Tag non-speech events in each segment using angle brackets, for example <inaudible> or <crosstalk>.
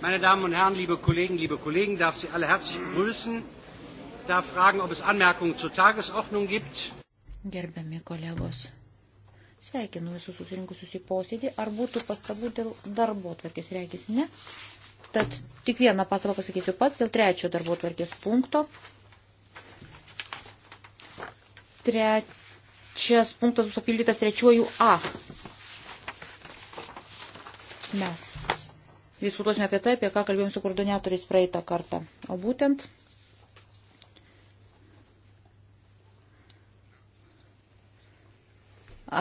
Meine Damen und Herren, liebe Kollegen, liebe Kollegen, darf Sie alle herzlich begrüßen. Darf fragen, ob es Anmerkungen zur Tagesordnung gibt. Gerbiami kolegos, sveikinu visus susirinkusius į posėdį. Ar būtų pastabų dėl darbo tvarkės? Reikis ne. Tad tik vieną pastabą pasakysiu pats dėl trečio darbo tvarkės punkto. Trečias punktas bus papildytas trečiuoju A. Mes diskutuosime apie tai, apie ką kalbėjom su koordinatoriais praeitą kartą. O būtent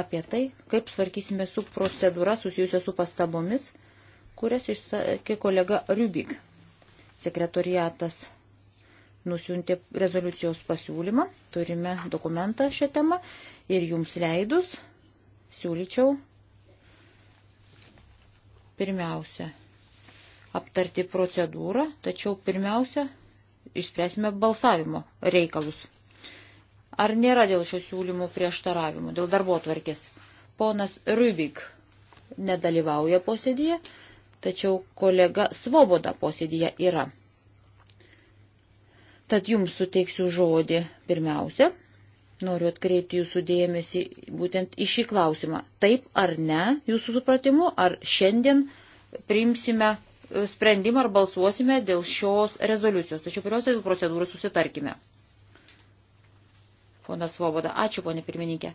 apie tai, kaip svarkysime su procedūra susijusia su pastabomis, kurias išsakė kolega Rubik. Sekretoriatas nusiuntė rezoliucijos pasiūlymą, turime dokumentą šią temą ir jums leidus siūlyčiau pirmiausia aptarti procedūrą, tačiau pirmiausia, išspręsime balsavimo reikalus. Ar nėra dėl šio siūlymo prieštaravimų, dėl darbo tvarkės? Ponas Rybik nedalyvauja posėdėje, tačiau kolega Svoboda posėdėje yra. Tad jums suteiksiu žodį pirmiausia. Noriu atkreipti jūsų dėmesį būtent į šį klausimą. Taip ar ne, jūsų supratimu, ar šiandien priimsime sprendimą ar balsuosime dėl šios rezoliucijos. Tačiau pirmiausia, dėl procedūrų susitarkime. Ponas Svoboda, ačiū, ponė pirmininkė.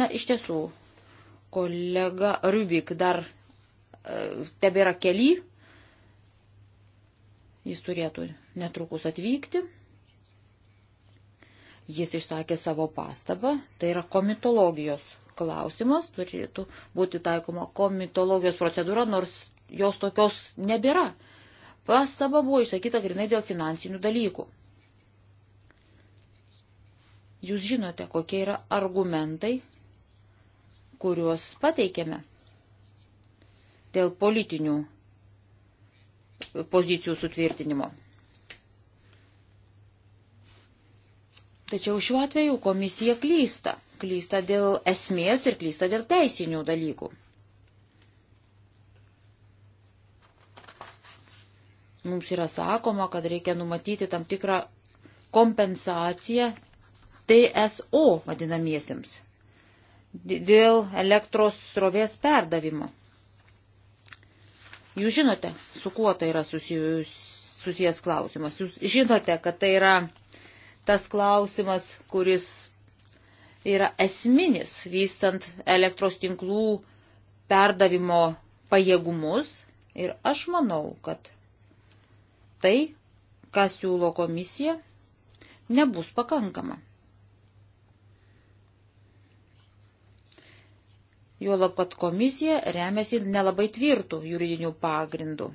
Na, iš tiesų, kolega Rubik dar e, tebėra keli. Jis turėtų netrukus atvykti. Jis išsakė savo pastabą, tai yra komitologijos klausimas, turėtų būti taikoma komitologijos procedūra, nors jos tokios nebėra. Pastaba buvo išsakyta grinai dėl finansinių dalykų. Jūs žinote, kokie yra argumentai, kuriuos pateikėme dėl politinių pozicijų sutvirtinimo. Tačiau šiuo atveju komisija klysta. Klysta dėl esmės ir klysta dėl teisinių dalykų. Mums yra sakoma, kad reikia numatyti tam tikrą kompensaciją TSO vadinamiesiems dėl elektros srovės perdavimo. Jūs žinote, su kuo tai yra susijus, susijęs klausimas. Jūs žinote, kad tai yra tas klausimas, kuris yra esminis vystant elektros tinklų perdavimo pajėgumus. Ir aš manau, kad tai, ką siūlo komisija, nebus pakankama. Juolab, kad komisija remiasi nelabai tvirtų juridinių pagrindų.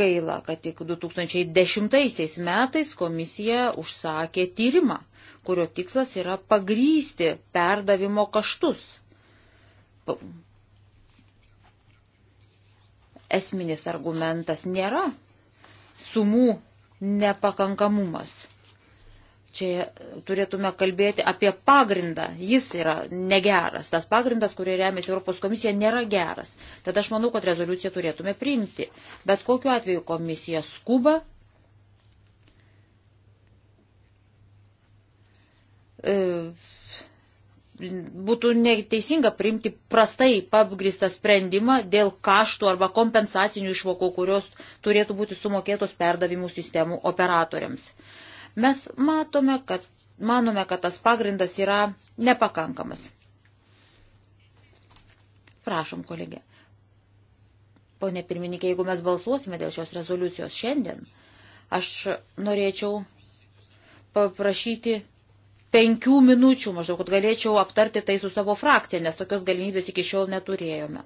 Gaila, kad tik 2010 metais komisija užsakė tyrimą, kurio tikslas yra pagrysti perdavimo kaštus esminis argumentas nėra sumų nepakankamumas. Čia turėtume kalbėti apie pagrindą. Jis yra negeras. Tas pagrindas, kurį remiasi Europos komisija, nėra geras. Tad aš manau, kad rezoliuciją turėtume priimti. Bet kokiu atveju komisija skuba. E, būtų neteisinga priimti prastai pagristą sprendimą dėl kaštų arba kompensacinių išmokų, kurios turėtų būti sumokėtos perdavimų sistemų operatoriams. Mes matome, kad, manome, kad tas pagrindas yra nepakankamas. Prašom, kolegė. Pone pirmininkė, jeigu mes balsuosime dėl šios rezoliucijos šiandien, aš norėčiau paprašyti penkių minučių maždaug, kad galėčiau aptarti tai su savo frakcija, nes tokios galimybės iki šiol neturėjome.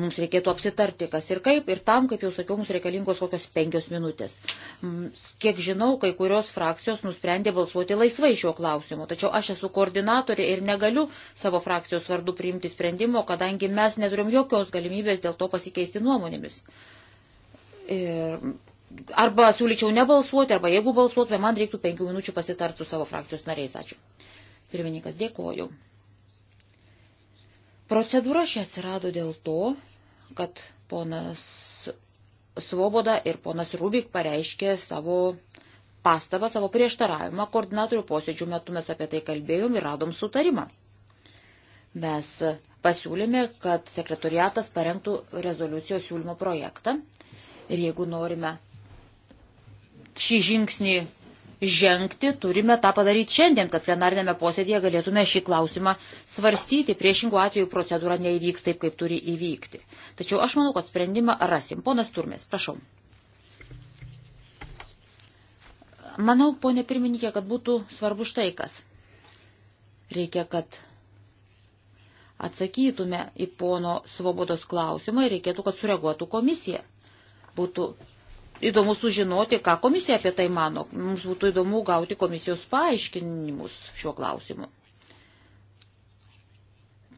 Mums reikėtų apsitarti, kas ir kaip, ir tam, kaip jau sakiau, mums reikalingos kokios penkios minutės. Mm, kiek žinau, kai kurios frakcijos nusprendė balsuoti laisvai šiuo klausimu, tačiau aš esu koordinatorė ir negaliu savo frakcijos vardu priimti sprendimo, kadangi mes neturim jokios galimybės dėl to pasikeisti nuomonėmis. Ir arba siūlyčiau nebalsuoti, arba jeigu balsuotume, man reiktų penkių minučių pasitarti su savo frakcijos nariais. Ačiū. Pirmininkas, dėkoju. Procedūra šia atsirado dėl to, kad ponas Svoboda ir ponas Rubik pareiškė savo pastabą, savo prieštaravimą. Koordinatorių posėdžių metu mes apie tai kalbėjom ir radom sutarimą. Mes pasiūlėme, kad sekretoriatas parengtų rezoliucijos siūlymo projektą. Ir jeigu norime šį žingsnį žengti, turime tą padaryti šiandien, kad plenarinėme posėdėje galėtume šį klausimą svarstyti. Priešingų atveju procedūra neįvyks taip, kaip turi įvykti. Tačiau aš manau, kad sprendimą rasim. Ponas Turmės, prašau. Manau, ponė pirmininkė, kad būtų svarbu štai kas. Reikia, kad atsakytume į pono svobodos klausimą ir reikėtų, kad sureaguotų komisija. Būtų įdomu sužinoti, ką komisija apie tai mano. Mums būtų įdomu gauti komisijos paaiškinimus šiuo klausimu.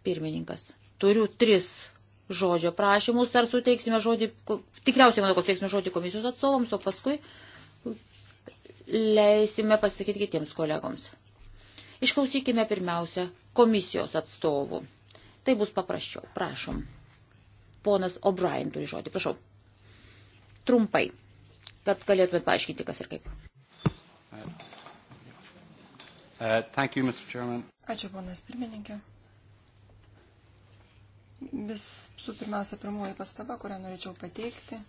Pirmininkas, turiu tris žodžio prašymus, ar suteiksime žodį, tikriausiai manau, kad suteiksime žodį komisijos atstovams, o paskui leisime pasakyti kitiems kolegoms. Išklausykime pirmiausia komisijos atstovų. Tai bus paprasčiau. Prašom. Ponas O'Brien turi žodį. Prašau. Trumpai. Tad galėtumėt paaiškinti, kas ir kaip. Uh, uh you, Ačiū, ponas pirmininkė. Visų pirmiausia, pirmoji pastaba, kurią norėčiau pateikti,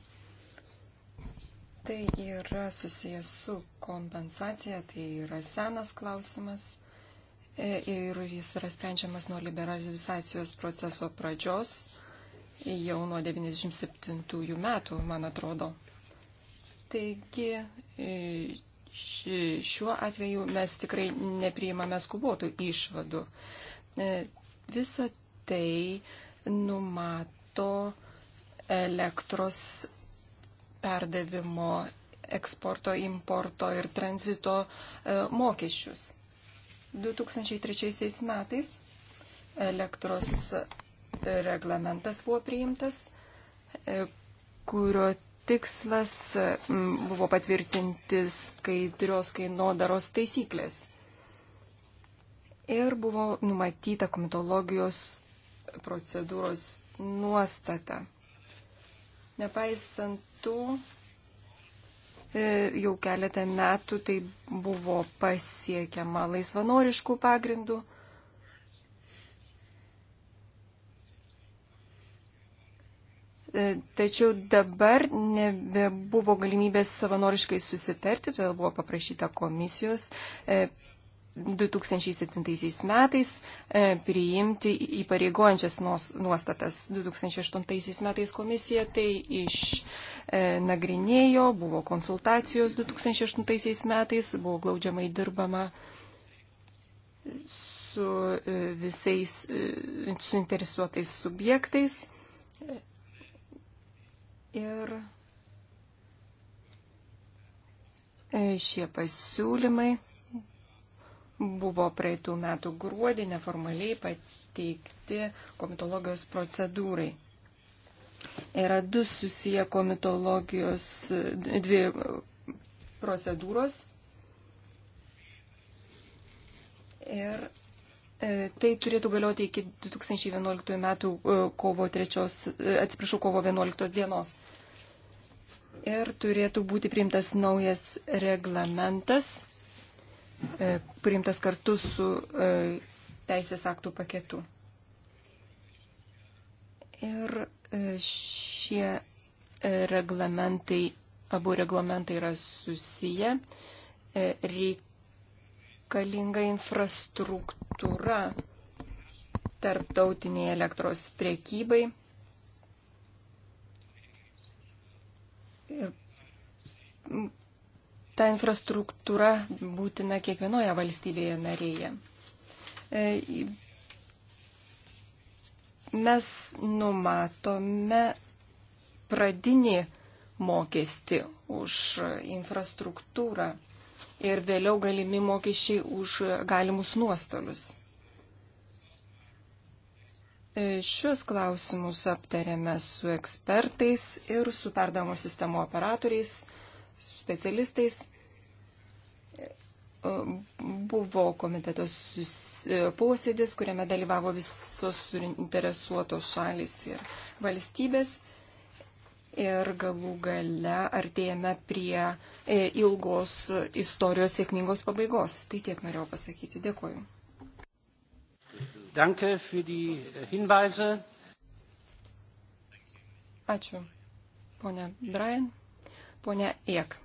tai yra susijęs su kompensacija, tai yra senas klausimas e, ir jis yra sprendžiamas nuo liberalizacijos proceso pradžios jau nuo 97 metų, man atrodo. Taigi e, šiuo atveju mes tikrai nepriimame skubotų išvadų. E, visa tai numato elektros perdavimo, eksporto, importo ir tranzito e, mokesčius. 2003 metais elektros reglamentas buvo priimtas, kurio tikslas buvo patvirtinti skaidrios kainodaros taisyklės. Ir buvo numatyta komitologijos procedūros nuostata. Nepaisant to, e, jau keletą metų tai buvo pasiekiama laisvanoriškų pagrindų E, tačiau dabar nebebuvo galimybės savanoriškai susitarti, todėl buvo paprašyta komisijos 2007 e, metais e, priimti įpareigojančias nuostatas. 2008 metais komisija tai išnagrinėjo, buvo konsultacijos 2008 metais, buvo glaudžiamai dirbama su visais suinteresuotais subjektais Ir e, šie pasiūlymai buvo praeitų metų gruodį neformaliai pateikti komitologijos procedūrai. Yra du susiję komitologijos dvi procedūros. Ir E, tai turėtų galioti iki 2011 metų e, kovo 3, e, atsiprašau, kovo 11 dienos. Ir turėtų būti priimtas naujas reglamentas, priimtas kartu su teisės aktų paketu. Ir šie reglamentai, abu reglamentai yra susiję. Reikia reikalinga infrastruktūra tarptautiniai elektros priekybai. Ir ta infrastruktūra būtina kiekvienoje valstybėje narėje. E, mes numatome pradinį mokestį už infrastruktūrą ir vėliau galimi mokesčiai už galimus nuostolius. E, Šius klausimus aptarėme su ekspertais ir su perdamo sistemo operatoriais, specialistais. E, buvo komitetas e, posėdis, kuriame dalyvavo visos suinteresuotos šalis ir valstybės ir galų gale artėjame prie e, ilgos istorijos sėkmingos pabaigos. Tai tiek norėjau pasakyti. Dėkuoju. Danke für die e, Hinweise. Ačiū. Pone Brian, pone Ek.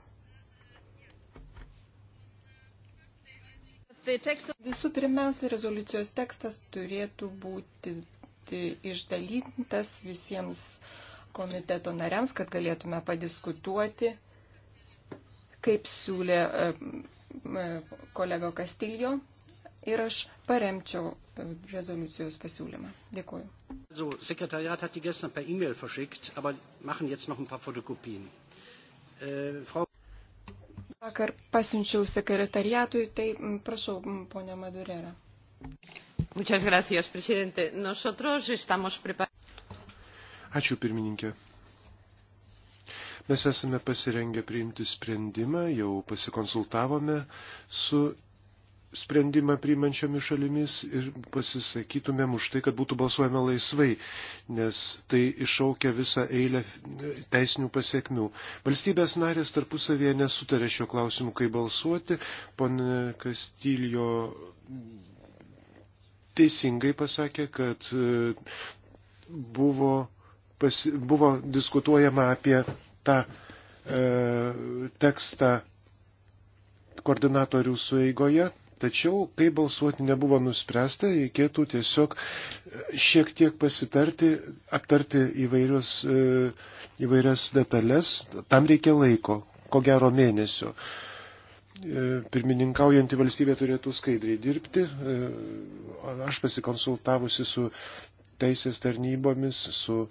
Tai Visų pirmiausia, rezoliucijos tekstas turėtų būti e, išdalintas visiems uh, komiteto nariams, kad galėtume padiskutuoti, kaip siūlė e, e, kolego Kastiljo. Ir aš paremčiau e, rezoliucijos pasiūlymą. Dėkuoju. So, Sekretariat hat die gestern per E-Mail verschickt, aber machen jetzt noch ein paar Fotokopien. Äh, Frau Vakar pasiunčiau sekretariatui, tai prašau, ponia Madurera. Muchas gracias, presidente. Nosotros estamos preparados. Ačiū pirmininkė. Mes esame pasirengę priimti sprendimą, jau pasikonsultavome su sprendimą priimančiomis šalimis ir pasisakytumėm už tai, kad būtų balsuojama laisvai, nes tai iššaukia visą eilę teisinių pasiekmių. Valstybės narės tarpusavėje nesutarė šio klausimu, kaip balsuoti. Pone Kastiljo teisingai pasakė, kad e, buvo pasi, buvo diskutuojama apie tą e, tekstą koordinatorių sueigoje, tačiau kai balsuoti nebuvo nuspręsta, reikėtų tiesiog šiek tiek pasitarti, aptarti įvairius, e, įvairias detalės, tam reikia laiko, ko gero mėnesio e, pirmininkaujantį valstybę turėtų skaidriai dirbti. E, aš pasikonsultavusi su teisės tarnybomis, su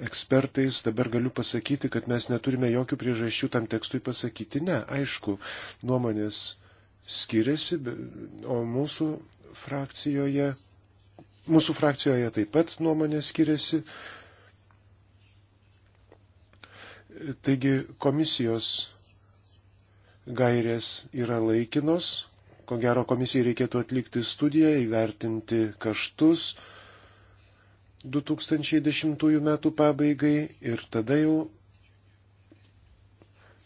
ekspertais, dabar galiu pasakyti, kad mes neturime jokių priežasčių tam tekstui pasakyti ne. Aišku, nuomonės skiriasi, o mūsų frakcijoje, mūsų frakcijoje taip pat nuomonės skiriasi. Taigi komisijos gairės yra laikinos. Ko gero komisijai reikėtų atlikti studiją, įvertinti kaštus, 2010 metų pabaigai ir tada jau,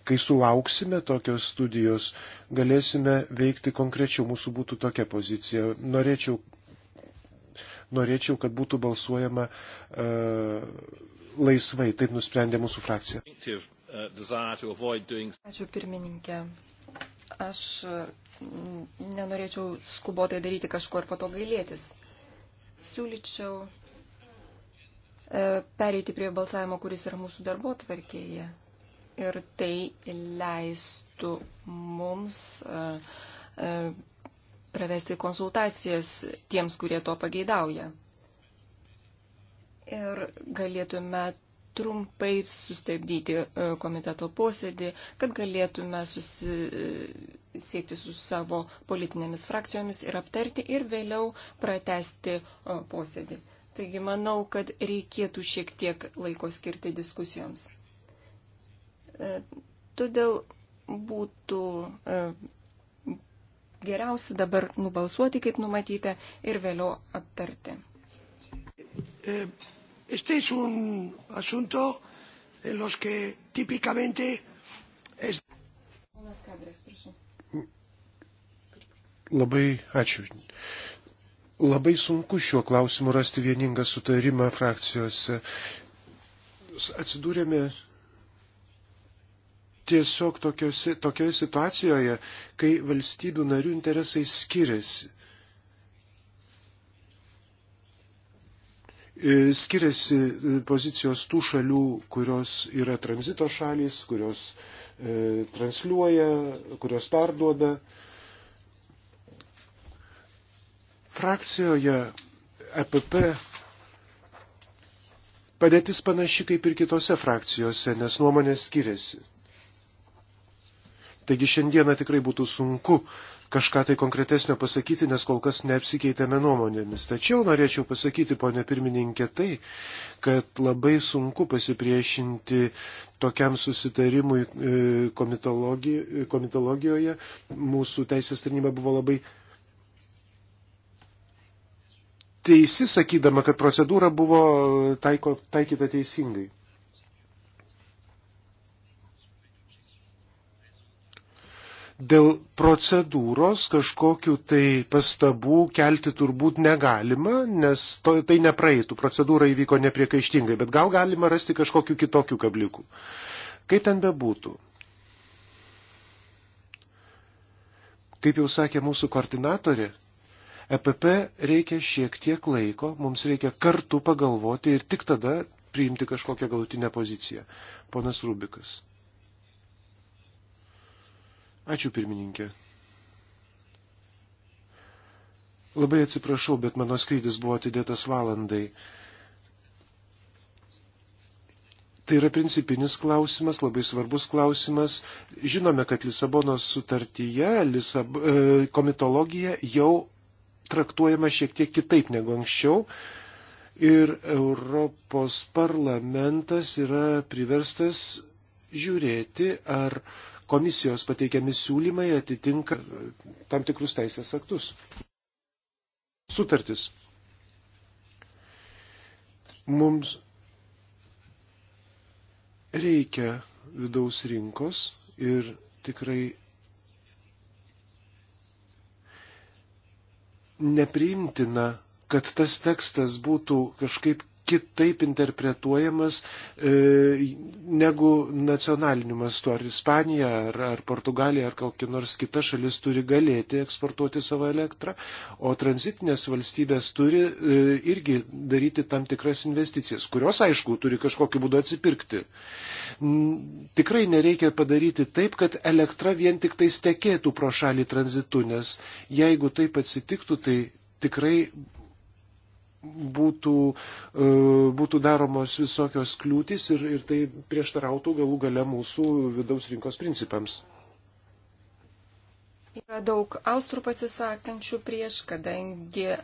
kai sulauksime tokios studijos, galėsime veikti konkrečiau. Mūsų būtų tokia pozicija. Norėčiau, norėčiau kad būtų balsuojama uh, laisvai. Taip nusprendė mūsų frakcija. Ačiū pirmininkė. Aš e, nenorėčiau skubotai daryti kažko ir pato gailėtis. Siūlyčiau E, pereiti prie balsavimo, kuris yra mūsų darbo tvarkėje. Ir tai leistų mums e, e, pravesti konsultacijas tiems, kurie to pageidauja. Ir galėtume trumpai sustabdyti komiteto posėdį, kad galėtume susisiekti su savo politinėmis frakcijomis ir aptarti ir vėliau pratesti posėdį. Taigi manau, kad reikėtų šiek tiek laiko skirti diskusijoms. E, todėl būtų e, geriausia dabar nubalsuoti, kaip numatyta, ir vėliau aptarti. E, este es un asunto en los que típicamente es. Labai ačiū. Labai sunku šiuo klausimu rasti vieningą sutarimą frakcijose. Atsidūrėme tiesiog tokiose, tokioje situacijoje, kai valstybių narių interesai skiriasi. E, skiriasi e, pozicijos tų šalių, kurios yra tranzito šalis, kurios e, transliuoja, kurios perduoda. E, Frakcijoje EPP padėtis panaši kaip ir kitose frakcijose, nes nuomonės skiriasi. Taigi šiandieną tikrai būtų sunku kažką tai konkretesnio pasakyti, nes kol kas neapsikeitėme nuomonėmis. Tačiau norėčiau pasakyti, ponė pirmininkė, tai, kad labai sunku pasipriešinti tokiam susitarimui e, komitologijoje. Mūsų teisės tarnyba buvo labai teisi, sakydama, kad procedūra buvo taiko, taikyta teisingai. Dėl procedūros kažkokių tai pastabų kelti turbūt negalima, nes to, tai nepraeitų, procedūra įvyko nepriekaištingai, bet gal galima rasti kažkokių kitokių kablikų. Kaip ten bebūtų. Kaip jau sakė mūsų koordinatorė, EPP reikia šiek tiek laiko, mums reikia kartu pagalvoti ir tik tada priimti kažkokią galutinę poziciją. Ponas Rubikas. Ačiū pirmininkė. Labai atsiprašau, bet mano skrydis buvo atidėtas valandai. Tai yra principinis klausimas, labai svarbus klausimas. Žinome, kad Lisabonos sutartyje Lisab... E, komitologija jau traktuojama šiek tiek kitaip negu anksčiau. Ir Europos parlamentas yra priverstas žiūrėti, ar komisijos pateikiami siūlymai atitinka tam tikrus teisės aktus. Sutartis. Mums reikia vidaus rinkos ir tikrai nepriimtina, kad tas tekstas būtų kažkaip kitaip interpretuojamas e, negu nacionaliniu mastu. Ar Ispanija, ar, ar Portugalija, ar kokia nors kita šalis turi galėti eksportuoti savo elektrą, o tranzitinės valstybės turi e, irgi daryti tam tikras investicijas, kurios, aišku, turi kažkokiu būdu atsipirkti. N, tikrai nereikia padaryti taip, kad elektra vien tik tai stekėtų pro šalį tranzitu, nes jeigu taip atsitiktų, tai tikrai būtų, e, būtų daromos visokios kliūtis ir, ir tai prieštarautų galų gale mūsų vidaus rinkos principams. Yra daug austrų pasisakančių prieš, kadangi e,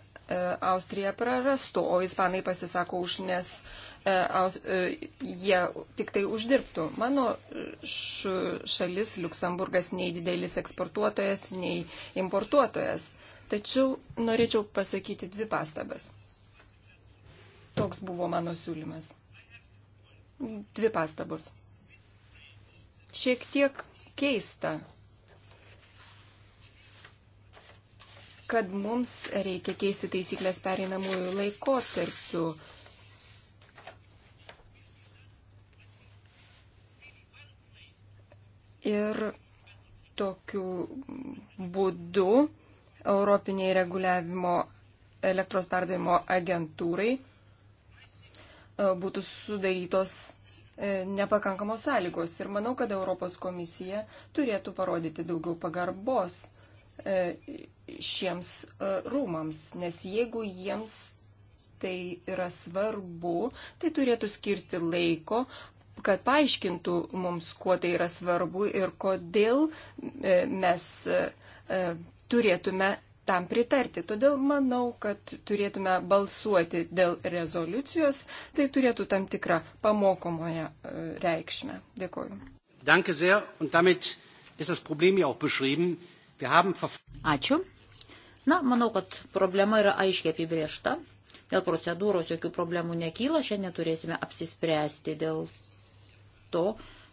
Austrija prarastų, o ispanai pasisako už, nes e, aus, e, jie tik tai uždirbtų. Mano š, šalis, Luksemburgas, nei didelis eksportuotojas, nei importuotojas. Tačiau norėčiau pasakyti dvi pastabas. Toks buvo mano siūlymas. Dvi pastabos. Šiek tiek keista, kad mums reikia keisti taisyklės pereinamųjų laikotarpių. Ir tokiu būdu Europiniai reguliavimo elektros perdavimo agentūrai E, būtų sudarytos e, nepakankamos sąlygos. Ir manau, kad Europos komisija turėtų parodyti daugiau pagarbos e, šiems rūmams, nes jeigu jiems tai yra svarbu, tai turėtų skirti laiko, kad paaiškintų mums, kuo tai yra svarbu ir kodėl mes turėtume tam pritarti. Todėl manau, kad turėtume balsuoti dėl rezoliucijos. Tai turėtų tam tikrą pamokomoje e, reikšmę. Dėkuoju. Ačiū. Na, manau, kad problema yra aiškiai apibriešta. Dėl procedūros jokių problemų nekyla. Šiandien turėsime apsispręsti dėl to,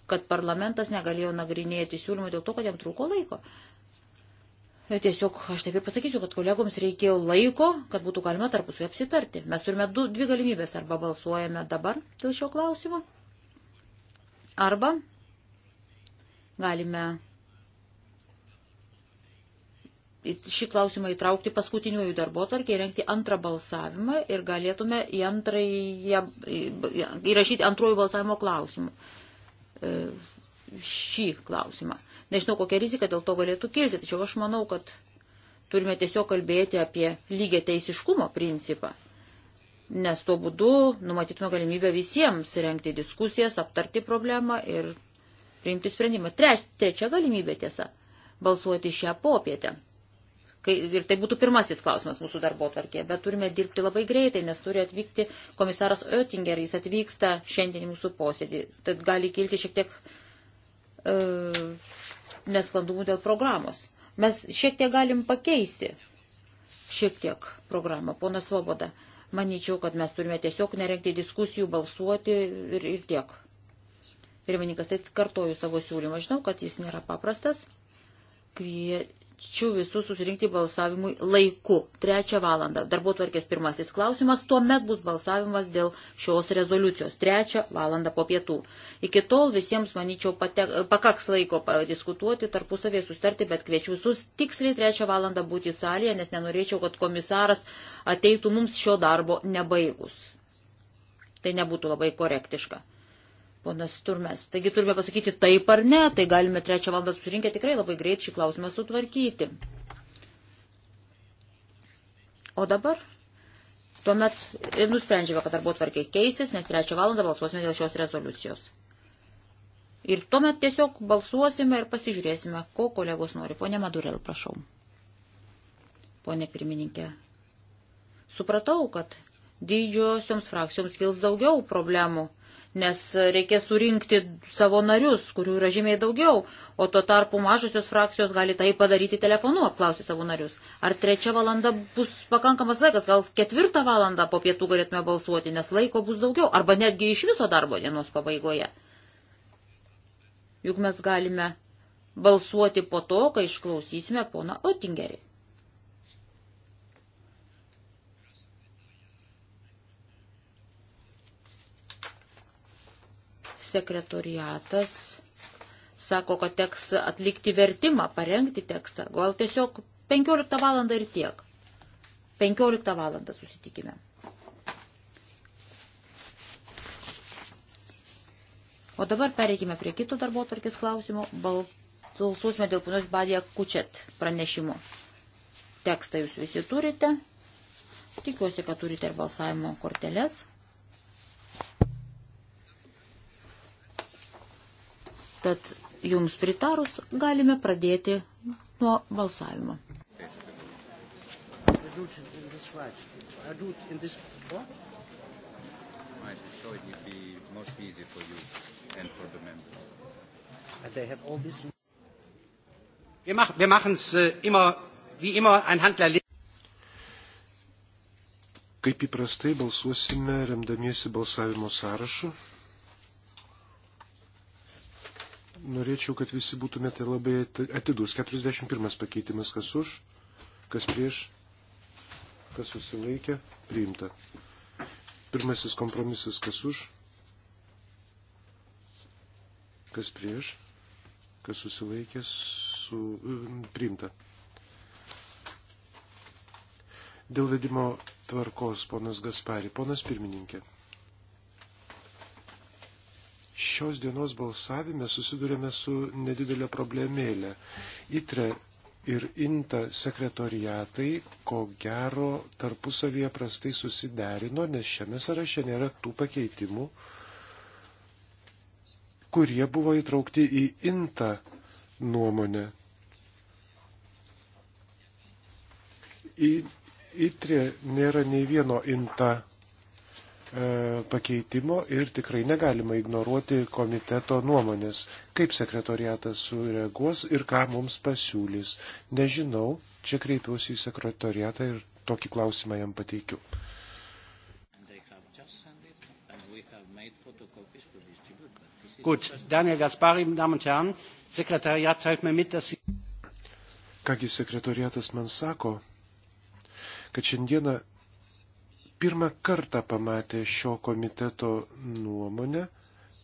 kad parlamentas negalėjo nagrinėti siūlymų dėl to, kad jam trūko laiko. Tiesiog aš taip ir pasakysiu, kad kolegoms reikėjo laiko, kad būtų galima tarpusui apsitarti. Mes turime du, dvi galimybės. Arba balsuojame dabar dėl šio klausimo, arba galime šį klausimą įtraukti paskutiniųjų darbo tarkį, rengti antrą balsavimą ir galėtume į antrąją, įrašyti antrojų balsavimo klausimų e, šį klausimą. Nežinau, kokia rizika dėl to galėtų kilti, tačiau aš manau, kad turime tiesiog kalbėti apie lygiai teisiškumo principą, nes tuo būdu numatytume galimybę visiems rengti diskusijas, aptarti problemą ir priimti sprendimą. Treč, trečia galimybė tiesa - balsuoti šią popietę. Kai, ir tai būtų pirmasis klausimas mūsų darbo tvarkė, bet turime dirbti labai greitai, nes turi atvykti komisaras Oettinger, jis atvyksta šiandien į mūsų posėdį, tad gali kilti šiek tiek uh, nesklandumų dėl programos. Mes šiek tiek galim pakeisti šiek tiek programą. Pona Svoboda, manyčiau, kad mes turime tiesiog nerenkti diskusijų, balsuoti ir, ir tiek. Pirmininkas, tai kartoju savo siūlymą. Žinau, kad jis nėra paprastas. Kvie, kviečiu visus susirinkti balsavimui laiku, trečią valandą. Darbo tvarkės pirmasis klausimas, tuomet bus balsavimas dėl šios rezoliucijos, trečią valandą po pietų. Iki tol visiems, manyčiau, patek, pakaks laiko diskutuoti, tarpusavėje sustarti, bet kviečiu visus tiksliai trečią valandą būti salėje, nes nenorėčiau, kad komisaras ateitų mums šio darbo nebaigus. Tai nebūtų labai korektiška ponas Turmes. Taigi turime pasakyti taip ar ne, tai galime trečią valandą surinkę tikrai labai greit šį klausimą sutvarkyti. O dabar tuomet ir nusprendžiame, kad darbo tvarkiai keistis, nes trečią valandą balsuosime dėl šios rezoliucijos. Ir tuomet tiesiog balsuosime ir pasižiūrėsime, ko kolegos nori. Pone Madurel, prašau. Pone pirmininkė, supratau, kad didžiosioms frakcijoms kils daugiau problemų nes reikės surinkti savo narius, kurių yra žymiai daugiau, o tuo tarpu mažosios frakcijos gali tai padaryti telefonu, apklausyti savo narius. Ar trečia valanda bus pakankamas laikas, gal ketvirtą valandą po pietų galėtume balsuoti, nes laiko bus daugiau, arba netgi iš viso darbo dienos pabaigoje. Juk mes galime balsuoti po to, kai išklausysime pona Otingerį. sekretoriatas sako, kad teks atlikti vertimą, parengti tekstą. Gal tiesiog 15 valandą ir tiek. 15 valandą susitikime. O dabar pereikime prie kito darbo tvarkės klausimo. Balsuosime dėl ponios Badija Kučet pranešimo. Tekstą jūs visi turite. Tikiuosi, kad turite ir balsavimo korteles. Tad jums pritarus galime pradėti nuo balsavimo. Wir machen es äh, immer, wie immer, ein Handler. Kaip įprastai balsuosime remdamiesi balsavimo sąrašu. norėčiau, kad visi būtumėte labai atidus. 41 pakeitimas, kas už, kas prieš, kas susilaikė, priimta. Pirmasis kompromisas, kas už, kas prieš, kas susilaikė, su, priimta. Dėl vedimo tvarkos, ponas Gaspari, ponas pirmininkė šios dienos balsavime susidurėme su nedidelė problemėlė. ITRE ir INTA sekretoriatai, ko gero, tarpusavėje prastai susiderino, nes šiame sąraše nėra tų pakeitimų, kurie buvo įtraukti į INTA nuomonę. Į, įtrė nėra nei vieno INTA E, pakeitimo ir tikrai negalima ignoruoti komiteto nuomonės, kaip sekretoriatas sureaguos ir ką mums pasiūlys. Nežinau, čia kreipiausi į sekretoriatą ir tokį klausimą jam pateikiu. Gut, Daniel Gaspari, Damen und Herren, Sekretariat teilt mir mit, dass Sie. Kągi sekretoriatas man sako, kad šiandieną pirmą kartą pamatė šio komiteto nuomonę.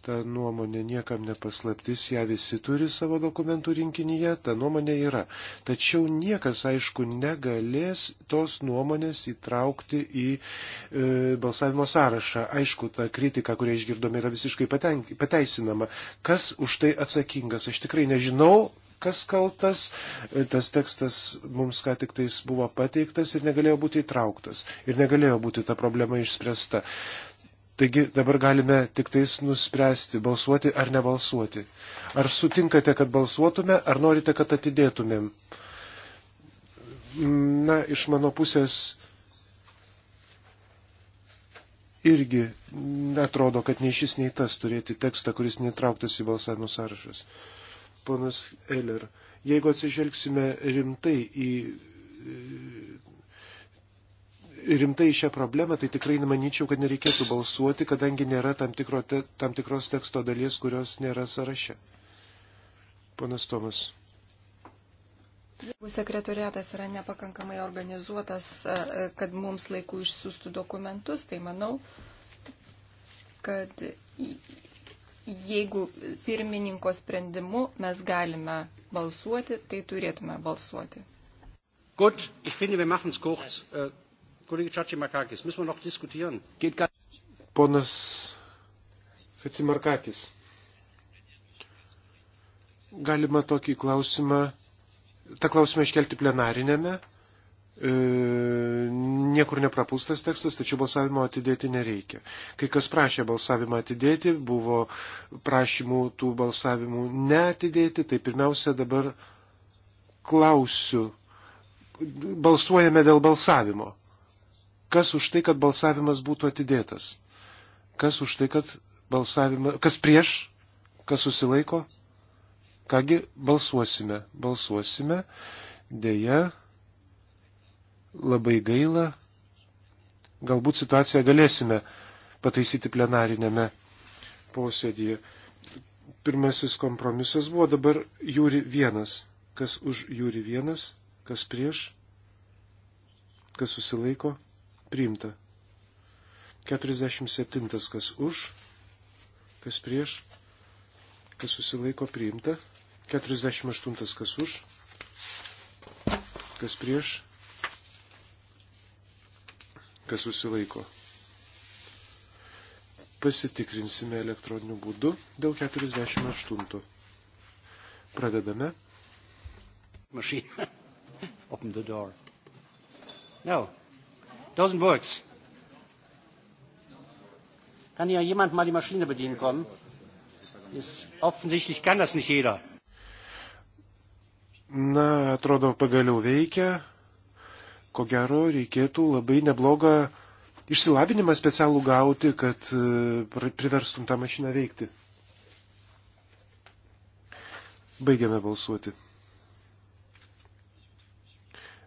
Ta nuomonė niekam nepaslaptis, ją visi turi savo dokumentų rinkinyje, ta nuomonė yra. Tačiau niekas, aišku, negalės tos nuomonės įtraukti į e, balsavimo sąrašą. Aišku, ta kritika, kurią išgirdome, yra visiškai patenk, pateisinama. Kas už tai atsakingas, aš tikrai nežinau, kas kaltas. Tas tekstas mums ką tik tais buvo pateiktas ir negalėjo būti įtrauktas. Ir negalėjo būti ta problema išspręsta. Taigi dabar galime tik tais nuspręsti, balsuoti ar nebalsuoti. Ar sutinkate, kad balsuotume, ar norite, kad atidėtumėm? Na, iš mano pusės irgi atrodo, kad nei šis, nei tas turėti tekstą, kuris netrauktas į balsavimo sąrašas ponas Eller. Jeigu atsižvelgsime rimtai į e, rimtai šią problemą, tai tikrai manyčiau, kad nereikėtų balsuoti, kadangi nėra tam, tikro te, tam tikros teksto dalies, kurios nėra sąraše. Ponas Tomas. Jeigu sekretoriatas yra nepakankamai organizuotas, e, e, kad mums laiku išsiųstų dokumentus, tai manau, kad jeigu pirmininko sprendimu mes galime balsuoti, tai turėtume balsuoti. Gut, ich finde, wir machen es kurz. Äh, Kollege Chachimakakis, müssen wir noch diskutieren? Geht gar Ponas Fecimarkakis. Galima tokį klausimą, tą klausimą iškelti plenarinėme E, niekur neprapūstas tekstas, tačiau balsavimo atidėti nereikia. Kai kas prašė balsavimą atidėti, buvo prašymų tų balsavimų neatidėti, tai pirmiausia dabar klausiu, balsuojame dėl balsavimo. Kas už tai, kad balsavimas būtų atidėtas? Kas už tai, kad balsavimas, kas prieš, kas susilaiko? Kągi, balsuosime, balsuosime, dėja Labai gaila. Galbūt situaciją galėsime pataisyti plenarinėme posėdėje. Pirmasis kompromisas buvo dabar jūri vienas. Kas už jūri vienas, kas prieš, kas susilaiko, priimta. 47. kas už, kas prieš, kas susilaiko, priimta. 48. kas už, kas prieš, kas susilaiko. Pasitikrinsime elektroniniu būdu dėl 48. Pradedame. Machine. <laughs> Open the door. No. Doesn't works. Kann ja jemand mal die Maschine bedienen kommen? Ist, offensichtlich kann das nicht jeder. Na, atrodo, pagaliau veikia ko gero reikėtų labai neblogą išsilavinimą specialų gauti, kad e, priverstum tą mašiną veikti. Baigiame balsuoti.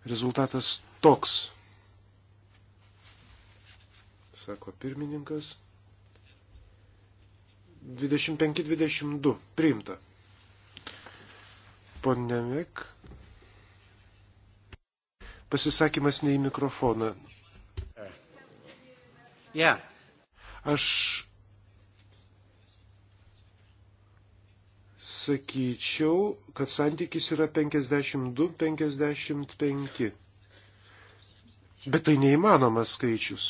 Rezultatas toks, sako pirmininkas. 25-22 priimta. Ponemek Pasisakymas ne į mikrofoną. Yeah. Aš sakyčiau, kad santykis yra 52-55. Bet tai neįmanomas skaičius.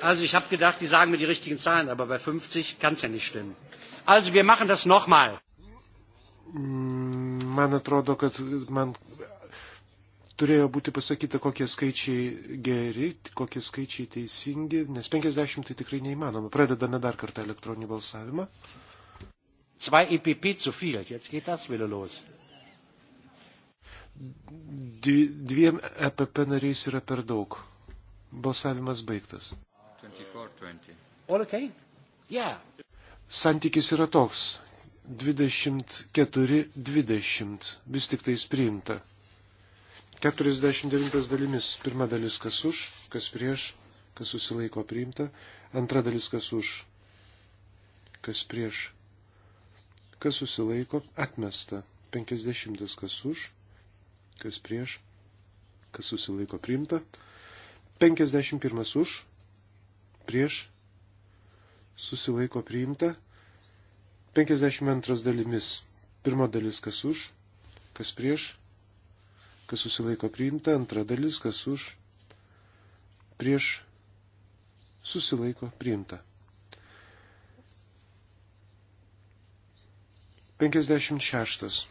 Also ich habe gedacht, die sagen mir die richtigen Zahlen, aber bei 50 kann es ja nicht stimmen. Also wir machen das nochmal. Mm, man atrodo, kad man turėjo būti pasakyta, kokie skaičiai geri, kokie skaičiai teisingi, nes 50 tai tikrai neįmanoma. Pradedame dar kartą elektroninį balsavimą. Zwei EPP zu viel, jetzt geht das wieder los. Dviem EPP nariais yra per daug. Balsavimas baigtas. 24, 20. All okay? Yeah. Santykis yra toks. 24.20 vis tik tais priimta. 49 dalimis. Pirma dalis kas už, kas prieš, kas susilaiko priimta. Antra dalis kas už, kas prieš, kas susilaiko atmesta. 50 kas už, kas prieš, kas susilaiko priimta. 51 už, prieš, susilaiko priimta. 52 dalimis. Pirma dalis kas už, kas prieš, kas susilaiko priimta, antra dalis kas už, prieš, susilaiko priimta. 56.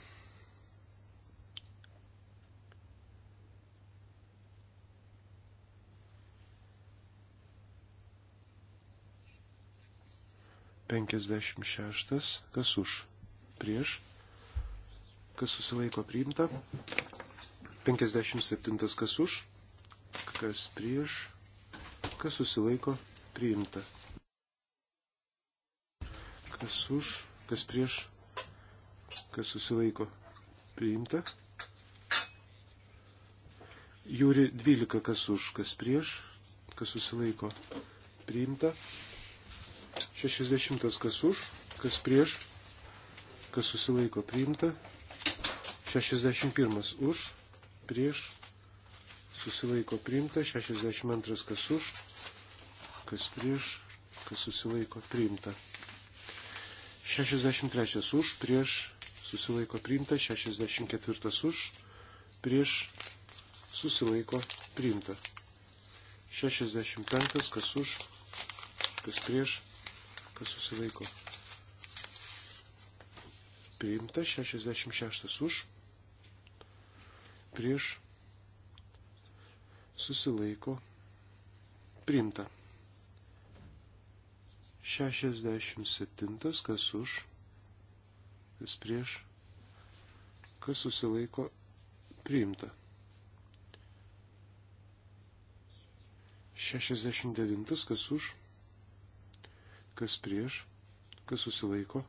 56. Kas už? Prieš. Kas susilaiko priimta? 57. Kas už? Kas prieš? Kas susilaiko priimta? Kas už? Kas prieš? Kas susilaiko priimta? Jūri 12. Kas už? Kas prieš? Kas susilaiko priimta? 60 kas už, kas prieš, kas susilaiko priimta. 61 už, prieš, susilaiko priimta. 62 kas už, kas prieš, kas susilaiko priimta. 63 už, prieš, susilaiko priimta. 64 už, prieš, susilaiko priimta. 65 kas už, kas prieš, kas susilaiko. Priimta 66 už, prieš, susilaiko, priimta. 67 kas už, kas prieš, kas susilaiko, priimta. 69 kas už, prieš kas prieš, kas susilaiko,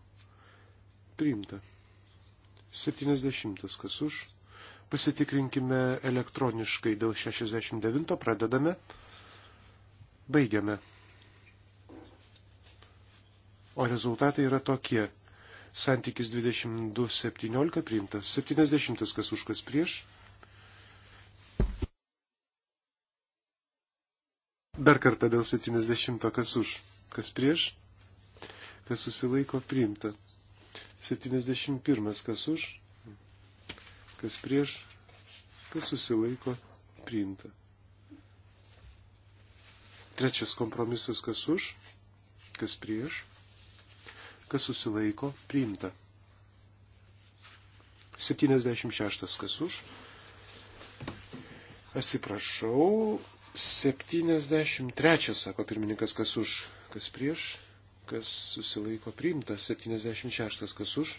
priimta. 70 kas už. Pasitikrinkime elektroniškai dėl 69, pradedame, baigiame. O rezultatai yra tokie. Santykis 22.17 priimtas. 70 kas už kas prieš. Dar kartą dėl 70 kas už. Kas prieš? Kas susilaiko priimta. 71. Kas už? Kas prieš? Kas susilaiko priimta. Trečias kompromisas. Kas už? Kas prieš? Kas susilaiko priimta. 76. Kas už? Atsiprašau, 73, sako pirmininkas, kas už, kas prieš, kas susilaiko priimta, 76 kas už,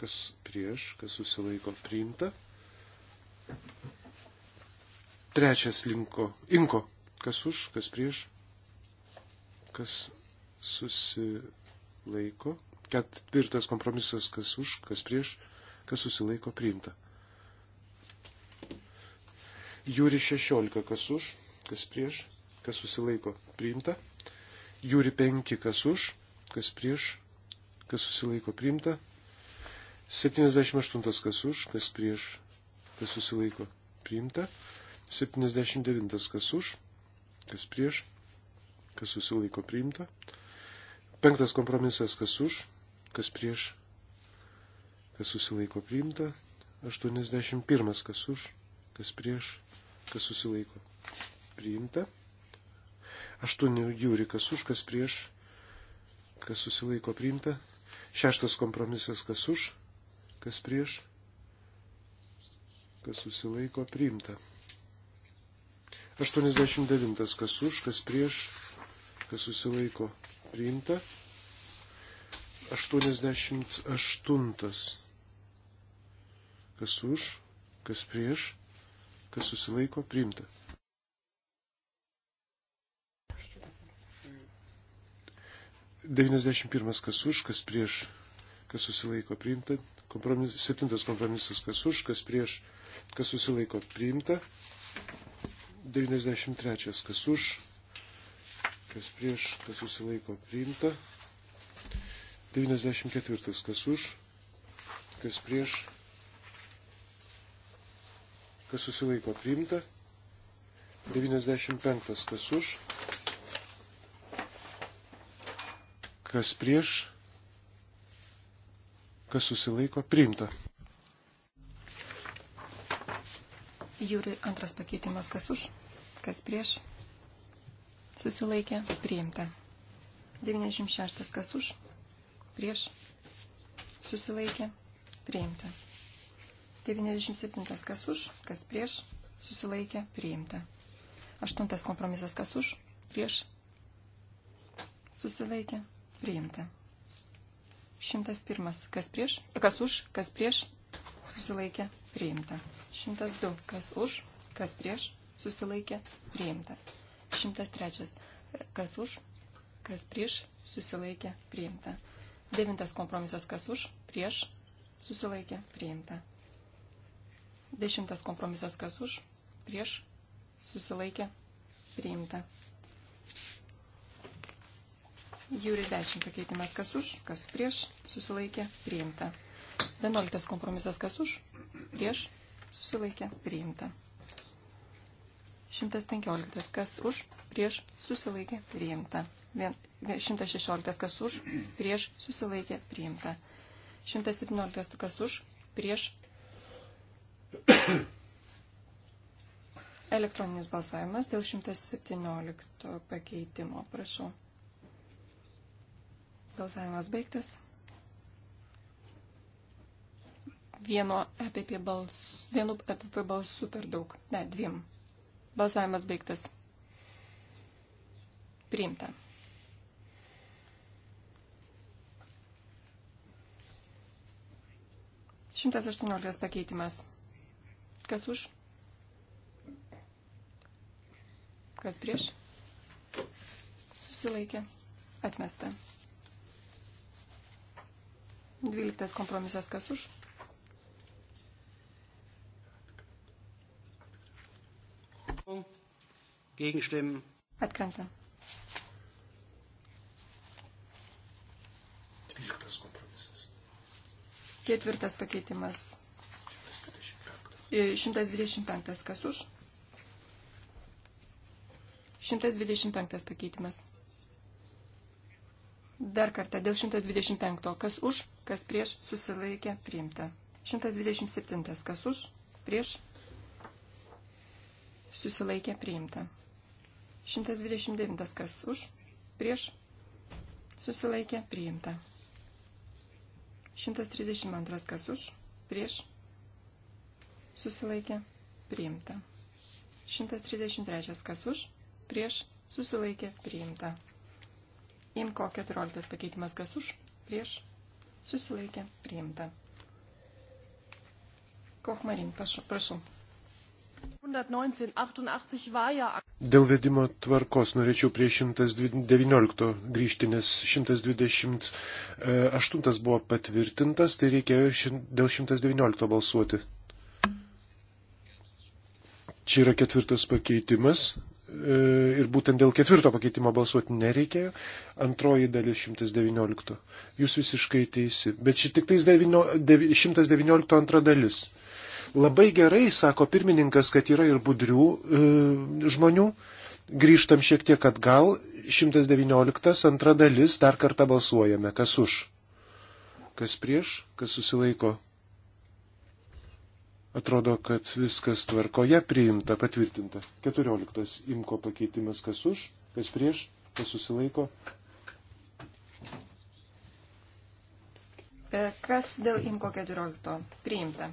kas prieš, kas susilaiko priimta. Trečias linko, inko, kas už, kas prieš, kas susilaiko. Ketvirtas kompromisas, kas už, kas prieš, kas susilaiko priimta. Jūri 16, kas už, kas prieš, kas susilaiko priimta. Jūri 5, kas už, kas prieš, kas susilaiko priimta. 78, kas už, kas prieš, kas susilaiko priimta. 79, kas už, kas prieš, kas susilaiko priimta. Penktas kompromisas, kas už, kas prieš, kas susilaiko priimta. 81, kas už, kas prieš, kas susilaiko priimta. 8 jūri, kas už, kas prieš, kas susilaiko priimta. Šeštas kompromisas, kas už, kas prieš, kas susilaiko priimta. 89, kas už, kas prieš, kas susilaiko priimta. 88, kas už, kas prieš, kas susilaiko priimta. 91 kas už, kas prieš, kas susilaiko priimta. Kompromis, 7 kompromisas kas už, kas prieš, kas susilaiko priimta. 93 kas už, kas prieš, kas susilaiko priimta. 94 kas už, kas prieš, kas susilaiko priimta. 95 kas už, kas prieš, kas susilaiko, priimta. Jūri antras pakeitimas, kas už, kas prieš, susilaikė, priimta. 96 kas už, prieš, susilaikė, priimta. 97 kas už, kas prieš, susilaikė, priimta. 8 kompromisas kas už, prieš, susilaikė, priimta. 101. Kas, prieš, kas už, kas prieš, susilaikė, priimta. 102. Kas už, kas prieš, susilaikė, priimta. 103. Kas už, kas prieš, susilaikė, priimta. 9. Kompromisas. Kas už, prieš, susilaikė, priimta. 10. Kompromisas. Kas už, prieš, susilaikė, priimta. Jūri 10 pakeitimas kas už, kas prieš, susilaikė, priimta. 11 kompromisas kas už, prieš, susilaikė, priimta. 115 kas už, prieš, susilaikė, priimta. 116 kas už, prieš, susilaikė, priimta. 117 kas už, prieš. Elektroninis balsavimas dėl 117 pakeitimo. Prašau. Balsavimas baigtas. Vieno EPP balsu, vienu EPP balsu per daug. Ne, dviem. Balsavimas baigtas. Priimta. Šimtas aštuonioliktas pakeitimas. Kas už? Kas prieš? Susilaikė. Atmesta. Dvyliktas kompromisas kas už? Gegenstimmen. Atkrenta. Dvyliktas kompromisas. Ketvirtas pakeitimas. 125. E, kas už? 125 pakeitimas. Dar kartą dėl 125. Kas už, kas prieš susilaikė priimta. 127. Kas už, prieš susilaikė priimta. 129. Kas už, prieš susilaikė priimta. 132. Kas už, prieš susilaikė priimta. 133. Kas už, prieš susilaikė priimta. Imko 14 pakeitimas kas už, prieš, susilaikė, priimta. Kochmarin, prašau. 119.88 vaja. Dėl vedimo tvarkos norėčiau prie 119 grįžti, nes 128 e, buvo patvirtintas, tai reikėjo dėl 119 balsuoti. Čia yra ketvirtas pakeitimas, E, ir būtent dėl ketvirto pakeitimo balsuoti nereikėjo. Antroji dalis 119. Jūs visiškai teisi. Bet ši tik tais 119 antra dalis. Labai gerai, sako pirmininkas, kad yra ir budrių e, žmonių. Grįžtam šiek tiek atgal. 119 antra dalis dar kartą balsuojame. Kas už? Kas prieš? Kas susilaiko? Atrodo, kad viskas tvarkoje priimta, patvirtinta. 14. Imko pakeitimas kas už, kas prieš, kas susilaiko. E, kas dėl Imko 14? Priimta.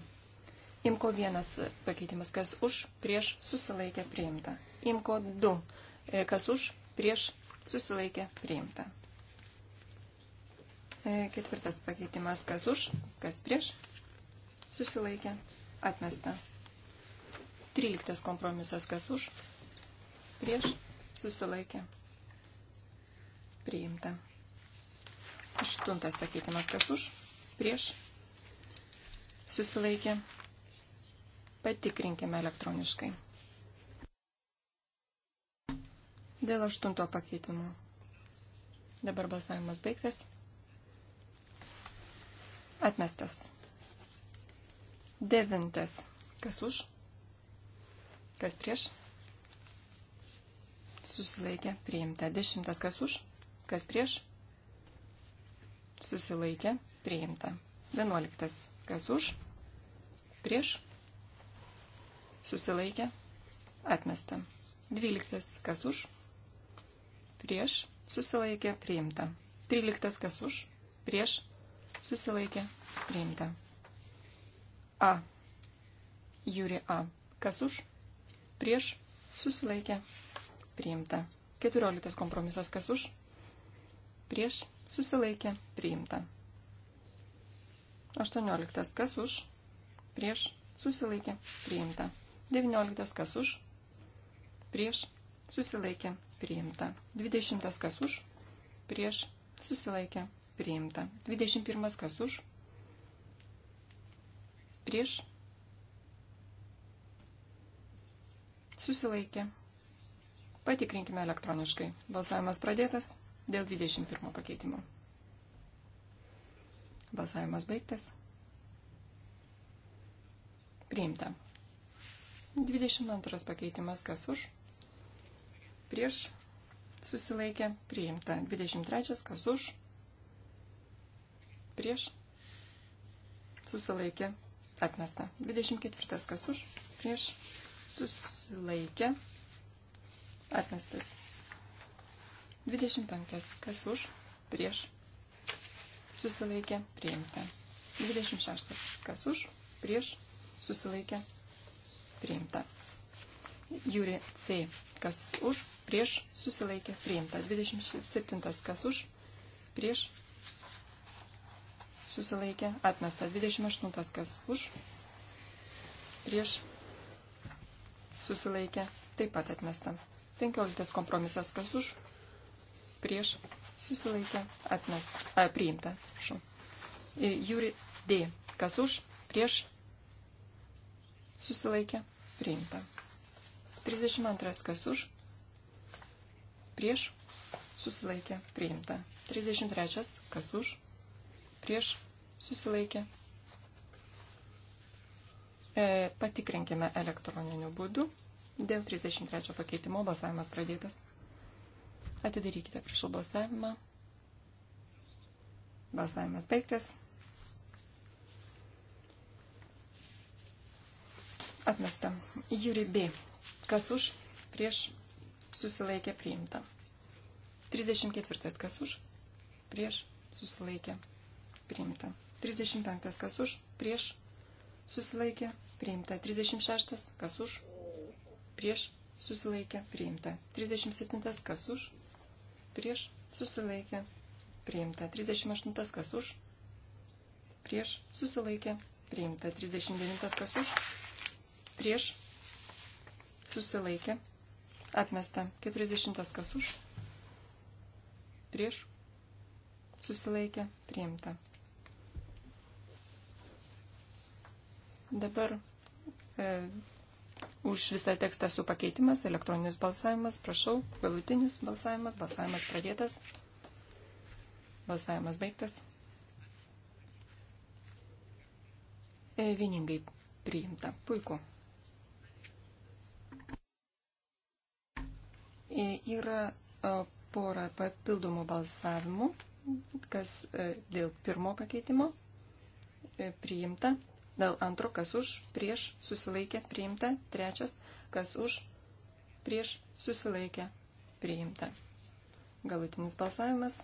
Imko 1 pakeitimas kas už, prieš, susilaikė, priimta. Imko 2 e, kas už, prieš, susilaikė, priimta. E, ketvirtas pakeitimas kas už, kas prieš, susilaikė, priimta Atmesta. 13 kompromisas kas už. Prieš susilaikė. Priimta. Aštuntas pakeitimas kas už. Prieš susilaikė. Patikrinkime elektroniškai. Dėl aštunto pakeitimo. Dabar balsavimas baigtas. Atmestas. Devintas. Kas už? Kas prieš? Susilaikė, priimta. Dešimtas. Kas už? Kas prieš? Susilaikė, priimta. Vienuoliktas. Kas už? Prieš? Susilaikė, atmesta. Dvyliktas. Kas už? Prieš? Susilaikė, priimta. Tryliktas. Kas už? Prieš? Susilaikė, priimta. A. Jūri A. Kas už? Prieš susilaikė priimta. 14 kompromisas kas už? Prieš susilaikė priimta. 18 kas už? Prieš susilaikė priimta. 19 kas už? Prieš susilaikė priimta. 20 kas už? Prieš susilaikė priimta. 21 kas už? prieš, susilaikė. Patikrinkime elektroniškai. Balsavimas pradėtas dėl 21 pakeitimo. Balsavimas baigtas. Priimta. 22 pakeitimas kas už. Prieš susilaikė. Priimta. 23 kas už. Prieš susilaikė atmesta. 24 kas už, prieš susilaikė, atmestas. 25 kas už, prieš susilaikė, priimta. 26 kas už, prieš susilaikė, priimta. Jūri C. Kas už, prieš susilaikė, priimta. 27 kas už, prieš susilaikė, atmesta 28, kas už, prieš, susilaikė, taip pat atmesta 15 kompromisas, kas už, prieš, susilaikė, atmesta, a, priimta, atsiprašau. E, Jūri D, kas už, prieš, susilaikė, priimta. 32, kas už, prieš, susilaikė, priimta. 33, kas už, prieš susilaikė. E, patikrinkime elektroniniu būdu. Dėl 33 pakeitimo balsavimas pradėtas. Atidarykite prieš balsavimą. Balsavimas baigtas. Atmesta. Jūri B. Kas už, prieš, susilaikė priimta. 34. Kas už, prieš, susilaikė priimta priimta. 35. Kas už, prieš, susilaikė, priimta. 36. Kas už, prieš, susilaikė, priimta. 37. Kas už, prieš, susilaikė, priimta. 38. Kas už, prieš, susilaikė, priimta. 39. Kas už, prieš, susilaikė, atmesta. 40. Kas už, prieš, susilaikė, priimta. Dabar e, už visą tekstą su pakeitimas, elektroninis balsavimas, prašau, galutinis balsavimas, balsavimas pradėtas, balsavimas baigtas. E, vieningai priimta. Puiku. E, yra e, pora papildomų balsavimų, kas e, dėl pirmo pakeitimo e, priimta. Dėl antro, kas už, prieš, susilaikė, priimta. Trečias, kas už, prieš, susilaikė, priimta. Galutinis balsavimas.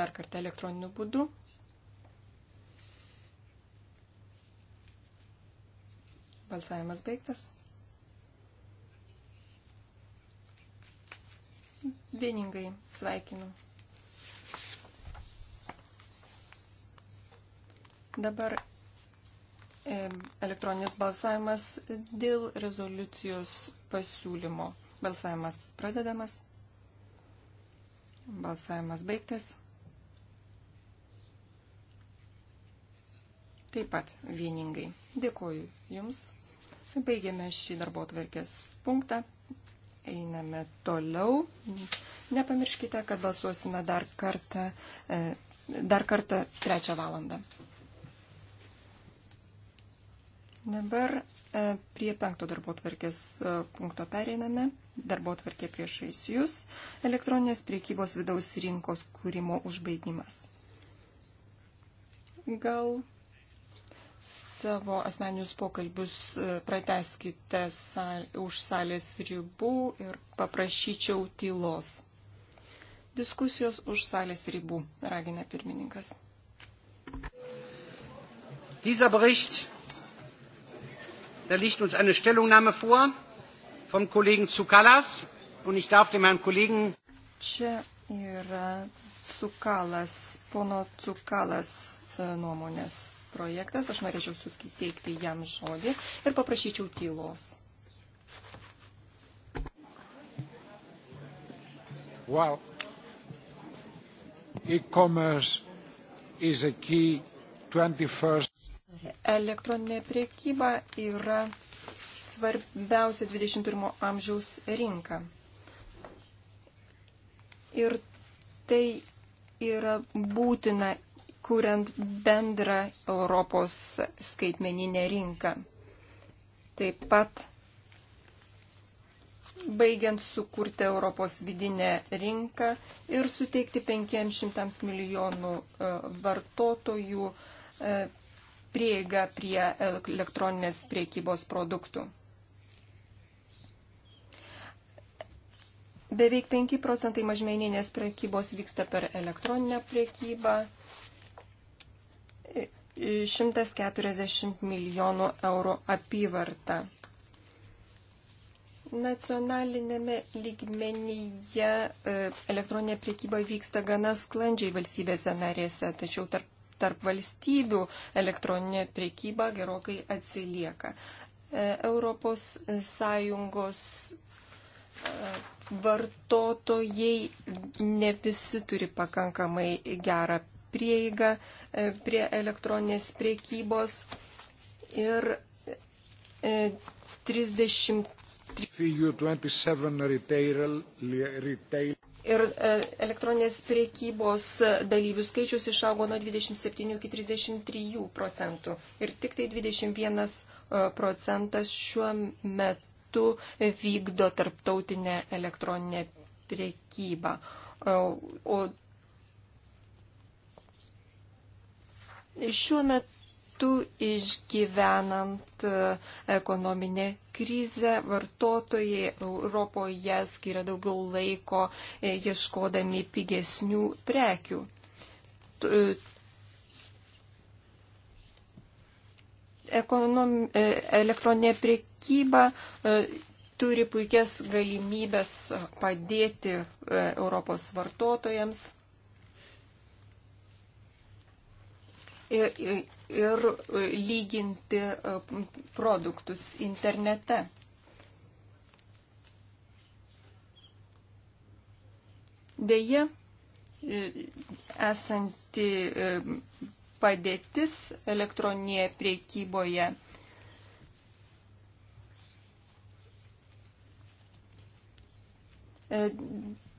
Dar kartą elektroniniu būdu. Balsavimas baigtas. Vieningai sveikinu Dabar e, elektroninis balsavimas dėl rezoliucijos pasiūlymo. Balsavimas pradedamas. Balsavimas baigtas. Taip pat vieningai. Dėkuoju Jums. Baigėme šį darbo tvarkės punktą. Einame toliau. Nepamirškite, kad balsuosime dar kartą, e, dar kartą trečią valandą. Dabar e, prie penkto darbo tvarkės e, punkto pereiname. Darbo tvarkė priešais jūs. Elektroninės priekybos vidaus rinkos kūrimo užbaigimas. Gal savo asmeninius pokalbius e, prateskite sal, už salės ribų ir paprašyčiau tylos. Diskusijos už salės ribų, ragina pirmininkas. Dieser Bericht Da liegt uns eine Stellungnahme vor vom Kollegen Zukalas und ich darf dem Herrn Kollegen. Čia yra Cukalas, pono Cukalas e, nuomonės projektas. Aš norėčiau suteikti jam žodį ir paprašyčiau tylos. Well, e-commerce is a key 21st Elektroninė priekyba yra svarbiausia 21 amžiaus rinka. Ir tai yra būtina, kuriant bendrą Europos skaitmeninę rinką. Taip pat baigiant sukurti Europos vidinę rinką ir suteikti 500 milijonų e, vartotojų e, prieigą prie elektroninės priekybos produktų. Beveik 5 procentai mažmeninės priekybos vyksta per elektroninę priekybą. 140 milijonų eurų apyvarta. Nacionalinėme lygmenyje e, elektroninė priekyba vyksta gana sklandžiai valstybėse narėse, tačiau tarp tarp valstybių elektroninė priekyba gerokai atsilieka. E, Europos Sąjungos e, vartotojai ne visi turi pakankamai gerą prieigą e, prie elektroninės priekybos ir 30. 27 retail, retail ir e, elektroninės priekybos dalyvių skaičius išaugo nuo 27 iki 33 procentų. Ir tik tai 21 e, procentas šiuo metu vykdo tarptautinę elektroninę priekybą. E, o šiuo metu kartu išgyvenant e, ekonominę krizę vartotojai Europoje skiria daugiau laiko e, ieškodami pigesnių prekių. E, ekonom, elektroninė priekyba turi puikias galimybės padėti Europos vartotojams ir lyginti e, produktus internete. Deja, e, esanti e, padėtis elektroninėje priekyboje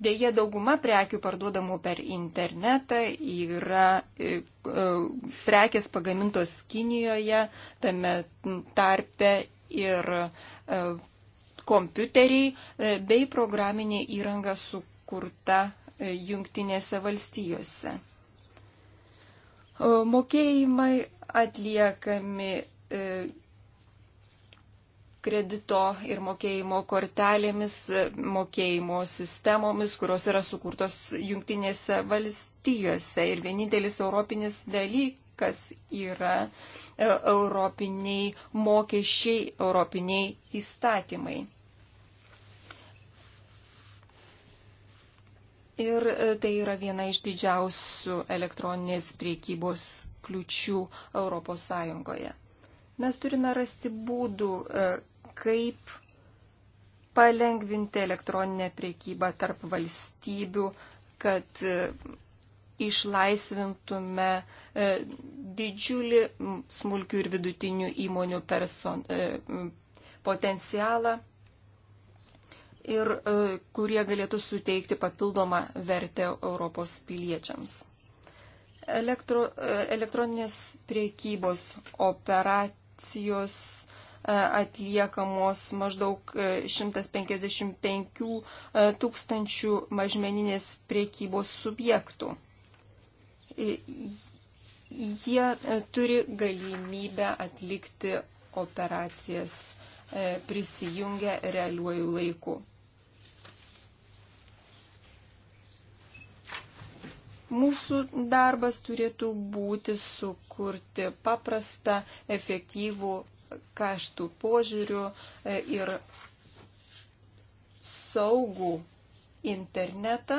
Deja, dauguma prekių parduodamų per internetą yra e, e, prekės pagamintos Kinijoje, tame tarpe ir e, kompiuteriai bei programinė įranga sukurta jungtinėse valstijose. Mokėjimai atliekami kredito ir mokėjimo kortelėmis, mokėjimo sistemomis, kurios yra sukurtos jungtinėse valstijose. Ir vienintelis europinis dalykas yra e, europiniai mokesčiai, europiniai įstatymai. Ir e, tai yra viena iš didžiausių elektroninės priekybos kliučių Europos Sąjungoje. Mes turime rasti būdų, e, kaip palengvinti elektroninę priekybą tarp valstybių, kad e, išlaisvintume e, didžiulį smulkių ir vidutinių įmonių person, e, potencialą ir kurie galėtų suteikti papildomą vertę Europos piliečiams. Elektro, elektroninės priekybos operacijos E, atliekamos maždaug 155 e, e, tūkstančių mažmeninės priekybos subjektų. Jie turi galimybę atlikti operacijas prisijungę realiuoju laiku. Mūsų darbas turėtų būti sukurti paprastą, efektyvų kaštų požiūrių e, ir saugų internetą,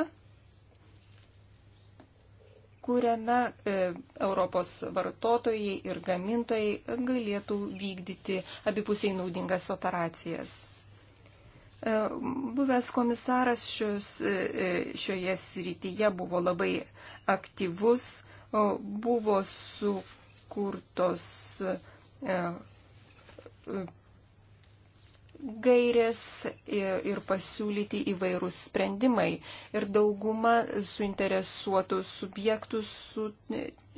kuriame e, Europos vartotojai ir gamintojai galėtų vykdyti abipusiai naudingas operacijas. E, buvęs komisaras šios, šioje srityje buvo labai aktyvus, buvo sukurtos gairės ir pasiūlyti įvairūs sprendimai. Ir dauguma suinteresuotų subjektų su,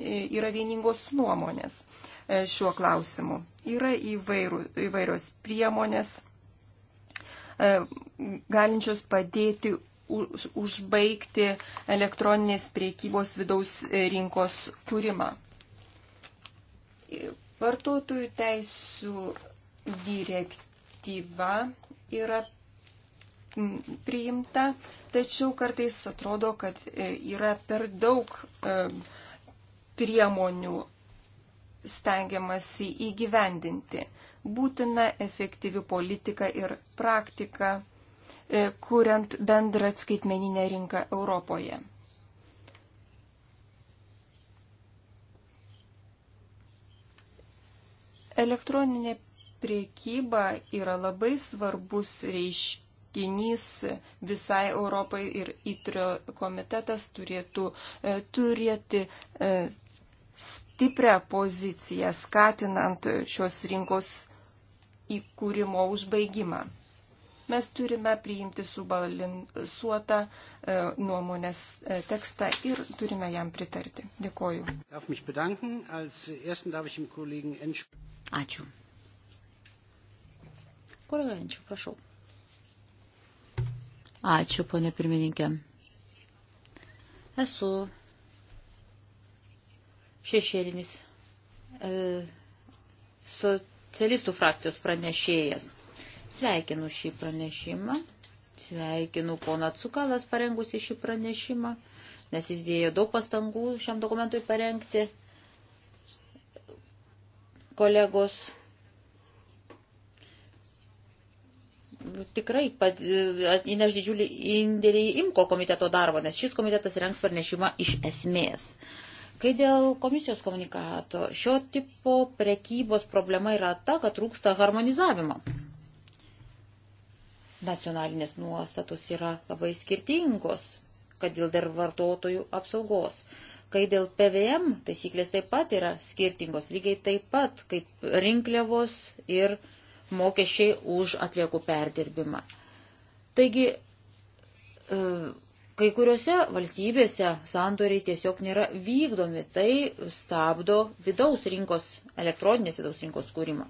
yra vieningos nuomonės e, šiuo klausimu. Yra įvairų, įvairios priemonės e, galinčios padėti užbaigti elektroninės priekybos vidaus rinkos kūrimą. Vartotojų teisų direktyva yra priimta, tačiau kartais atrodo, kad e, yra per daug e, priemonių stengiamasi įgyvendinti. Būtina efektyvi politika ir praktika, e, kuriant bendrą skaitmeninę rinką Europoje. Elektroninė priekyba yra labai svarbus reiškinys visai Europai ir įtrio komitetas turėtų e, turėti e, stiprią poziciją, skatinant šios rinkos įkūrimo užbaigimą. Mes turime priimti subalansuotą e, nuomonės tekstą ir turime jam pritarti. Dėkoju. Ačiū. Kolega Lenčių, prašau. Ačiū, ponė pirmininkė. Esu šešėlinis e, socialistų frakcijos pranešėjas. Sveikinu šį pranešimą, sveikinu poną Cukalas parengusi šį pranešimą, nes jis dėjo daug pastangų šiam dokumentui parengti. Kolegos tikrai įneš didžiulį indėlį į IMKO komiteto darbą, nes šis komitetas rengs pranešimą iš esmės. Kai dėl komisijos komunikato, šio tipo prekybos problema yra ta, kad trūksta harmonizavimo. Nacionalinės nuostatos yra labai skirtingos, kad dėl dar vartotojų apsaugos. Kai dėl PVM taisyklės taip pat yra skirtingos, lygiai taip pat kaip rinkliavos ir rinkliavos mokesčiai už atliekų perdirbimą. Taigi, e, kai kuriuose valstybėse sandoriai tiesiog nėra vykdomi, tai stabdo vidaus rinkos, elektroninės vidaus rinkos kūrimą.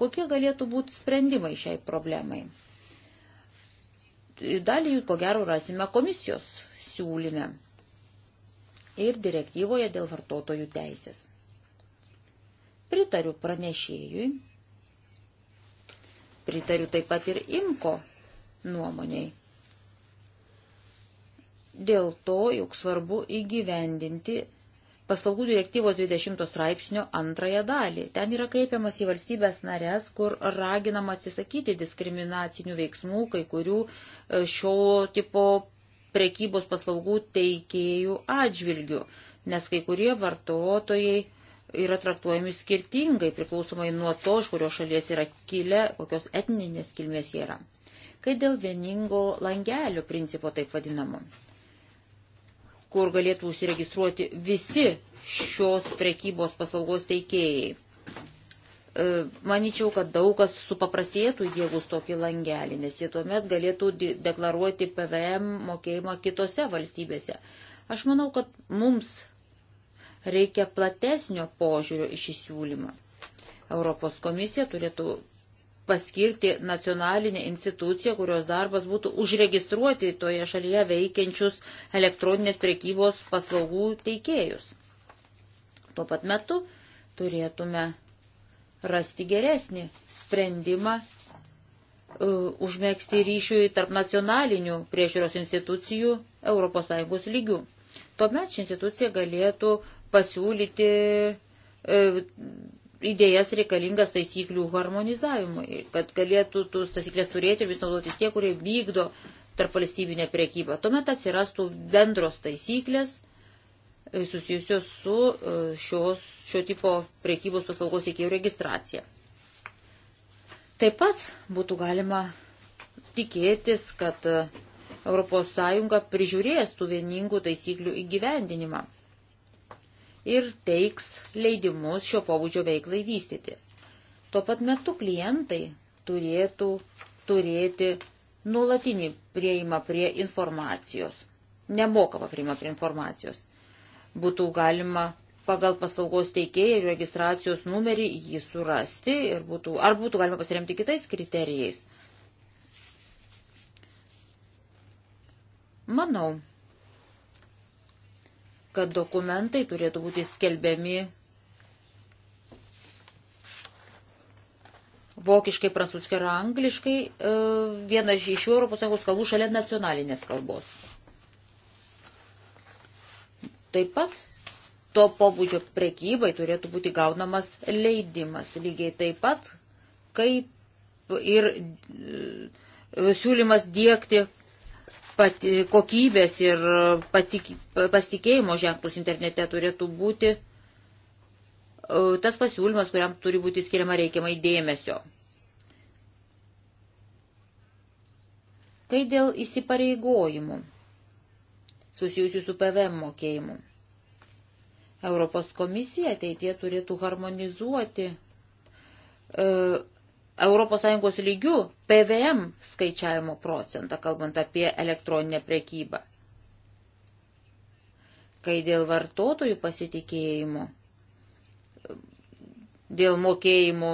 Kokie galėtų būti sprendimai šiai problemai? Dalį jų, ko gero, rasime komisijos siūlyme ir direktyvoje dėl vartotojų teisės. Pritariu pranešėjui Pritariu taip pat ir imko nuomoniai. Dėl to juk svarbu įgyvendinti paslaugų direktyvos 20 straipsnio antrąją dalį. Ten yra kreipiamas į valstybės narės, kur raginama atsisakyti diskriminacinių veiksmų kai kurių e, šio tipo prekybos paslaugų teikėjų atžvilgių, nes kai kurie vartotojai yra traktuojami skirtingai priklausomai nuo to, iš kurios šalies yra kilę, kokios etninės kilmės jie yra. Kai dėl vieningo langelio principo taip vadinamo, kur galėtų užsiregistruoti visi šios prekybos paslaugos teikėjai. E, Maničiau, kad daug kas supaprastėtų įdėgus tokį langelį, nes jie tuomet galėtų deklaruoti PVM mokėjimą kitose valstybėse. Aš manau, kad mums Reikia platesnio požiūrio iš įsiūlymą. Europos komisija turėtų paskirti nacionalinę instituciją, kurios darbas būtų užregistruoti toje šalyje veikiančius elektroninės priekybos paslaugų teikėjus. Tuo pat metu turėtume rasti geresnį sprendimą, uh, užmėgsti ryšių tarp nacionalinių priežiūros institucijų ES lygių. Tuomet ši institucija galėtų pasiūlyti e, idėjas reikalingas taisyklių harmonizavimui, kad galėtų tos taisyklės turėti ir vis naudotis tie, kurie vykdo tarp valstybinę priekybą. Tuomet atsirastų bendros taisyklės e, susijusios su e, šios, šio tipo priekybos paslaugos įkėjų registracija. Taip pat būtų galima tikėtis, kad ES prižiūrės tų vieningų taisyklių įgyvendinimą ir teiks leidimus šio pobūdžio veiklai vystyti. Tuo pat metu klientai turėtų turėti nuolatinį prieimą prie informacijos, nemokamą prieimą prie informacijos. Būtų galima pagal paslaugos teikėją ir registracijos numerį jį surasti ir būtų, ar būtų galima pasiremti kitais kriterijais. Manau, kad dokumentai turėtų būti skelbiami vokiškai, prancūziškai ir angliškai, e, viena iš ES kalbų šalia nacionalinės kalbos. Taip pat to pobūdžio prekybai turėtų būti gaunamas leidimas, lygiai taip pat kaip ir e, siūlymas dėkti pati, kokybės ir patik, pasitikėjimo ženklus internete turėtų būti e, tas pasiūlymas, kuriam turi būti skiriama reikiamai dėmesio. Kai dėl įsipareigojimų susijusių su PVM mokėjimu. Europos komisija ateitie turėtų harmonizuoti e, ES lygių PVM skaičiavimo procentą, kalbant apie elektroninę prekybą. Kai dėl vartotojų pasitikėjimo, dėl mokėjimų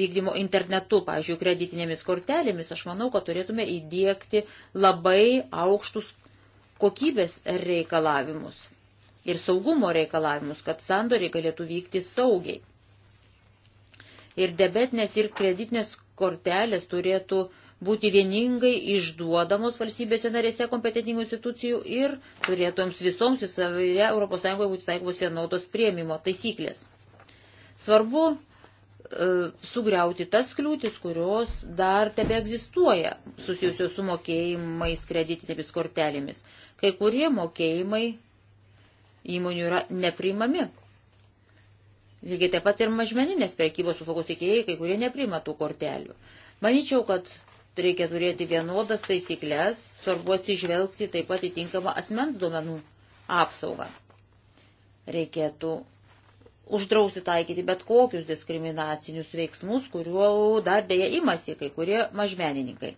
vykdymo internetu, pavyzdžiui, kreditinėmis kortelėmis, aš manau, kad turėtume įdėkti labai aukštus kokybės reikalavimus ir saugumo reikalavimus, kad sandoriai galėtų vykti saugiai ir debetinės ir kreditinės kortelės turėtų būti vieningai išduodamos valstybėse narėse kompetentingų institucijų ir turėtoms visoms visoje ES būti taikomos vienodos prieimimo taisyklės. Svarbu e, sugriauti tas kliūtis, kurios dar tebe egzistuoja susijusios su mokėjimais kreditinėmis kortelėmis. Kai kurie mokėjimai įmonių yra neprimami Lygiai taip pat ir mažmeninės prekybos paslaugos teikėjai, kai kurie neprima tų kortelių. Manyčiau, kad reikia turėti vienodas taisyklės, svarbu atsižvelgti taip pat įtinkamą asmens duomenų apsaugą. Reikėtų uždrausti taikyti bet kokius diskriminacinius veiksmus, kuriuo dar dėja imasi kai kurie mažmenininkai.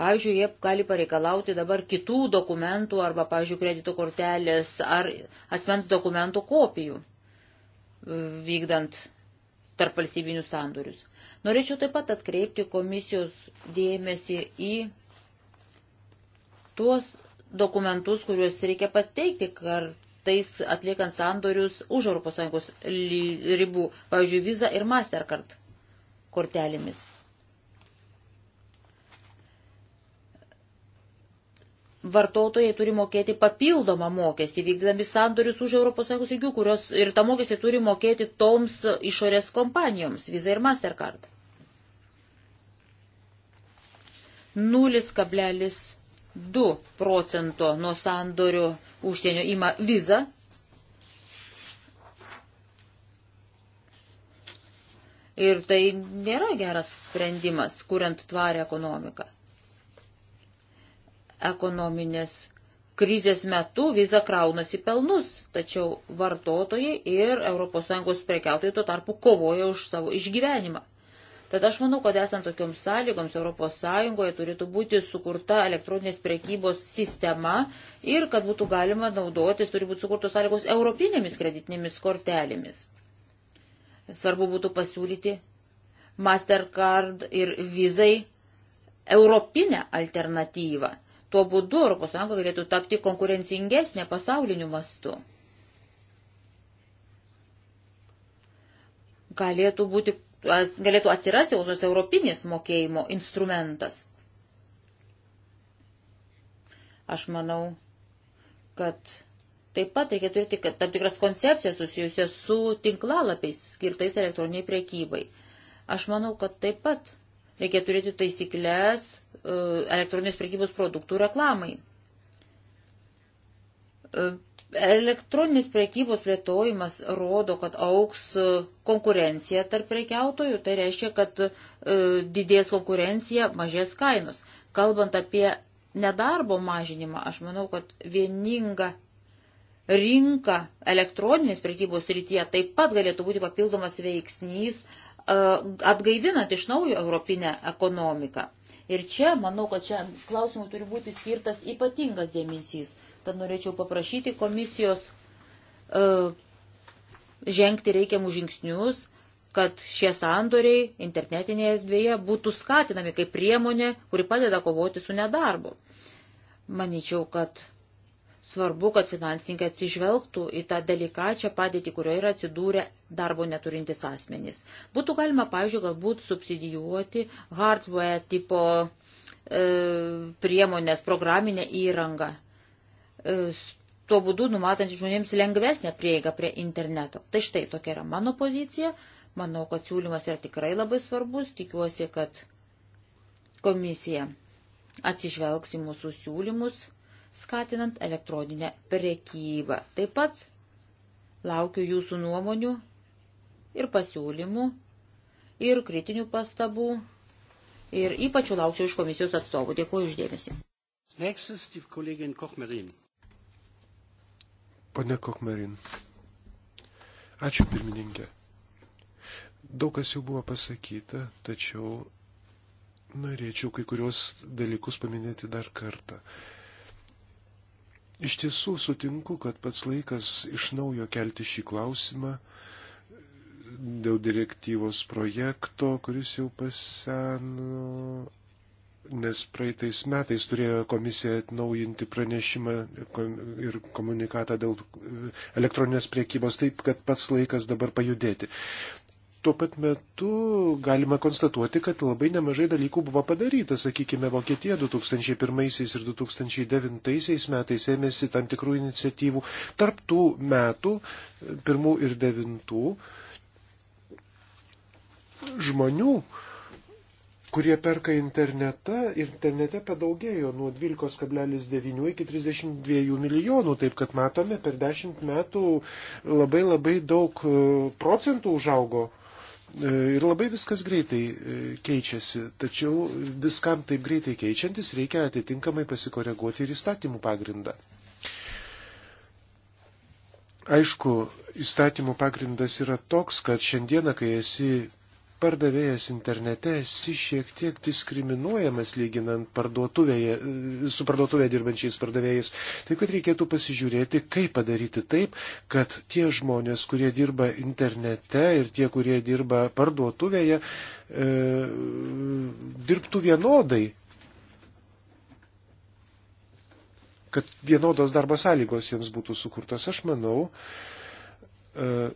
Pavyzdžiui, jie gali pareikalauti dabar kitų dokumentų arba, pavyzdžiui, kredito kortelės ar asmens dokumentų kopijų vykdant tarp valstybinius sandorius. Norėčiau taip pat atkreipti komisijos dėmesį į tuos dokumentus, kuriuos reikia pateikti kartais atliekant sandorius už ES ribų, pavyzdžiui, Visa ir Mastercard kortelėmis. vartotojai turi mokėti papildomą mokestį, vykdami sandorius už ES lygių, kurios ir tą mokestį turi mokėti toms išorės kompanijoms, Visa ir Mastercard. 0,2 procento nuo sandorių užsienio ima Visa. Ir tai nėra geras sprendimas, kuriant tvarę ekonomiką. Ekonominės krizės metu viza kraunasi pelnus, tačiau vartotojai ir ES prekiautojai tuo tarpu kovoja už savo išgyvenimą. Tad aš manau, kad esant tokioms sąlygoms ES turėtų būti sukurta elektroninės prekybos sistema ir kad būtų galima naudotis, turi būti sukurtos sąlygos europinėmis kreditinėmis kortelėmis. Svarbu būtų pasiūlyti Mastercard ir vizai europinę alternatyvą Tuo būdu ES galėtų tapti konkurencingesnė pasauliniu mastu. Galėtų, būti, galėtų atsirasti ausos europinis mokėjimo instrumentas. Aš manau, kad taip pat reikia turėti tam tikras koncepcijas susijusias su tinklalapiais skirtais elektroniniai priekybai. Aš manau, kad taip pat reikia turėti taisyklės E, elektroninės prekybos produktų reklamai. E, elektroninės prekybos plėtojimas rodo, kad auks konkurencija tarp prekiautojų, tai reiškia, kad e, didės konkurencija, mažės kainos. Kalbant apie nedarbo mažinimą, aš manau, kad vieninga rinka elektroninės prekybos rytyje taip pat galėtų būti papildomas veiksnys E, atgaivinant iš naujo europinę ekonomiką. Ir čia, manau, kad čia klausimui turi būti skirtas ypatingas dėmesys. Tad norėčiau paprašyti komisijos uh, žengti reikiamus žingsnius, kad šie sandoriai internetinėje erdvėje būtų skatinami kaip priemonė, kuri padeda kovoti su nedarbu. Maničiau, kad Svarbu, kad finansininkai atsižvelgtų į tą delikačią padėtį, kurioje yra atsidūrę darbo neturintis asmenys. Būtų galima, pavyzdžiui, galbūt subsidijuoti hardware tipo e, priemonės, programinę įrangą. E, tuo būdu numatant žmonėms lengvesnę prieigą prie interneto. Tai štai tokia yra mano pozicija. Manau, kad siūlymas yra tikrai labai svarbus. Tikiuosi, kad komisija atsižvelgs į mūsų siūlymus skatinant elektroninę prekybą. Taip pat laukiu jūsų nuomonių ir pasiūlymų ir kritinių pastabų ir ypač lauksiu iš komisijos atstovų. Dėkuoju uždėmesi. Nächstes die Kollegin Kochmerin. Pane Kochmerin. Ačiū pirmininkė. Daug kas jau buvo pasakyta, tačiau norėčiau kai kurios dalykus paminėti dar kartą. Iš tiesų sutinku, kad pats laikas iš naujo kelti šį klausimą dėl direktyvos projekto, kuris jau paseno, nes praeitais metais turėjo komisija atnaujinti pranešimą ir komunikatą dėl e, elektroninės priekybos, taip kad pats laikas dabar pajudėti tuo pat metu galima konstatuoti, kad labai nemažai dalykų buvo padaryta. Sakykime, Vokietija 2001 ir 2009 metais ėmėsi tam tikrų iniciatyvų. Tarptų metų, pirmų ir devintų, žmonių, kurie perka internetą, internete padaugėjo nuo 12,9 iki 32 milijonų, taip kad matome, per 10 metų labai labai daug e, procentų užaugo E, ir labai viskas greitai e, keičiasi, tačiau viskam taip greitai keičiantis reikia atitinkamai pasikoreguoti ir įstatymų pagrindą. Aišku, įstatymų pagrindas yra toks, kad šiandieną, kai esi pardavėjas internete esi šiek tiek diskriminuojamas lyginant parduotuvėje, su parduotuvėje dirbančiais pardavėjais. Taip kad reikėtų pasižiūrėti, kaip padaryti taip, kad tie žmonės, kurie dirba internete ir tie, kurie dirba parduotuvėje, e, dirbtų vienodai. Kad vienodos darbo sąlygos jiems būtų sukurtos. Aš manau, e,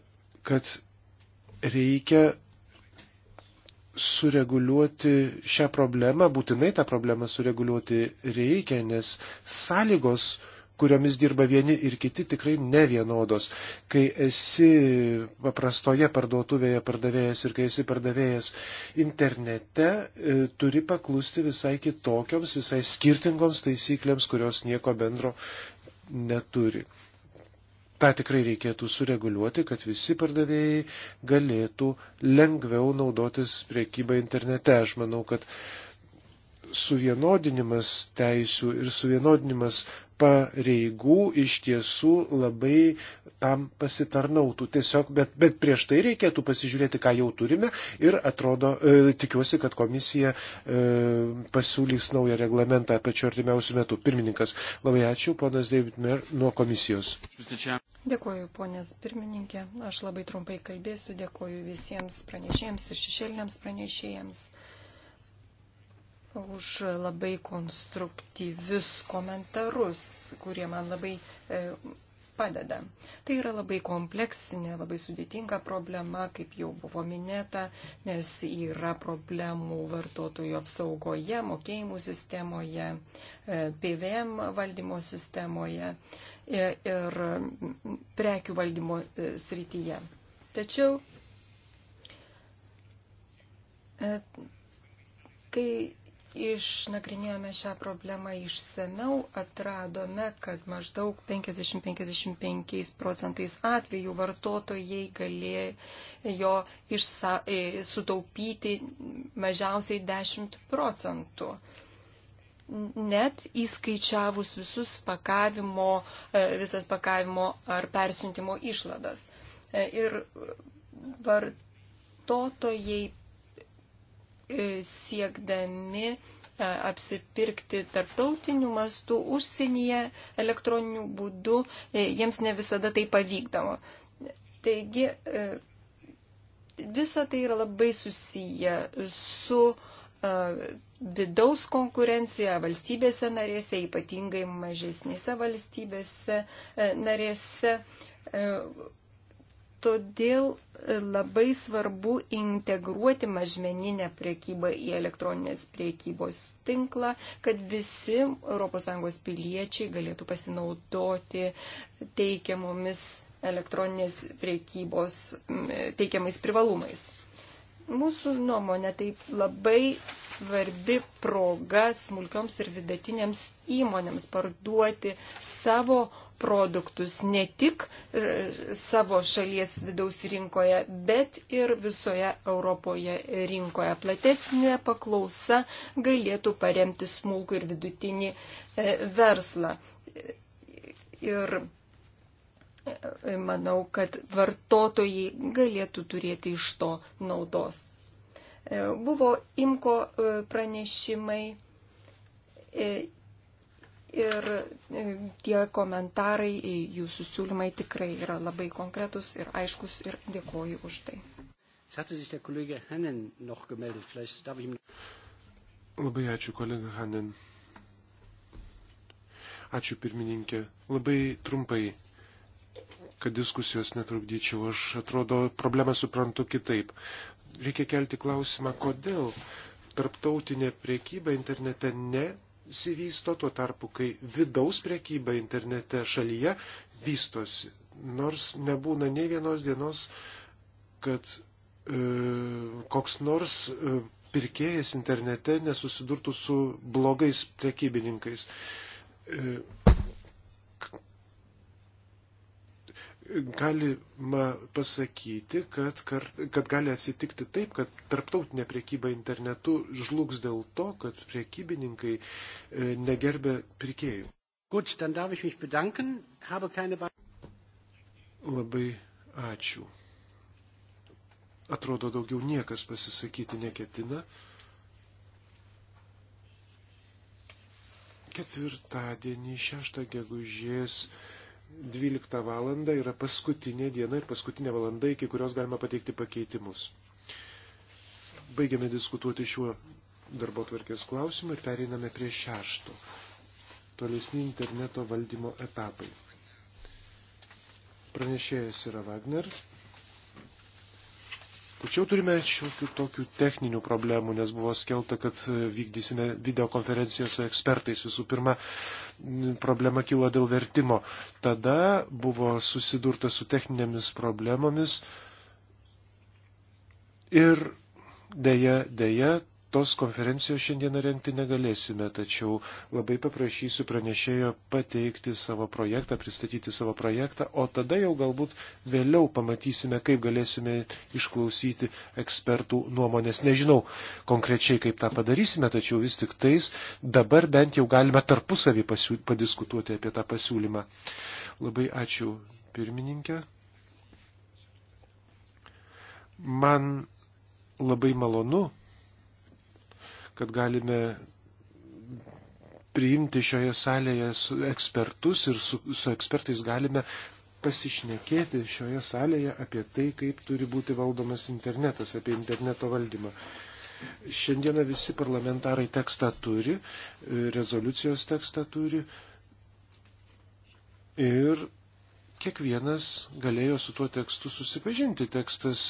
kad reikia sureguliuoti šią problemą, būtinai tą problemą sureguliuoti reikia, nes sąlygos, kuriomis dirba vieni ir kiti, tikrai ne vienodos. Kai esi paprastoje parduotuvėje pardavėjas ir kai esi pardavėjas internete, e, turi paklusti visai kitokioms, visai skirtingoms taisyklėms, kurios nieko bendro neturi tą tikrai reikėtų sureguliuoti, kad visi pardavėjai galėtų lengviau naudotis priekybą internete. Aš manau, kad suvienodinimas teisių ir suvienodinimas pareigų iš tiesų labai tam pasitarnautų. Tiesiog, bet, bet prieš tai reikėtų pasižiūrėti, ką jau turime ir atrodo, e, tikiuosi, kad komisija e, pasiūlys naują reglamentą pačiu artimiausiu metu. Pirmininkas, labai ačiū, ponas David Mer nuo komisijos. Dėkuoju, ponės pirmininkė. Aš labai trumpai kalbėsiu. Dėkuoju visiems pranešėjams ir šešėliniams pranešėjams už labai konstruktyvius komentarus, kurie man labai e, padeda. Tai yra labai kompleksinė, labai sudėtinga problema, kaip jau buvo minėta, nes yra problemų vartotojų apsaugoje, mokėjimų sistemoje, e, PVM valdymo sistemoje. E, ir prekių valdymo e, srityje. Tačiau, e, kai išnagrinėjome šią problemą išsameu, atradome, kad maždaug 50-55 procentais atvejų vartotojai galėjo išsa, e, sutaupyti mažiausiai 10 procentų net įskaičiavus visus pakavimo, e, visas pakavimo ar persiuntimo išladas. E, ir vartotojai e, siekdami apsipirkti tarptautiniu mastu užsienyje elektroniniu būdu, jiems ne visada tai pavykdavo. Taigi, visa tai yra labai susiję su uh, vidaus konkurencija valstybėse narėse, ypatingai mažesnėse valstybėse e, narėse. E, todėl labai svarbu integruoti mažmeninę priekybą į elektroninės priekybos tinklą, kad visi ES piliečiai galėtų pasinaudoti teikiamomis elektroninės priekybos teikiamais privalumais. Mūsų nuomonė tai labai svarbi proga smulkioms ir vidutinėms įmonėms parduoti savo produktus ne tik e, savo šalies vidaus rinkoje, bet ir visoje Europoje rinkoje. Platesnė paklausa galėtų paremti smulkų ir vidutinį e, verslą. Ir Manau, kad vartotojai galėtų turėti iš to naudos. E, buvo imko e, pranešimai e, ir tie komentarai, jūsų siūlymai tikrai yra labai konkretus ir aiškus ir dėkoju už tai. Labai ačiū, kolega Hanen. Ačiū pirmininkė. Labai trumpai kad diskusijos netrukdyčiau. Aš atrodo, problemą suprantu kitaip. Reikia kelti klausimą, kodėl tarptautinė priekyba internete nesivysto, tuo tarpu, kai vidaus priekyba internete šalyje vystosi. Nors nebūna nei vienos dienos, kad e, koks nors e, pirkėjas internete nesusidurtų su blogais priekybininkais. E, galima pasakyti, kad, kar, kad gali atsitikti taip, kad tarptautinė priekyba internetu žlugs dėl to, kad priekybininkai e, negerbė pirkėjų. Gut, dann darf ich mich bedanken. Habe keine Labai ačiū. Atrodo, daugiau niekas pasisakyti neketina. Ketvirtadienį, 6 gegužės 12 val. yra paskutinė diena ir paskutinė valanda, iki kurios galima pateikti pakeitimus. Baigiame diskutuoti šiuo darbo tvarkės klausimu ir pereiname prie šešto. Tolesni interneto valdymo etapai. Pranešėjas yra Wagner. Tačiau turime šiokių tokių techninių problemų, nes buvo skelta, kad vykdysime videokonferenciją su ekspertais. Visų pirma, problema kilo dėl vertimo. Tada buvo susidurta su techninėmis problemomis ir dėja, dėja, tos konferencijos šiandieną renkti negalėsime, tačiau labai paprašysiu pranešėjo pateikti savo projektą, pristatyti savo projektą, o tada jau galbūt vėliau pamatysime, kaip galėsime išklausyti ekspertų nuomonės. Nežinau konkrečiai, kaip tą padarysime, tačiau vis tik tais dabar bent jau galime tarpusavį pasiū... padiskutuoti apie tą pasiūlymą. Labai ačiū pirmininkė. Man labai malonu kad galime priimti šioje salėje su ekspertus ir su, su ekspertais galime pasišnekėti šioje salėje apie tai, kaip turi būti valdomas internetas, apie interneto valdymą. Šiandieną visi parlamentarai tekstą turi, rezoliucijos tekstą turi ir kiekvienas galėjo su tuo tekstu susipažinti. Tekstas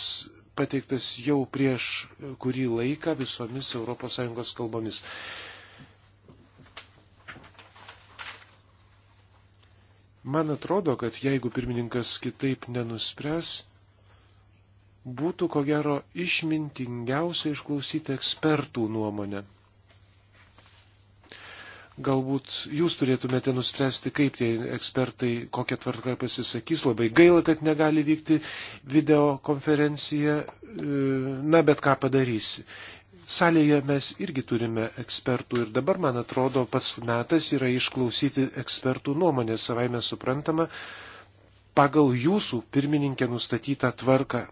pateiktas jau prieš kurį laiką visomis ES kalbomis. Man atrodo, kad jeigu pirmininkas kitaip nenuspręs, būtų ko gero išmintingiausia išklausyti ekspertų nuomonę. Galbūt jūs turėtumėte nuspręsti, kaip tie ekspertai, kokią tvarką pasisakys. Labai gaila, kad negali vykti videokonferencija. E, na, bet ką padarysi. Salėje mes irgi turime ekspertų ir dabar, man atrodo, pats metas yra išklausyti ekspertų nuomonę savaime suprantama pagal jūsų pirmininkę nustatytą tvarką.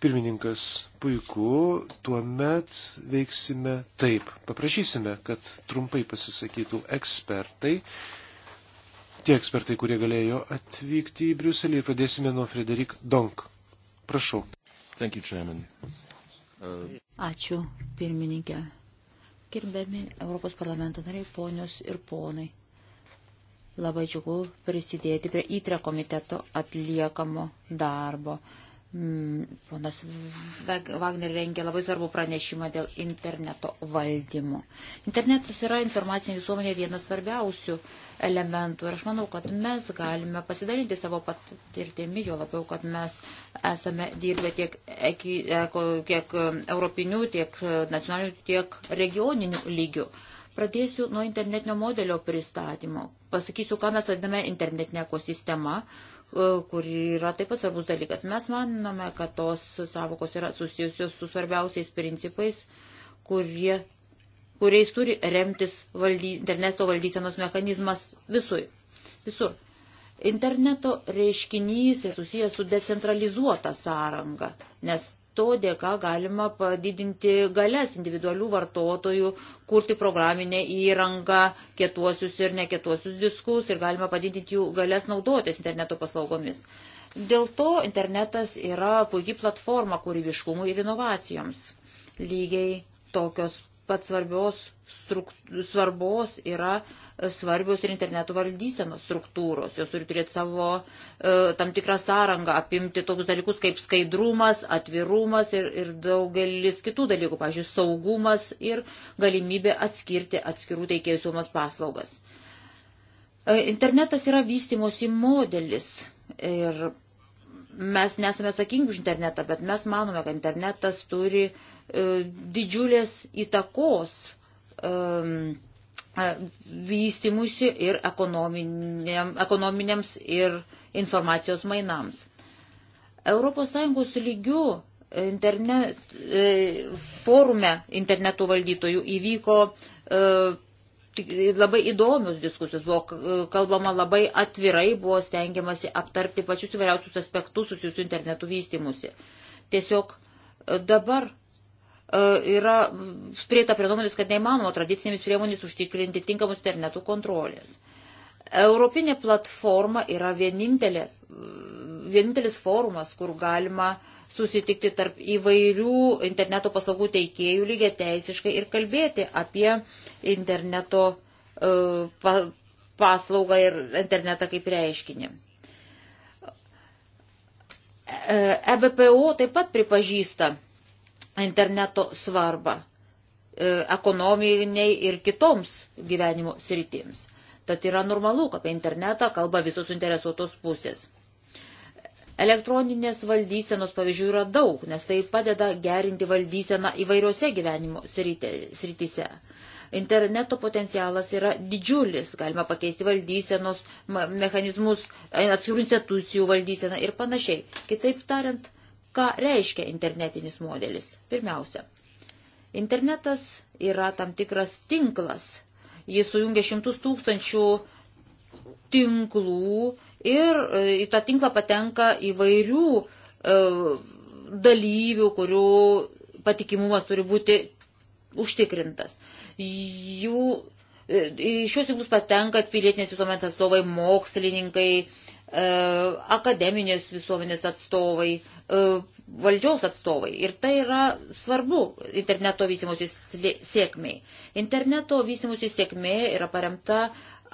Pirmininkas, puiku, tuomet veiksime taip. Paprašysime, kad trumpai pasisakytų ekspertai, tie ekspertai, kurie galėjo atvykti į Briuselį ir pradėsime nuo Frederik Donk. Prašau. Thank you, chairman. uh... Ačiū, pirmininkė. Gerbiami Europos parlamento nariai, ponios ir ponai. Labai džiugu prisidėti prie įtre komiteto atliekamo darbo. Uh, Mm, ponas Wagner rengė labai svarbų pranešimą dėl interneto valdymo. Internetas yra informacinė visuomenė vienas svarbiausių elementų ir aš manau, kad mes galime pasidalinti savo patirtimi, jo labiau, kad mes esame dirbę tiek, tiek e, europinių, tiek e, nacionalinių, tiek regioninių lygių. Pradėsiu nuo internetinio modelio pristatymo. Pasakysiu, ką mes vadiname internetinė ekosistema E, kur yra taip pat svarbus dalykas. Mes manome, kad tos savokos yra susijusios su svarbiausiais principais, kurie, kuriais turi remtis valdy, interneto valdysenos mechanizmas visui, visur. Interneto reiškinys susijęs su decentralizuota sąranga, nes to dėka galima padidinti galės individualių vartotojų, kurti programinę įrangą, kietuosius ir nekietuosius diskus ir galima padidinti jų galės naudotis interneto paslaugomis. Dėl to internetas yra puikiai platforma kūrybiškumui ir inovacijoms. Lygiai tokios pat svarbios, struk, svarbos yra svarbios ir interneto valdysenos struktūros. Jos turi turėti savo e, tam tikrą sąrangą, apimti tokius dalykus kaip skaidrumas, atvirumas ir, ir daugelis kitų dalykų, pažiūrėjau, saugumas ir galimybė atskirti atskirų teikėjų siūlomas paslaugas. E, internetas yra vystimosi modelis ir mes nesame atsakingi už internetą, bet mes manome, kad internetas turi e, E, didžiulės įtakos e, e, vystimusi ir ekonominiam, ekonominiams ir informacijos mainams. ES lygių internet, forume internetų valdytojų įvyko labai įdomios diskusijos, buvo kalbama labai atvirai, buvo stengiamasi aptarti pačius įvairiausius aspektus susijusių internetų vystimusi. Tiesiog dabar E, yra prieita prie nuomonės, kad neįmanoma tradicinėmis priemonės užtikrinti tinkamus internetų kontrolės. Europinė platforma yra vienintelė, vienintelis forumas, kur galima susitikti tarp įvairių interneto paslaugų teikėjų lygiai teisiškai ir kalbėti apie interneto uh, paslaugą ir internetą kaip reiškinį. EBPO e taip pat pripažįsta interneto svarbą e, ekonominiai ir kitoms gyvenimo sritims. Tad yra normalu, kad apie internetą kalba visos suinteresuotos pusės. Elektroninės valdysenos pavyzdžių yra daug, nes tai padeda gerinti valdyseną įvairiose gyvenimo srityse. Interneto potencialas yra didžiulis, galima pakeisti valdysenos mechanizmus, e, atskirų institucijų valdyseną ir panašiai. Kitaip tariant, Ką reiškia internetinis modelis? Pirmiausia, internetas yra tam tikras tinklas. Jis sujungia šimtus tūkstančių tinklų ir e, į tą tinklą patenka įvairių e, dalyvių, kurių patikimumas turi būti užtikrintas. Jų, e, į šios tinklus patenka pilietinės visuomenės atstovai, mokslininkai, E, akademinės visuomenės atstovai, e, valdžios atstovai. Ir tai yra svarbu interneto vystimusi sėkmiai. Interneto vystimusi sėkmė yra paremta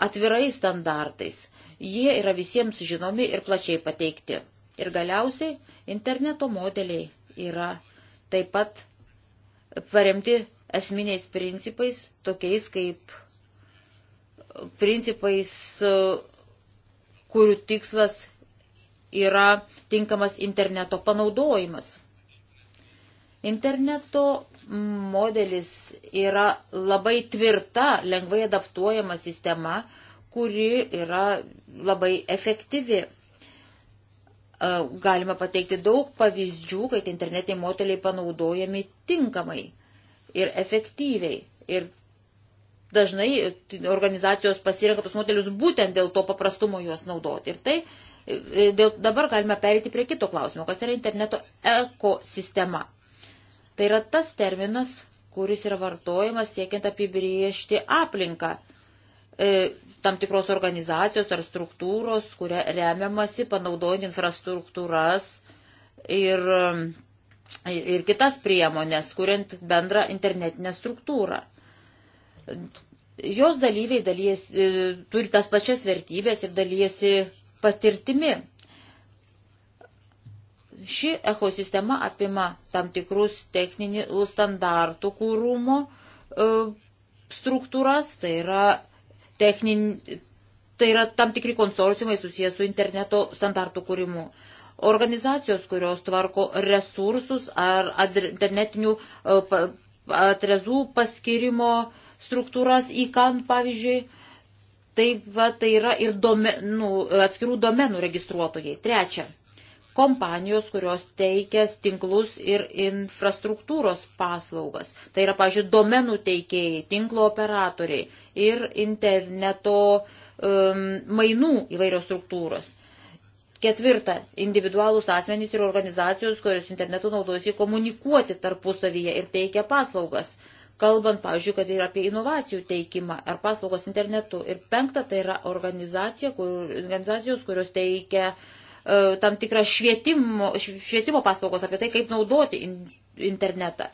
atvirai standartais. Jie yra visiems žinomi ir plačiai pateikti. Ir galiausiai interneto modeliai yra taip pat paremti esminiais principais, tokiais kaip principais kurių tikslas yra tinkamas interneto panaudojimas. Interneto modelis yra labai tvirta, lengvai adaptuojama sistema, kuri yra labai efektyvi. E, galima pateikti daug pavyzdžių, kad internetiniai modeliai panaudojami tinkamai ir efektyviai. Ir dažnai e, organizacijos pasirenka tos modelius būtent dėl to paprastumo juos naudoti. Ir tai e, e, dėl, dabar galime perėti prie kito klausimo, kas yra interneto ekosistema. Tai yra tas terminas, kuris yra vartojamas siekiant apibriežti aplinką e, tam tikros organizacijos ar struktūros, kuria remiamasi, panaudojant infrastruktūras ir, ir kitas priemonės, kuriant bendrą internetinę struktūrą. Jos dalyviai dalyjasi, turi tas pačias vertybės ir dalyjasi patirtimi. Ši ekosistema apima tam tikrus techninių standartų kūrumo e, struktūras, tai yra, technin, tai yra tam tikri konsorciumai susijęs su interneto standartų kūrimu organizacijos, kurios tvarko resursus ar internetinių e, atrezų paskirimo struktūras į kan, pavyzdžiui, taip pat tai yra ir domenų, nu, atskirų domenų registruotojai. Trečia, kompanijos, kurios teikia tinklus ir infrastruktūros paslaugas. Tai yra, pavyzdžiui, domenų teikėjai, tinklo operatoriai ir interneto um, mainų įvairios struktūros. Ketvirta, individualūs asmenys ir organizacijos, kurios internetu naudojasi komunikuoti tarpusavyje ir teikia paslaugas. Uh, kalbant, pavyzdžiui, kad ir apie inovacijų teikimą ar paslaugos internetu. Ir penkta, tai yra organizacija, kur, organizacijos, kurios teikia e, tam tikrą švietimo, švietimo paslaugos apie tai, kaip naudoti in, internetą.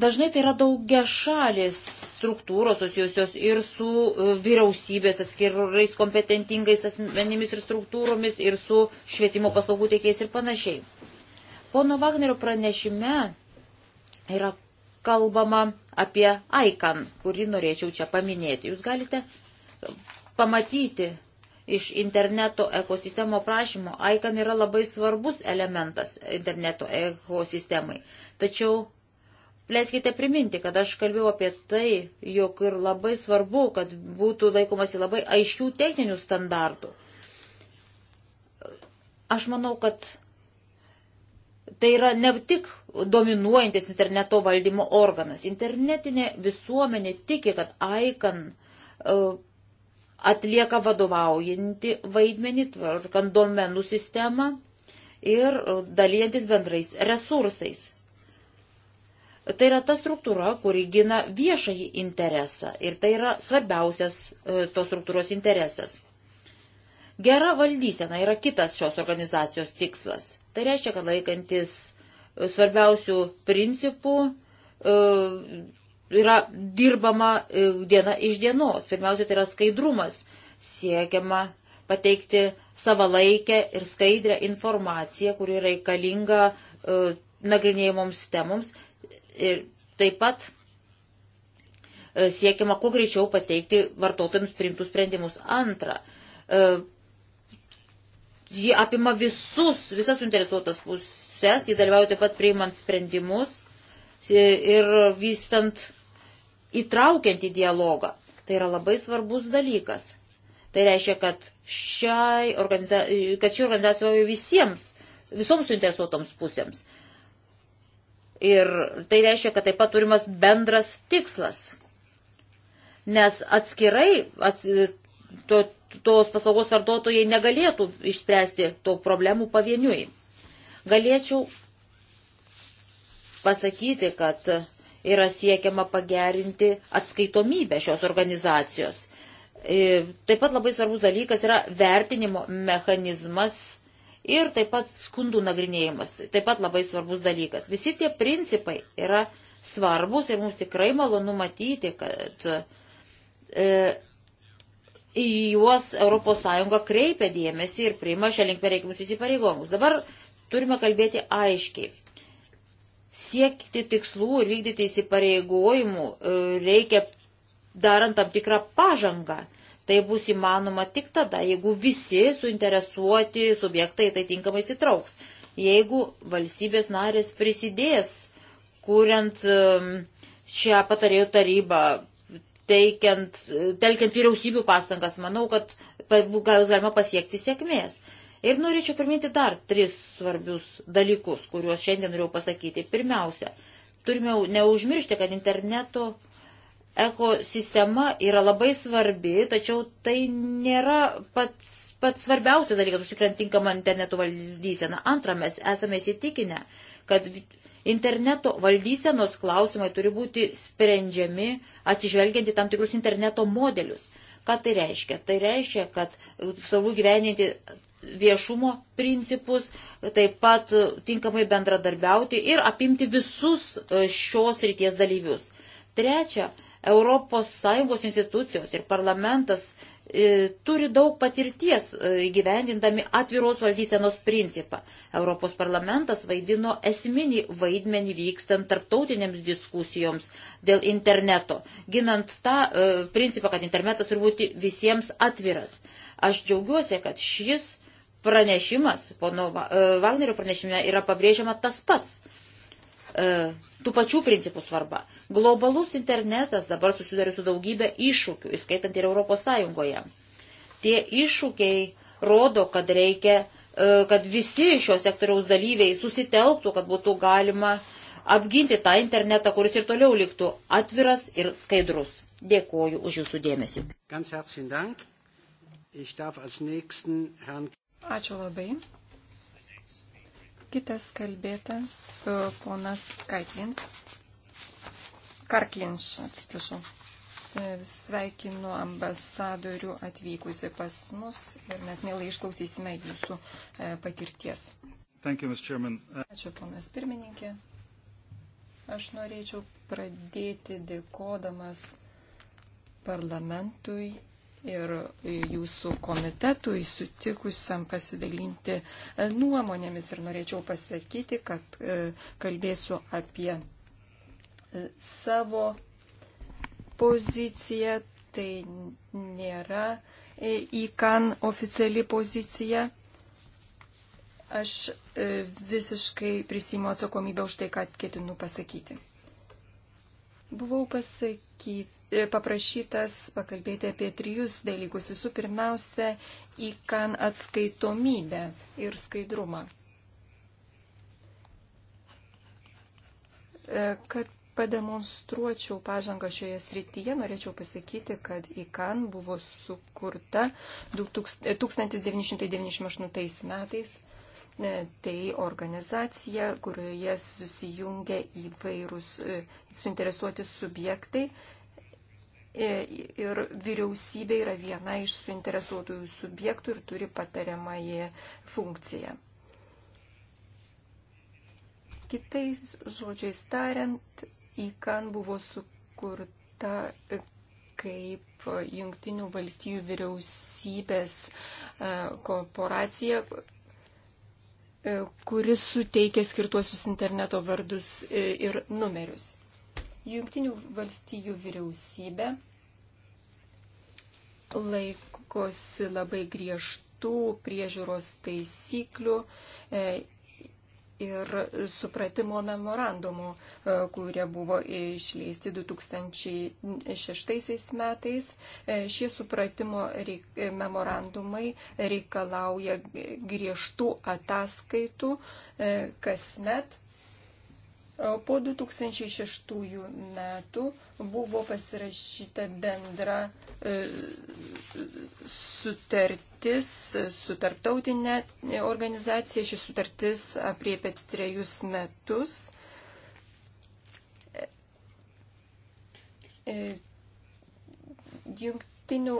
Dažnai tai yra daugia šalės struktūros susijusios ir su e, vyriausybės atskirais kompetentingais asmenimis ir struktūromis, ir su švietimo paslaugų teikėjais ir panašiai. Pono Vagnerio pranešime yra kalbama apie ICAN, kurį norėčiau čia paminėti. Jūs galite pamatyti iš interneto ekosistemo prašymo. ICAN yra labai svarbus elementas interneto ekosistemai. Tačiau leiskite priminti, kad aš kalbėjau apie tai, jog ir labai svarbu, kad būtų laikomasi labai aiškių techninių standartų. Aš manau, kad tai yra ne tik dominuojantis interneto valdymo organas. Internetinė visuomenė tiki, kad ICAN e, atlieka vadovaujantį vaidmenį, tvarkant domenų sistemą ir e, dalyjantis bendrais resursais. Tai yra ta struktūra, kuri gina viešąjį interesą ir tai yra svarbiausias e, tos struktūros interesas. Gera valdysena yra kitas šios organizacijos tikslas. Tai reiškia, kad laikantis e, svarbiausių principų e, yra dirbama e, diena iš dienos. Pirmiausia, tai yra skaidrumas. Siekiama pateikti savalaikę ir skaidrę informaciją, kuri reikalinga nagrinėjimoms temoms. Ir taip pat siekiama kuo greičiau pateikti vartotojams priimtus sprendimus. Antra, ji apima visus, visas suinteresuotas pusės, ji dalyvauja taip pat priimant sprendimus ir vystant įtraukiantį dialogą. Tai yra labai svarbus dalykas. Tai reiškia, kad, šiai organiza... kad ši organizacija visiems, visoms suinteresuotoms pusėms. Ir tai reiškia, kad taip pat turimas bendras tikslas. Nes atskirai ats... to tos paslaugos vartotojai negalėtų išspręsti to problemų pavieniui. Galėčiau pasakyti, kad yra siekiama pagerinti atskaitomybę šios organizacijos. E, taip pat labai svarbus dalykas yra vertinimo mechanizmas ir taip pat skundų nagrinėjimas. Taip pat labai svarbus dalykas. Visi tie principai yra svarbus ir mums tikrai malonu matyti, kad e, į juos ES kreipia dėmesį ir priima šią linkmę reikimus įsipareigomus. Dabar turime kalbėti aiškiai. Siekti tikslų ir vykdyti įsipareigojimų e, reikia darant tam tikrą pažangą. Tai bus įmanoma tik tada, jeigu visi suinteresuoti subjektai tai tinkamai sitrauks. Jeigu valstybės narės prisidės, kuriant e, šią patarėjų tarybą teikiant, telkiant vyriausybių pastangas, manau, kad jūs galima pasiekti sėkmės. Ir norėčiau priminti dar tris svarbius dalykus, kuriuos šiandien norėjau pasakyti. Pirmiausia, turime neužmiršti, kad interneto ekosistema yra labai svarbi, tačiau tai nėra pats, pats svarbiausias dalykas užtikrinti tinkamą interneto valdyseną. Antra, mes esame įsitikinę, kad Interneto valdysenos klausimai turi būti sprendžiami atsižvelgiant į tam tikrus interneto modelius. Ką tai reiškia? Tai reiškia, kad svarbu gyveninti viešumo principus, taip pat tinkamai bendradarbiauti ir apimti visus e, šios ryties dalyvius. Trečia, ES institucijos ir parlamentas E, turi daug patirties e, įgyvendindami atviros valdysenos principą. Europos parlamentas vaidino esminį vaidmenį vykstant tarptautinėms diskusijoms dėl interneto, ginant tą e, principą, kad internetas turi būti visiems atviras. Aš džiaugiuosi, kad šis pranešimas, pono Vagnerio e, pranešime, yra pabrėžiama tas pats. E, tų pačių principų svarba. Globalus internetas dabar susiduria su daugybė iššūkių, įskaitant ir Europos Sąjungoje. Tie iššūkiai rodo, kad reikia, e, kad visi šio sektoriaus dalyviai susitelktų, kad būtų galima apginti tą internetą, kuris ir toliau liktų atviras ir skaidrus. Dėkuoju už jūsų dėmesį. Ačiū labai. Kitas kalbėtas, e, ponas Kaitlins. Karklins, atsiprašau. E, sveikinu ambasadorių atvykusi pas mus ir mes mielai išklausysime jūsų e, patirties. Thank you, uh, Ačiū, ponas pirmininkė. Aš norėčiau pradėti dėkodamas parlamentui ir jūsų komitetui sutikusiam pasidalinti nuomonėmis. Ir norėčiau pasakyti, kad e, kalbėsiu apie e, savo poziciją. Tai nėra įkan e, oficiali pozicija. Aš visiškai prisimu atsakomybę už tai, ką ketinu pasakyti. Buvau pasakyti, e, paprašytas pakalbėti apie trijus dalykus. Visų pirmiausia, į kan atskaitomybę ir skaidrumą. E, kad pademonstruočiau pažangą šioje srityje, norėčiau pasakyti, kad ICAN buvo sukurta 1998 e, metais E, tai organizacija, kurioje susijungia įvairūs e, suinteresuoti subjektai. E, ir vyriausybė yra viena iš suinteresuotųjų subjektų ir turi patariamąją funkciją. Kitais žodžiais tariant, ICAN buvo sukurta kaip Junktinių valstybių vyriausybės korporacija, E, kuris suteikia skirtuosius interneto vardus e, ir numerius. Junktinių valstijų vyriausybė laikosi labai griežtų priežiūros taisyklių e, ir supratimo memorandumų, e, kurie buvo išleisti 2006 metais. E, šie supratimo reik, e, memorandumai reikalauja griežtų ataskaitų kasmet Po 2006 metų buvo pasirašyta bendra e, sutartis su tarptautinė organizacija. Ši sutartis apriepia trejus metus. E, Jungtinių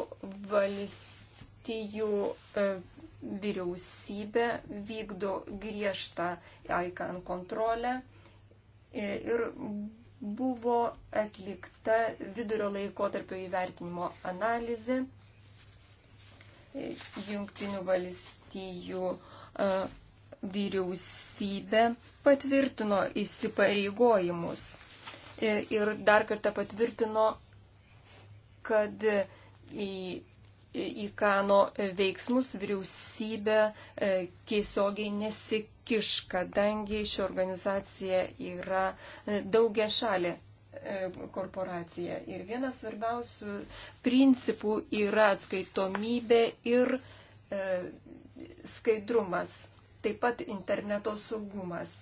valstijų e, vyriausybė vykdo griežtą ICAN kontrolę E, ir buvo atlikta vidurio laikotarpio įvertinimo analizė e, Jungtinių valstijų e, vyriausybė patvirtino įsipareigojimus ir dar kartą patvirtino, kad į, į Kano veiksmus vyriausybė tiesiogiai nesikėlė kiš, kadangi ši organizacija yra e, daugia šalė e, korporacija. Ir vienas svarbiausių principų yra atskaitomybė ir e, skaidrumas, taip pat interneto saugumas.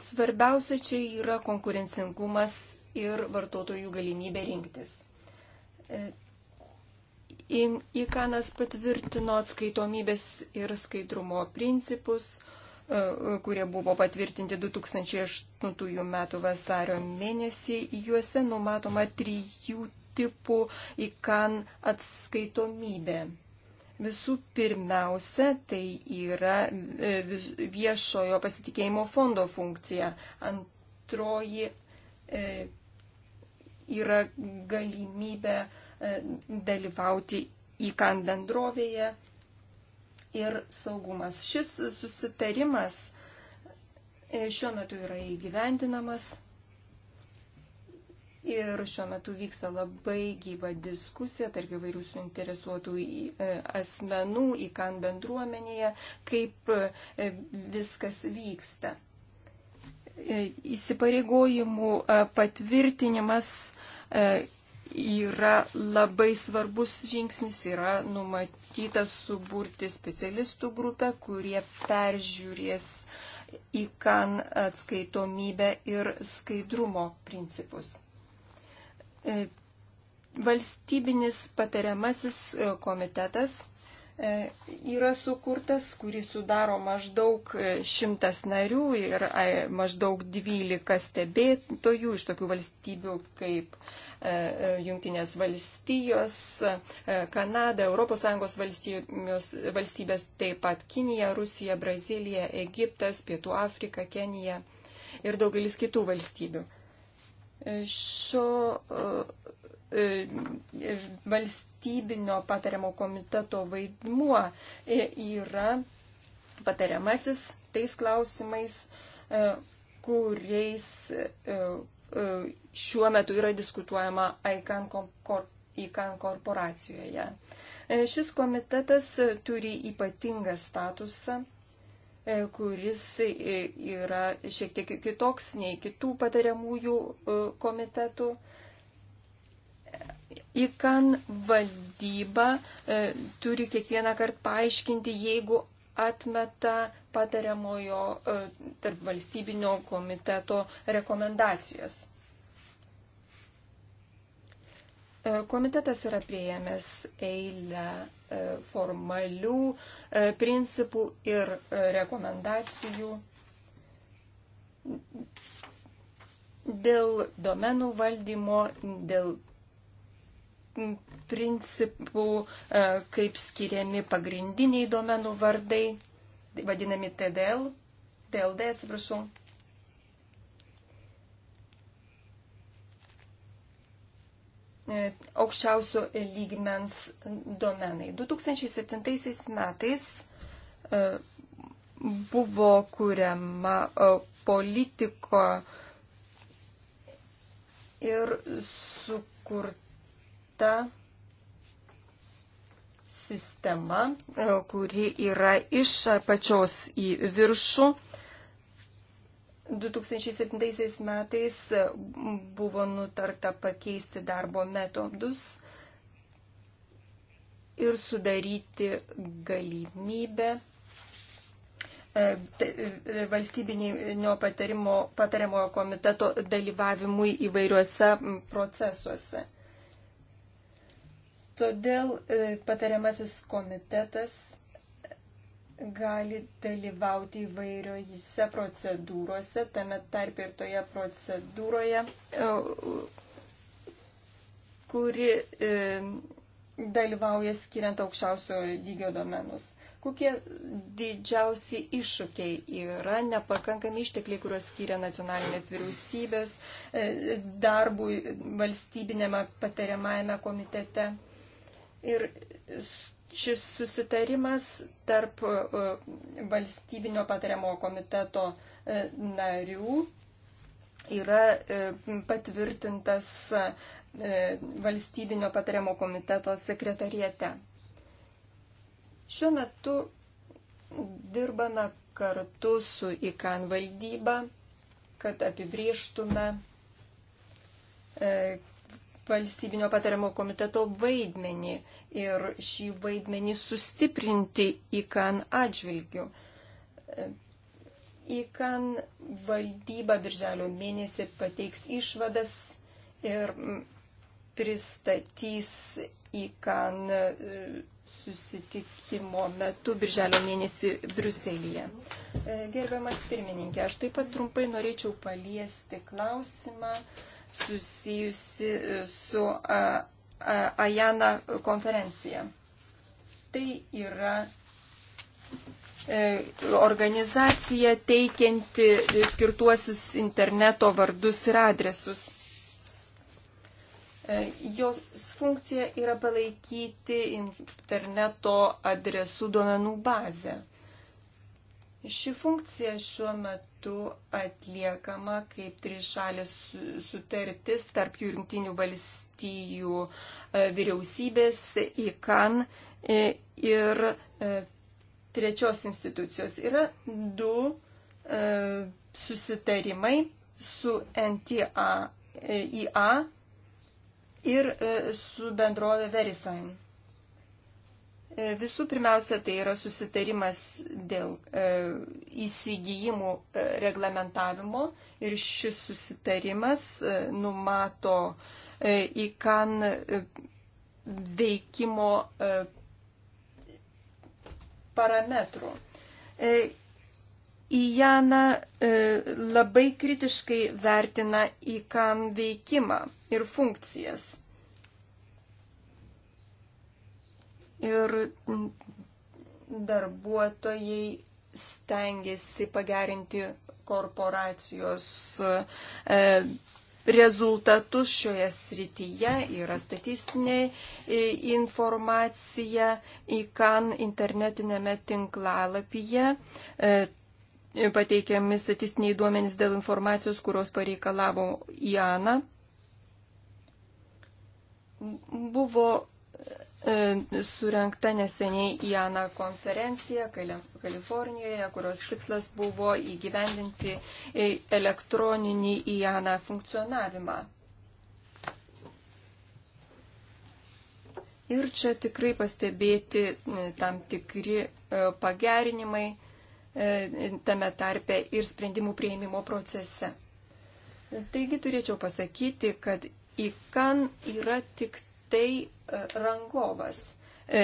Svarbiausia čia yra konkurencingumas ir vartotojų galimybė rinktis. Ikanas patvirtino atskaitomybės ir skaidrumo principus, e, e, kurie buvo patvirtinti 2008 m. vasario mėnesį. Juose numatoma trijų tipų Ikan atskaitomybė. Visų pirmiausia, tai yra e, viešojo pasitikėjimo fondo funkcija. Antroji yra galimybė E, dalyvauti įkan bendrovėje ir saugumas. Šis susitarimas e, šiuo metu yra įgyvendinamas ir šiuo metu vyksta labai gyva diskusija tarp įvairių suinteresuotų e, asmenų, įkan bendruomenėje, kaip viskas vyksta. Įsipareigojimų patvirtinimas yra labai svarbus žingsnis, yra numatytas suburti specialistų grupę, kurie peržiūrės į kan atskaitomybę ir skaidrumo principus. E, valstybinis patariamasis e, komitetas E, yra sukurtas, kuris sudaro maždaug e, šimtas narių ir e, maždaug dvylika stebėtojų iš tokių valstybių kaip Junktinės valstijos, Kanada, ES valstybės, taip pat Kinija, Rusija, Brazilija, Egiptas, Pietų Afrika, Kenija ir daugelis kitų valstybių. Šio valstybės valstybinio patariamo komiteto vaidmuo yra patariamasis tais klausimais, e, kuriais e, e, šiuo metu yra diskutuojama ICAN korporacijoje. Šis komitetas turi ypatingą statusą kuris yra šiek tiek kitoks nei kitų patariamųjų komitetų. IKAN valdyba e, turi kiekvieną kartą paaiškinti, jeigu atmeta patariamojo e, tarp valstybinio komiteto rekomendacijas. E, komitetas yra prieėmęs eilę e, formalių e, principų ir e, rekomendacijų dėl domenų valdymo, dėl principų, e, kaip skiriami pagrindiniai duomenų vardai, vadinami TDL, TLD, atsiprašau. E, aukščiausio lygmens domenai. 2007 metais e, buvo kuriama politiko ir sukurta ta sistema, e, kuri yra iš pačios į viršų. 2007 metais buvo nutarta pakeisti darbo metodus ir sudaryti galimybę e, e, valstybinio patarimo, patariamojo komiteto dalyvavimui įvairiuose procesuose. Todėl e, patariamasis komitetas gali dalyvauti įvairiose procedūrose, tame tarp ir toje procedūroje, e, kuri e, dalyvauja skiriant aukščiausio lygio domenus. Kokie didžiausi iššūkiai yra nepakankami ištekliai, kuriuos skiria nacionalinės vyriausybės darbui valstybinėme patariamajame komitete? Ir šis susitarimas tarp e, valstybinio patariamo komiteto e, narių yra e, patvirtintas valstybinio patariamo komiteto sekretariete. Šiuo metu dirbame kartu su IKAN valdyba, kad apibrieštume, valstybinio patariamo komiteto vaidmenį ir šį vaidmenį sustiprinti IKAN atžvilgiu. IKAN valdyba birželio mėnesį pateiks išvadas ir mm, pristatys IKAN e, susitikimo metu birželio mėnesį Bruselėje. E, gerbiamas pirmininkė, aš taip pat trumpai norėčiau paliesti klausimą, susijusi e, su Ajana konferencija. Tai yra e, organizacija teikianti skirtuosius interneto vardus ir adresus. E, jos funkcija yra palaikyti interneto adresų duomenų bazę. Ši funkcija šiuo metu metu atliekama kaip trišalės sutartis tarp jungtinių valstijų e, vyriausybės, IKAN e, ir e, trečios institucijos. Yra du susitarimai su NTA IA ir su bendrovė Verisign. E, visų pirmiausia, tai yra susitarimas dėl e, įsigijimų e, reglamentavimo ir šis susitarimas e, numato e, į kan e, veikimo e, parametrų. E, Ijana e, labai kritiškai vertina į kan veikimą ir funkcijas. ir darbuotojai stengiasi pagerinti korporacijos e, rezultatus šioje srityje, yra statistinė e, informacija į KAN internetinėme tinklalapyje e, pateikiami statistiniai duomenys dėl informacijos, kurios pareikalavo Jana. Buvo E, surenkta neseniai IANA konferencija Kalifornijoje, kurios tikslas buvo įgyvendinti e, elektroninį IANA funkcionavimą. Ir čia tikrai pastebėti e, tam tikri pagerinimai tame tarpe ir sprendimų prieimimo procese. Taigi turėčiau pasakyti, kad IKAN yra tik tai e, rangovas. E,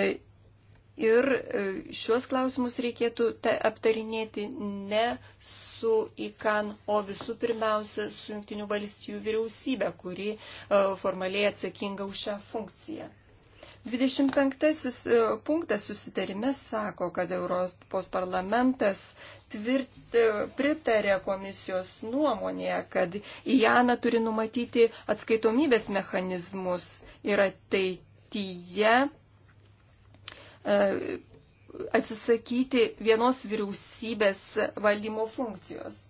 ir e, šiuos klausimus reikėtų aptarinėti ne su ICAN, o visų pirmiausia su Junktinių valstijų vyriausybė, kuri formaliai atsakinga už šią funkciją. 25 e, punktas susitarime sako, kad Europos parlamentas tvirt, e, pritarė komisijos nuomonėje, kad IANA turi numatyti atskaitomybės mechanizmus ir ateityje e, atsisakyti vienos vyriausybės valdymo funkcijos.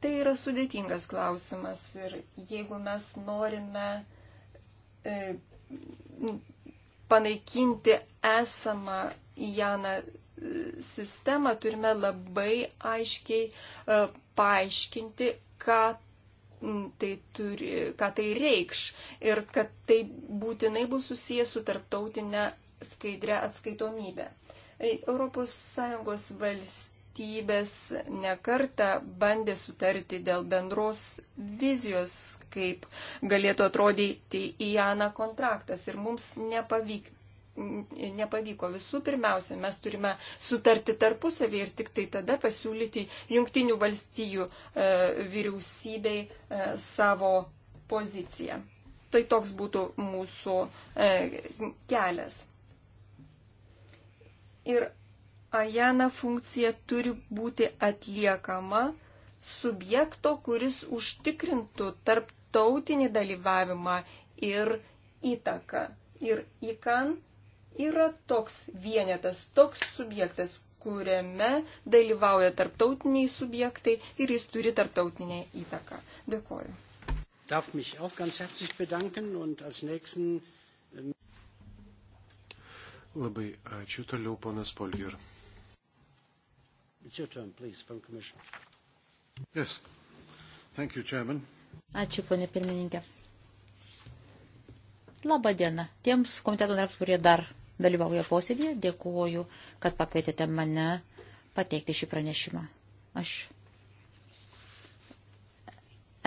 Tai yra sudėtingas klausimas ir jeigu mes norime panaikinti esamą Janą e, sistemą, turime labai aiškiai e, paaiškinti, ką tai, turi, ką tai reikš ir kad tai būtinai bus susijęs su tarptautinė skaidrė atskaitomybė. ES valstybė valstybės nekarta bandė sutarti dėl bendros vizijos, kaip galėtų atrodyti IANA kontraktas ir mums nepavyk, nepavyko. Visų pirmiausia, mes turime sutarti tarpusavį ir tik tai tada pasiūlyti jungtinių valstijų e, vyriausybei e, savo poziciją. Tai toks būtų mūsų e, kelias. Ir ajana funkcija turi būti atliekama subjekto, kuris užtikrintų tarptautinį dalyvavimą ir įtaką. Ir ikan yra toks vienetas, toks subjektas, kuriame dalyvauja tarptautiniai subjektai ir jis turi tarptautinę įtaką. Dėkoju. Darf mich auch ganz herzlich bedanken und als nächsten Labai ačiū toliau, ponas Polgir. It's your turn, please, from Commission. Yes. Thank you, Chairman. Ačiū, ponė pirmininkė. Labą dieną tiems komiteto nariams, kurie dar dalyvauja posėdėje. Dėkuoju, kad pakvietėte mane pateikti šį pranešimą. Aš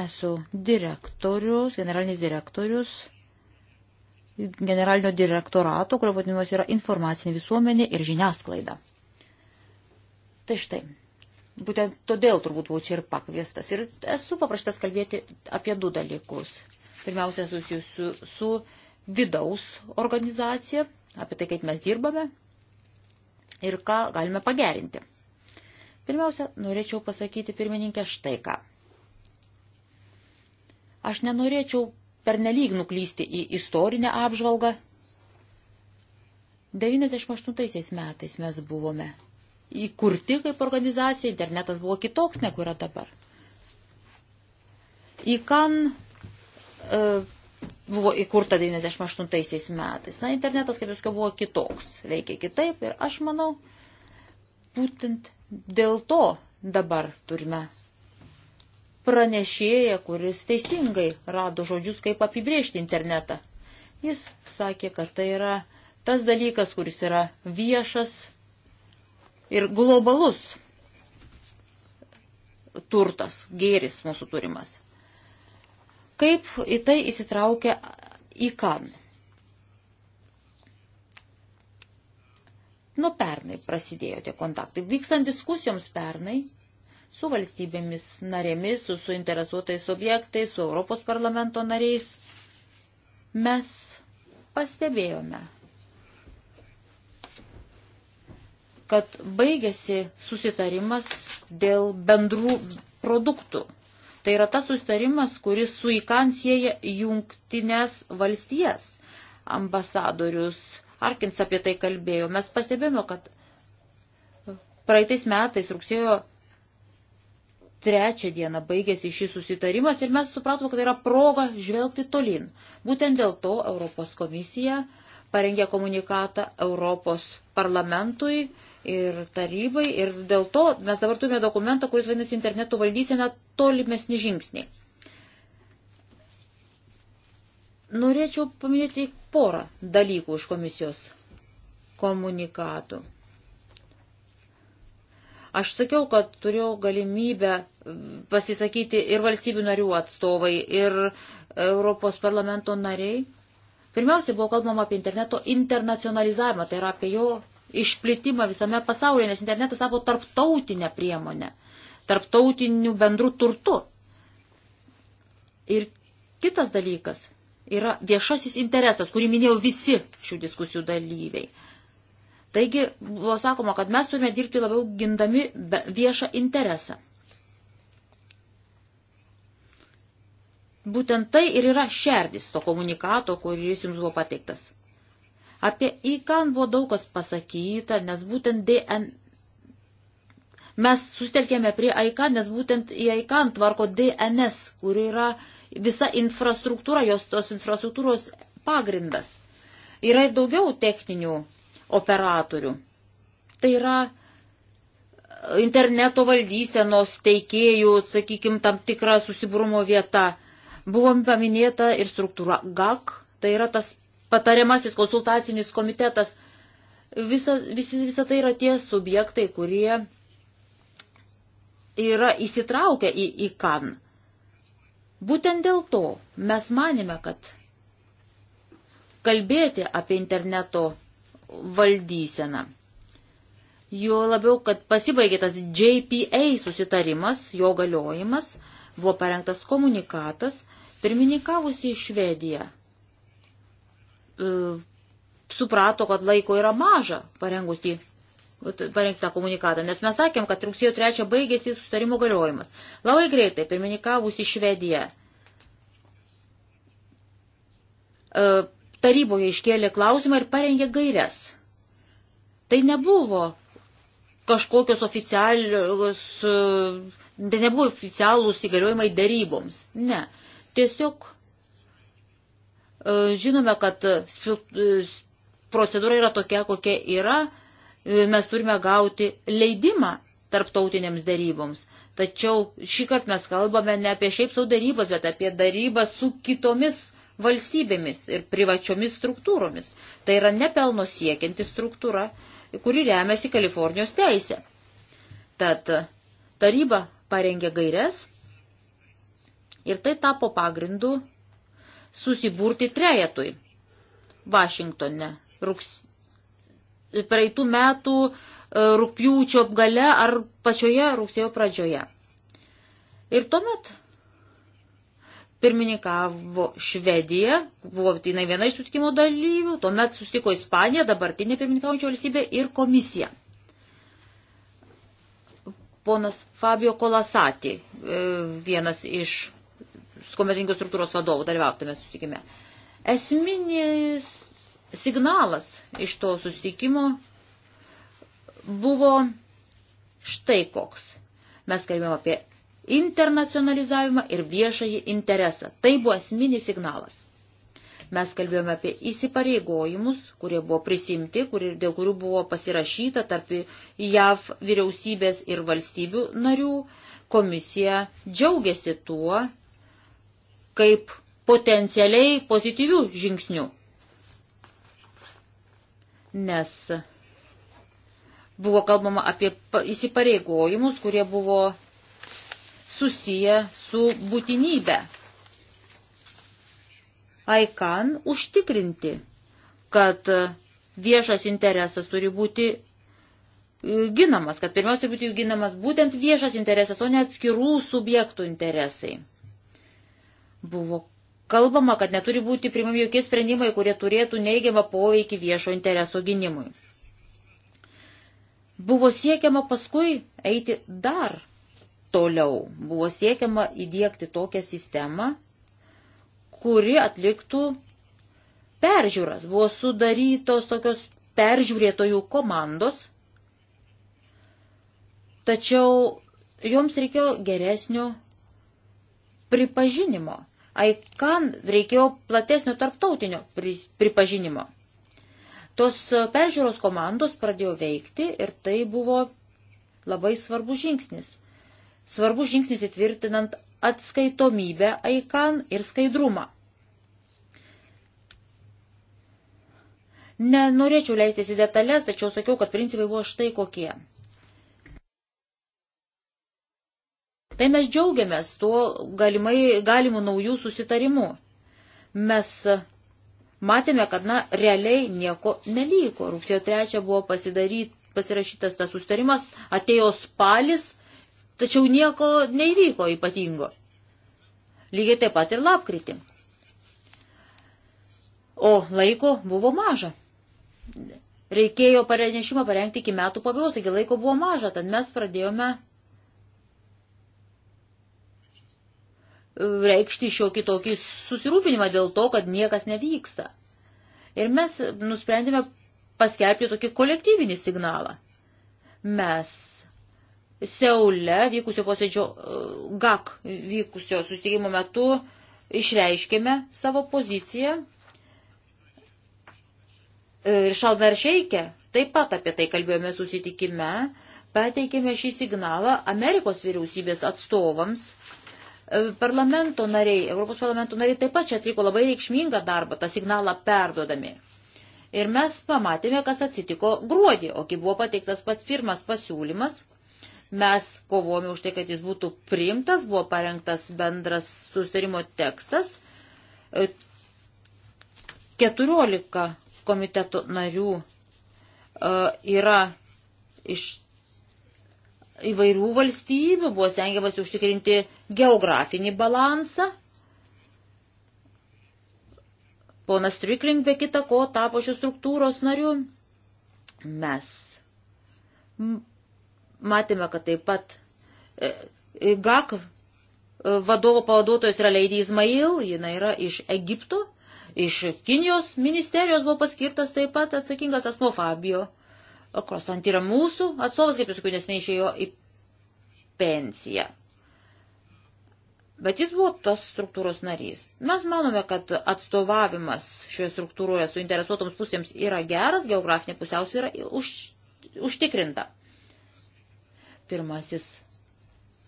esu direktorius, generalinis direktorius generalinio direktorato, kurio vadinimas yra informacinė visuomenė ir žiniasklaida. Tai štai. Būtent todėl turbūt buvau čia ir pakviestas. Ir esu papraštas kalbėti apie du dalykus. Pirmiausia, susijusiu su, su vidaus organizacija, apie tai, kaip mes dirbame ir ką galime pagerinti. Pirmiausia, norėčiau pasakyti pirmininkę štai ką. Aš nenorėčiau pernelyg nuklysti į istorinę apžvalgą. 98 metais mes buvome įkurti kaip organizacija, internetas buvo kitoks negu yra dabar. ICAN e, buvo įkurta 98 metais. Na, internetas, kaip viską, buvo kitoks, veikia kitaip ir aš manau, būtent dėl to dabar turime pranešėją, kuris teisingai rado žodžius, kaip apibriežti internetą. Jis sakė, kad tai yra tas dalykas, kuris yra viešas, ir globalus turtas, gėris mūsų turimas. Kaip į tai įsitraukia į kam? Nuo pernai prasidėjo tie kontaktai. Vykstant diskusijoms pernai su valstybėmis narėmis, su suinteresuotais objektais, su Europos parlamento nariais, mes pastebėjome, kad baigėsi susitarimas dėl bendrų produktų. Tai yra tas susitarimas, kuris su IKAN sieja jungtinės valstijas. Ambasadorius Arkins apie tai kalbėjo. Mes pastebėjome, kad praeitais metais rugsėjo trečią dieną baigėsi šis susitarimas ir mes supratome, kad tai yra proga žvelgti tolin. Būtent dėl to Europos komisija parengė komunikatą Europos parlamentui ir tarybai. Ir dėl to mes dabar turime dokumentą, kuris vadinasi interneto valdysena tolimesni žingsniai. Norėčiau paminėti porą dalykų iš komisijos komunikatų. Aš sakiau, kad turėjau galimybę pasisakyti ir valstybių narių atstovai, ir Europos parlamento nariai. Pirmiausia, buvo kalbama apie interneto internacionalizavimą, tai yra apie jo išplitimą visame pasaulyje, nes internetas tapo tarptautinę priemonę, tarptautiniu bendru turtu. Ir kitas dalykas yra viešasis interesas, kurį minėjau visi šių diskusijų dalyviai. Taigi buvo sakoma, kad mes turime dirbti labiau gindami viešą interesą. Būtent tai ir yra šerdis to komunikato, kuris jums buvo pateiktas. Apie ICAN buvo daug kas pasakyta, nes būtent DN. Mes sustelkėme prie ICAN, nes būtent į ICAN tvarko DNS, kur yra visa infrastruktūra, jos tos infrastruktūros pagrindas. Yra ir daugiau techninių operatorių. Tai yra e, interneto valdysenos teikėjų, sakykime, tam tikra susibūrumo vieta. Buvom paminėta ir struktūra GAC, tai yra tas patariamasis konsultacinis komitetas. Visa, visi, visa tai yra tie subjektai, kurie yra įsitraukę į, į kan. Būtent dėl to mes manime, kad kalbėti apie interneto valdyseną. Jo labiau, kad pasibaigė tas JPA susitarimas, jo galiojimas, buvo parengtas komunikatas, pirmininkavusi Švedija E, suprato, kad laiko yra maža parengus jį parengtą komunikatą, nes mes sakėm, kad rugsėjo 3 baigėsi sustarimo galiojimas. Labai greitai pirmininkavusi Švedija e, taryboje iškėlė klausimą ir parengė gairias. Tai nebuvo kažkokios oficialios, e, tai nebuvo oficialūs įgaliojimai daryboms. Ne. Tiesiog E, žinome, kad e, procedūra yra tokia, kokia yra. E, mes turime gauti leidimą tarptautinėms daryboms. Tačiau šį kartą mes kalbame ne apie šiaip savo darybas, bet apie darybas su kitomis valstybėmis ir privačiomis struktūromis. Tai yra nepelno siekianti struktūra, kuri remiasi Kalifornijos teisė. Tad taryba parengė gairias ir tai tapo pagrindu susiburti trejetui Vašingtone. Rugs... Praeitų metų e, rūpjūčio gale ar pačioje rugsėjo pradžioje. Ir tuomet pirmininkavo Švedija, buvo jinai viena iš sutikimo dalyvių, tuomet sustiko Ispanija, dabartinė pirmininkaujančio valstybė ir komisija. Ponas Fabio Kolasati, e, vienas iš kompetingos struktūros vadovų dalyvautame susitikime. Esminis signalas iš to susitikimo buvo štai koks. Mes kalbėjome apie internacionalizavimą ir viešąjį interesą. Tai buvo esminis signalas. Mes kalbėjome apie įsipareigojimus, kurie buvo prisimti, kurie, dėl kurių buvo pasirašyta tarp JAV vyriausybės ir valstybių narių. Komisija džiaugiasi tuo, kaip potencialiai pozityvių žingsnių. Nes buvo kalbama apie įsipareigojimus, kurie buvo susiję su būtinybė. Aikan užtikrinti, kad viešas interesas turi būti e, ginamas, kad pirmiausia turi būti ginamas būtent viešas interesas, o ne atskirų subjektų interesai buvo kalbama, kad neturi būti primami jokie sprendimai, kurie turėtų neigiamą poveikį viešo intereso gynimui. Buvo siekiama paskui eiti dar toliau. Buvo siekiama įdėkti tokią sistemą, kuri atliktų peržiūras. Buvo sudarytos tokios peržiūrėtojų komandos, tačiau joms reikėjo geresnio pripažinimo Aikan reikėjo platesnio tarptautinio pripažinimo. Tos peržiūros komandos pradėjo veikti ir tai buvo labai svarbus žingsnis. Svarbus žingsnis įtvirtinant atskaitomybę Aikan ir skaidrumą. Nenorėčiau leistis į detalės, tačiau sakiau, kad principai buvo štai kokie. Tai mes džiaugiamės tuo galimai, galimų naujų susitarimų. Mes matėme, kad, na, realiai nieko nelyko. Rūksėjo 3 buvo pasirašytas tas sustarimas, atėjo spalis, tačiau nieko neįvyko ypatingo. Lygiai taip pat ir lapkritį. O laiko buvo maža. Reikėjo parenešimą parengti iki metų pabaigos, taigi laiko buvo maža, tad mes pradėjome reikšti šiokį tokį susirūpinimą dėl to, kad niekas nevyksta. Ir mes nusprendėme paskelbti tokį kolektyvinį signalą. Mes Seule vykusio posėdžio e, GAK vykusio susitikimo metu išreiškėme savo poziciją ir šalveršeikė taip pat apie tai kalbėjome susitikime, pateikėme šį signalą Amerikos vyriausybės atstovams Parlamento nariai, Europos parlamento nariai taip pat čia atliko labai reikšmingą darbą, tą signalą perdodami. Ir mes pamatėme, kas atsitiko gruodį, o kai buvo pateiktas pats pirmas pasiūlymas, mes kovojame už tai, kad jis būtų priimtas, buvo parengtas bendras susirimo tekstas. 14 komiteto narių e, yra iš įvairių valstybių, buvo stengiamas užtikrinti geografinį balansą. Ponas Strikling be kita ko tapo šios struktūros nariu. Mes matėme, kad taip pat e, e, GAK e, vadovo pavaduotojas yra Leidija Izmail, jinai yra iš Egipto, iš Kinijos ministerijos buvo paskirtas taip pat atsakingas asmo Fabio. Krosant tai yra mūsų atstovas, kaip jūs sakiau, nes neišėjo į pensiją. Bet jis buvo tos struktūros narys. Mes manome, kad atstovavimas šioje struktūroje suinteresuotoms pusėms yra geras, geografinė pusiausvyrą už, užtikrinta. Pirmasis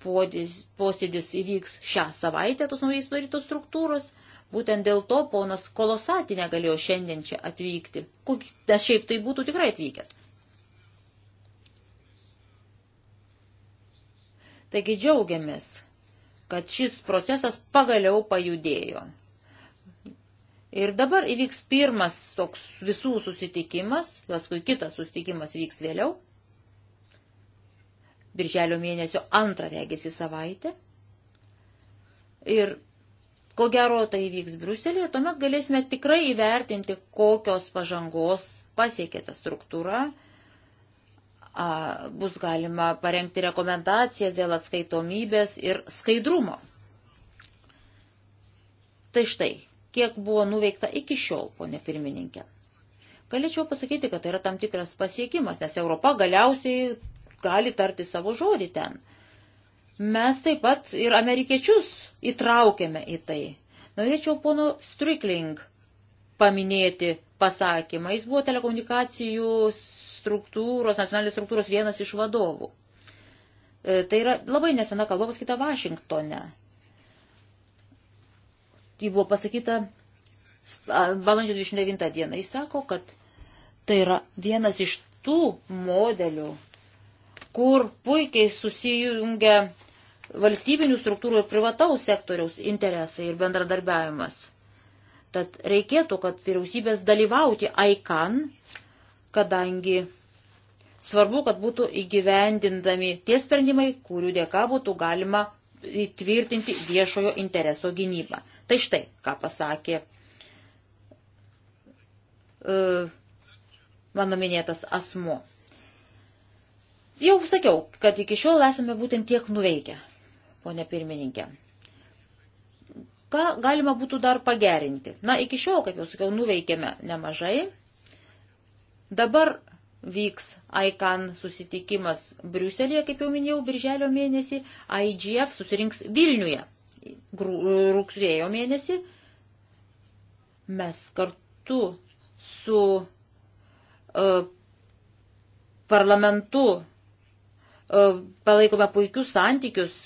podis, posėdis įvyks šią savaitę tos naujai sudarytos struktūros. Būtent dėl to ponas Kolosatį negalėjo šiandien čia atvykti, nes šiaip tai būtų tikrai atvykęs. Taigi džiaugiamės, kad šis procesas pagaliau pajudėjo. Ir dabar įvyks pirmas toks visų susitikimas, paskui kitas susitikimas vyks vėliau. Birželio mėnesio antrą regėsi savaitę. Ir ko gero tai vyks Bruselėje, tuomet galėsime tikrai įvertinti, kokios pažangos pasiekė ta struktūra bus galima parengti rekomendacijas dėl atskaitomybės ir skaidrumo. Tai štai, kiek buvo nuveikta iki šiol, ponė pirmininkė. Galėčiau pasakyti, kad tai yra tam tikras pasiekimas, nes Europa galiausiai gali tarti savo žodį ten. Mes taip pat ir amerikiečius įtraukėme į tai. Norėčiau pono Strikling paminėti pasakymą. Jis buvo telekomunikacijų struktūros, nacionalinės struktūros vienas iš vadovų. E, tai yra labai nesena kalba pasakyta Vašingtone. Ji buvo pasakyta balandžio 29 dieną. Jis sako, kad tai yra vienas iš tų modelių, kur puikiai susijungia valstybinių struktūrų ir privataus sektoriaus interesai ir bendradarbiavimas. Tad reikėtų, kad vyriausybės dalyvauti AICAN kadangi svarbu, kad būtų įgyvendindami tie sprendimai, kurių dėka būtų galima įtvirtinti viešojo intereso gynybą. Tai štai, ką pasakė e, mano minėtas asmo. Jau sakiau, kad iki šiol esame būtent tiek nuveikę, ponė pirmininkė. Ką galima būtų dar pagerinti? Na, iki šiol, kaip jau sakiau, nuveikėme nemažai, Dabar vyks ICAN susitikimas Briuselėje, kaip jau minėjau, birželio mėnesį, IGF susirinks Vilniuje rugsėjo mėnesį. Mes kartu su uh, parlamentu uh, palaikome puikius santykius.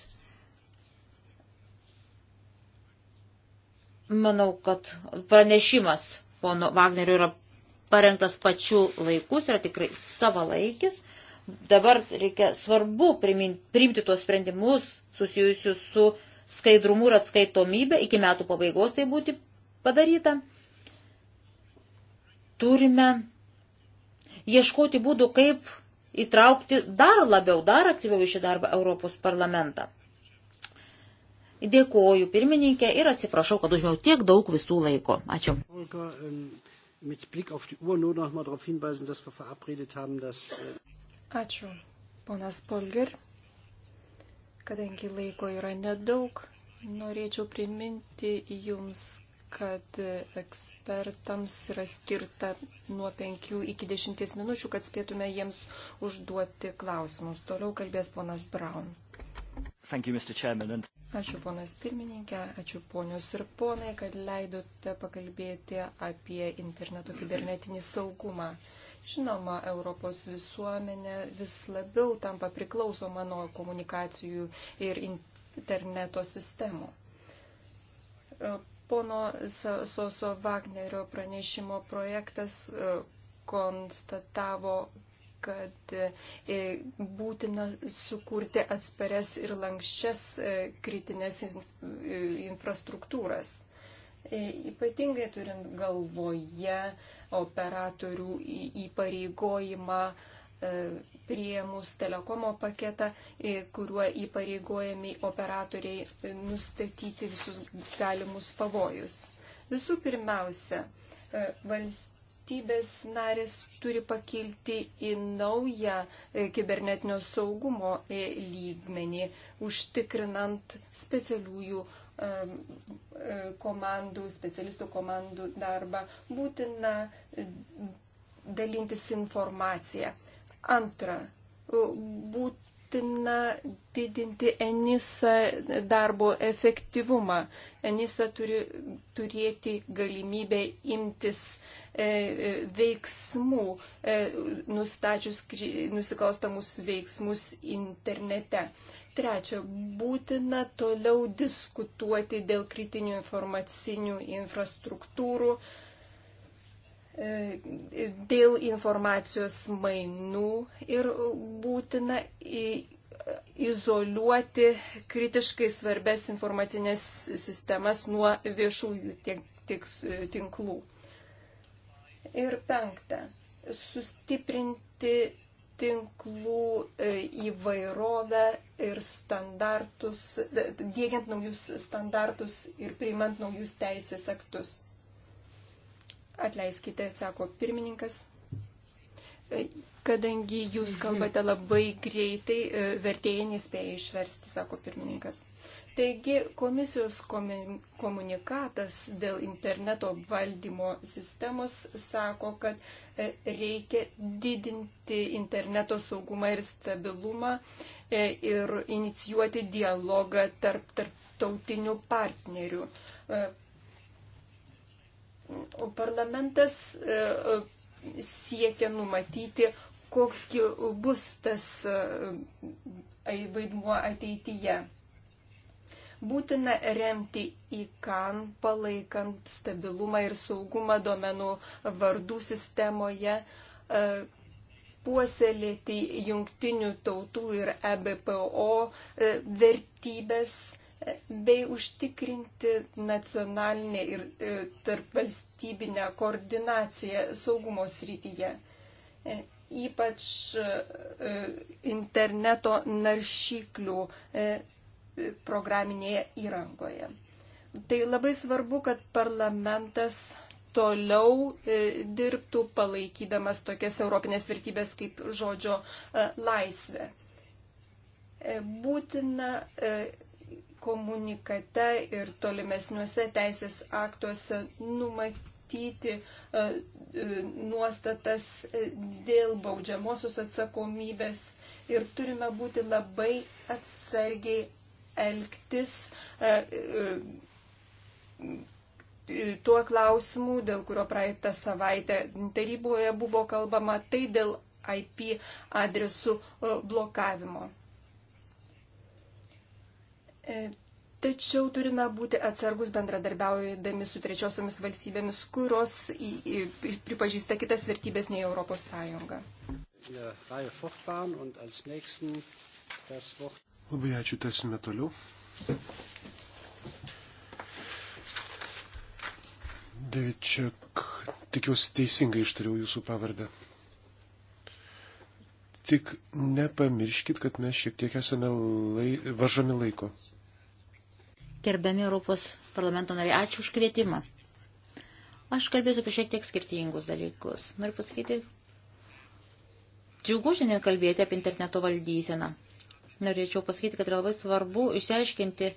Manau, kad pranešimas pono Vagnerio yra parengtas pačiu laikus, yra tikrai savalaikis. Dabar reikia svarbu priminti, priimti tuos sprendimus susijusius su skaidrumu ir atskaitomybė. Iki metų pabaigos tai būti padaryta. Turime ieškoti būdų, kaip įtraukti dar labiau, dar aktyviau į šį darbą Europos parlamentą. Dėkuoju pirmininkė ir atsiprašau, kad užmiau tiek daug visų laiko. Ačiū mit Blick auf die Uhr nur noch mal darauf hinweisen, dass wir verabredet haben, dass. Äh, Ačiū, ponas Polger. Kadangi laiko yra nedaug, norėčiau priminti jums, kad ekspertams yra skirta nuo 5 iki 10 minučių, kad spėtume jiems užduoti klausimus. Toliau kalbės ponas Braun. Thank you, Mr. Chairman. And... Ačiū ponas pirmininkė, ačiū ponios ir ponai, kad leidote pakalbėti apie interneto kibernetinį saugumą. Žinoma, Europos visuomenė vis labiau tampa priklausoma nuo komunikacijų ir interneto sistemų. E, pono Soso Wagnerio pranešimo projektas e, konstatavo, kad e, būtina sukurti atsparias ir lankščias e, kritinės e, infrastruktūras. Ypatingai turint galvoje operatorių įpareigojimą prieimus telekomo paketą, kuriuo įpareigojami operatoriai nustatyti visus galimus pavojus. Visų pirmiausia, valstybė valstybės narės turi pakilti į naują e, kibernetinio saugumo e, lygmenį, užtikrinant specialiųjų e, komandų, specialistų komandų darbą. Būtina dalintis informaciją. Antra, būt ketina didinti Enisa darbo efektyvumą. Enisa turi turėti galimybę imtis e, e, veiksmų, e, nustačius kri, nusikalstamus veiksmus internete. Trečia, būtina toliau diskutuoti dėl kritinių informacinių infrastruktūrų, e, dėl informacijos mainų ir būtina izoliuoti kritiškai svarbes informacinės sistemas nuo viešųjų tinklų. Ir penkta, sustiprinti tinklų e, įvairovę ir standartus, dėgiant naujus standartus ir priimant naujus teisės aktus. Atleiskite, sako pirmininkas, e, kadangi jūs <laughs> kalbate labai greitai, e, vertėjai nespėja išversti, sako pirmininkas. Taigi komisijos komunikatas dėl interneto valdymo sistemos sako, kad e, reikia didinti interneto saugumą ir stabilumą ir inicijuoti dialogą tarp tarptautinių partnerių. O parlamentas e, e, siekia numatyti, koks bus tas e, vaidmuo ateityje. Būtina remti į KAN, palaikant stabilumą ir saugumą domenų vardų sistemoje, puoselėti jungtinių tautų ir EBPO vertybės bei užtikrinti nacionalinę ir e, tarpvalstybinę koordinaciją saugumo srityje. E, ypač e, interneto naršyklių programinėje įrangoje. Tai labai svarbu, kad parlamentas toliau dirbtų palaikydamas tokias europinės vertybės kaip žodžio laisvė. Būtina komunikate ir tolimesniuose teisės aktuose numatyti e, e, nuostatas e, dėl baudžiamosios atsakomybės ir turime būti labai atsargiai elgtis tuo klausimu, dėl kurio praeitą savaitę taryboje buvo kalbama, tai dėl IP adresų blokavimo. E, tačiau turime būti atsargus bendradarbiaujami su trečiosiomis valstybėmis, kurios į, į, pripažįsta kitas vertybės nei Europos Sąjunga. Labai ačiū, tęsime toliau. Devičiak, tikiuosi teisingai ištariau jūsų pavardę. Tik nepamirškit, kad mes šiek tiek esame lai, varžomi laiko. Gerbiami Europos parlamento nariai, ačiū už kvietimą. Aš kalbėsiu apie šiek tiek skirtingus dalykus. Noriu pasakyti, džiugu šiandien kalbėti apie interneto valdyseną. Norėčiau pasakyti, kad yra labai svarbu išsiaiškinti,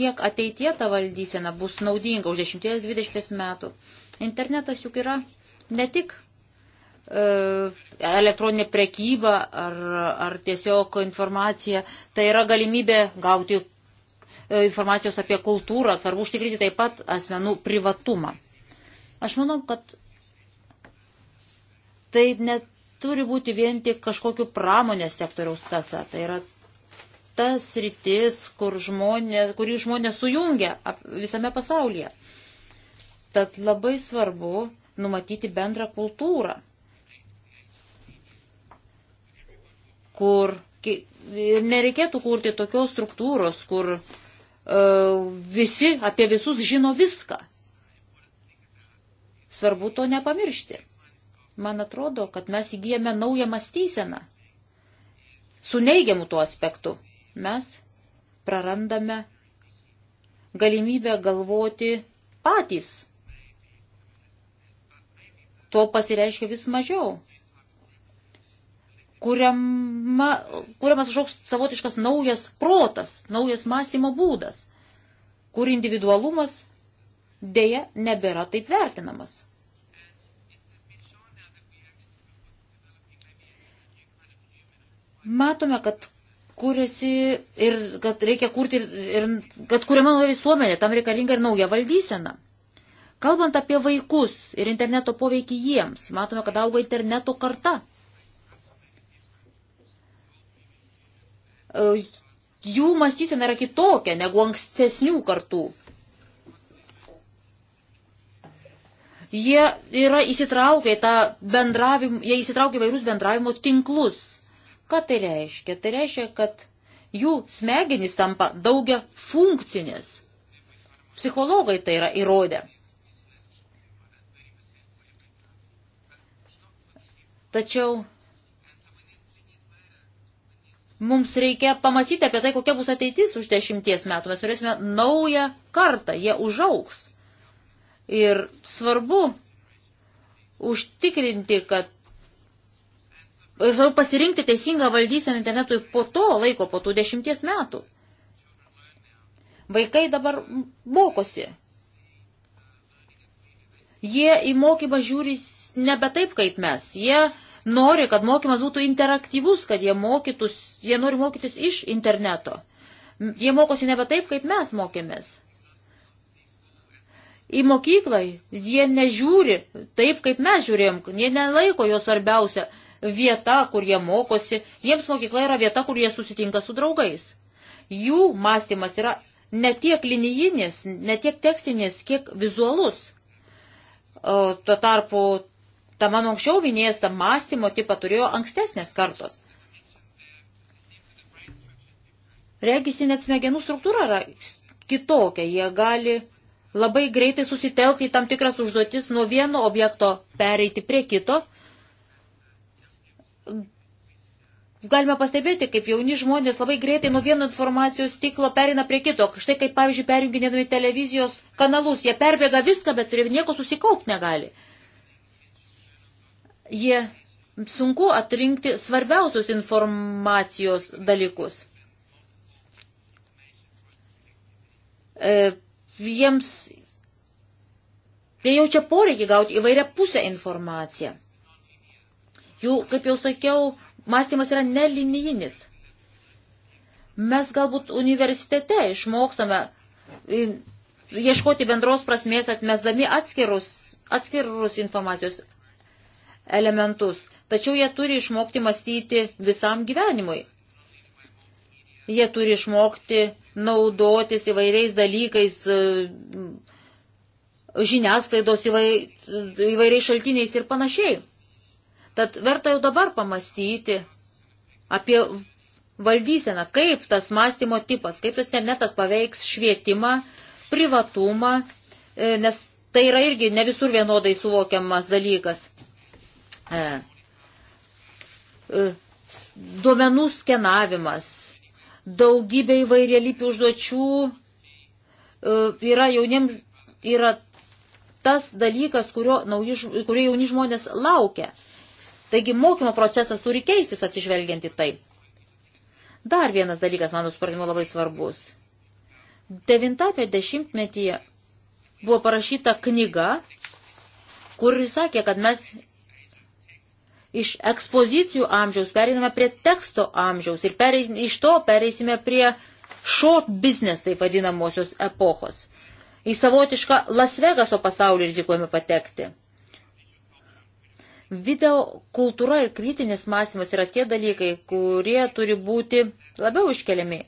kiek ateitie ta valdysena bus naudinga už 10-20 metų. Internetas juk yra ne tik e, elektroninė prekyba ar, ar tiesiog informacija, tai yra galimybė gauti E, informacijos apie kultūrą, svarbu užtikrinti taip pat asmenų privatumą. Aš manau, kad tai neturi būti vien tik kažkokiu pramonės sektoriaus tasa. Tai yra tas rytis, kur žmonės, kurį žmonės sujungia visame pasaulyje. Tad labai svarbu numatyti bendrą kultūrą, kur nereikėtų kurti tokios struktūros, kur E, visi apie visus žino viską. Svarbu to nepamiršti. Man atrodo, kad mes įgyjame naują mąstyseną. Su neigiamu tuo aspektu mes prarandame galimybę galvoti patys. To pasireiškia vis mažiau kuriama, kuriamas kažkoks savotiškas naujas protas, naujas mąstymo būdas, kur individualumas dėja nebėra taip vertinamas. Matome, kad kūrėsi ir kad reikia kurti ir, ir kad kuriama nauja visuomenė, tam reikalinga ir nauja valdysena. Kalbant apie vaikus ir interneto poveikį jiems, matome, kad auga interneto karta, E, jų mąstysena yra kitokia negu ankstesnių kartų. Jie yra įsitraukę į tą bendravimą, jie įsitraukia vairius bendravimo tinklus. Ką tai reiškia? Tai reiškia, kad jų smegenys tampa daugia funkcinės. Psichologai tai yra įrodę. Tačiau mums reikia pamastyti apie tai, kokia bus ateitis už dešimties metų. Mes turėsime naują kartą, jie užauks. Ir svarbu užtikrinti, kad ir svarbu pasirinkti teisingą valdyseną internetui po to laiko, po tų dešimties metų. Vaikai dabar mokosi. Jie į mokymą žiūri nebe taip kaip mes. Jie nori, kad mokymas būtų interaktyvus, kad jie mokytus, jie nori mokytis iš interneto. Jie mokosi nebe taip, kaip mes mokėmės. Į mokyklą jie nežiūri taip, kaip mes žiūrėjom, jie nelaiko jo svarbiausia vieta, kur jie mokosi. Jiems mokykla yra vieta, kur jie susitinka su draugais. Jų mąstymas yra ne tiek linijinis, ne tiek tekstinis, kiek vizualus. O, tuo tarpu Ta mano anksčiau minėsta mąstymo tipą turėjo ankstesnės kartos. Regisi net smegenų struktūra yra kitokia. Jie gali labai greitai susitelkti į tam tikras užduotis nuo vieno objekto pereiti prie kito. Galime pastebėti, kaip jauni žmonės labai greitai nuo vieno informacijos stiklo perina prie kito. Štai kaip, pavyzdžiui, perjunginėdami televizijos kanalus, jie perbėga viską, bet prie nieko susikaupti negali jie sunku atrinkti svarbiausius informacijos dalykus. E, jiems jie jaučia poreikį gauti įvairią pusę informaciją. Jų, kaip jau sakiau, mąstymas yra nelinijinis. Mes galbūt universitete išmokstame e, ieškoti bendros prasmės, atmesdami atskirus, atskirus informacijos elementus, tačiau jie turi išmokti mąstyti visam gyvenimui. Jie turi išmokti naudotis įvairiais dalykais, e, žiniasklaidos įvairiais šaltiniais ir panašiai. Tad verta jau dabar pamastyti apie valdyseną, kaip tas mąstymo tipas, kaip tas internetas paveiks švietimą, privatumą, e, nes tai yra irgi ne visur vienodai suvokiamas dalykas. E, e, duomenų skenavimas, daugybė įvairialypių užduočių e, yra jauniems, yra tas dalykas, kurio, nauji, kurio jauni žmonės laukia. Taigi mokymo procesas turi keistis atsižvelgiant į tai. Dar vienas dalykas, mano supratimu, labai svarbus. Devintame dešimtmetyje buvo parašyta knyga, kur jis sakė, kad mes iš ekspozicijų amžiaus pereiname prie teksto amžiaus ir pereis, iš to pereisime prie short business, taip vadinamosios epochos. Į savotišką Las Vegaso pasaulį rizikuojame patekti. Video kultūra ir kritinis mąstymas yra tie dalykai, kurie turi būti labiau iškeliami.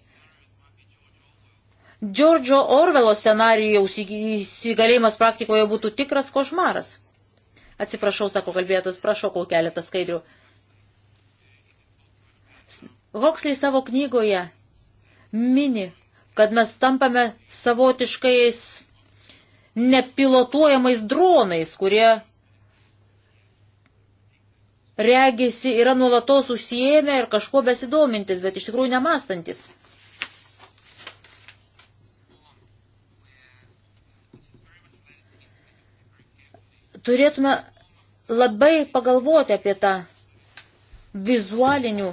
Džordžo Orvelo scenarijaus įsigalėjimas praktikoje būtų tikras košmaras. Atsiprašau, sako kalbėtas, prašau, kol keletą skaidrių. Voksliai savo knygoje mini, kad mes tampame savotiškais nepilotuojamais dronais, kurie regisi yra nuolatos užsiemę ir kažkuo besidomintis, bet iš tikrųjų nemastantis. turėtume labai pagalvoti apie tą vizualinių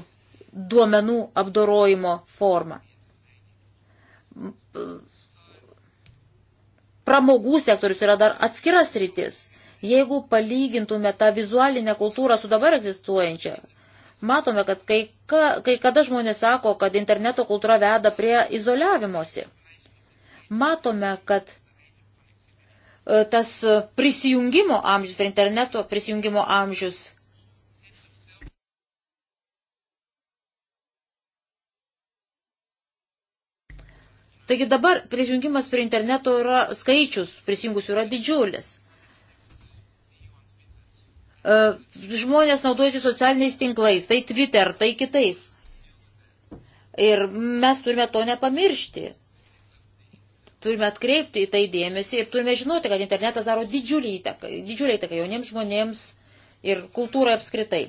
duomenų apdorojimo formą. Pramogų sektorius yra dar atskiras rytis. Jeigu palygintume tą vizualinę kultūrą su dabar egzistuojančia, matome, kad kai, ka, kai kada žmonės sako, kad interneto kultūra veda prie izoliavimosi. Matome, kad E, tas prisijungimo amžius, prie interneto prisijungimo amžius. Taigi dabar prisijungimas prie interneto yra skaičius, prisijungusių yra didžiulis. E, žmonės naudojasi socialiniais tinklais, tai Twitter, tai kitais. Ir mes turime to nepamiršti. Turime atkreipti į tai dėmesį ir turime žinoti, kad internetas daro didžiulį įtaką, didžiulį įtaką jauniems žmonėms ir kultūrai apskritai.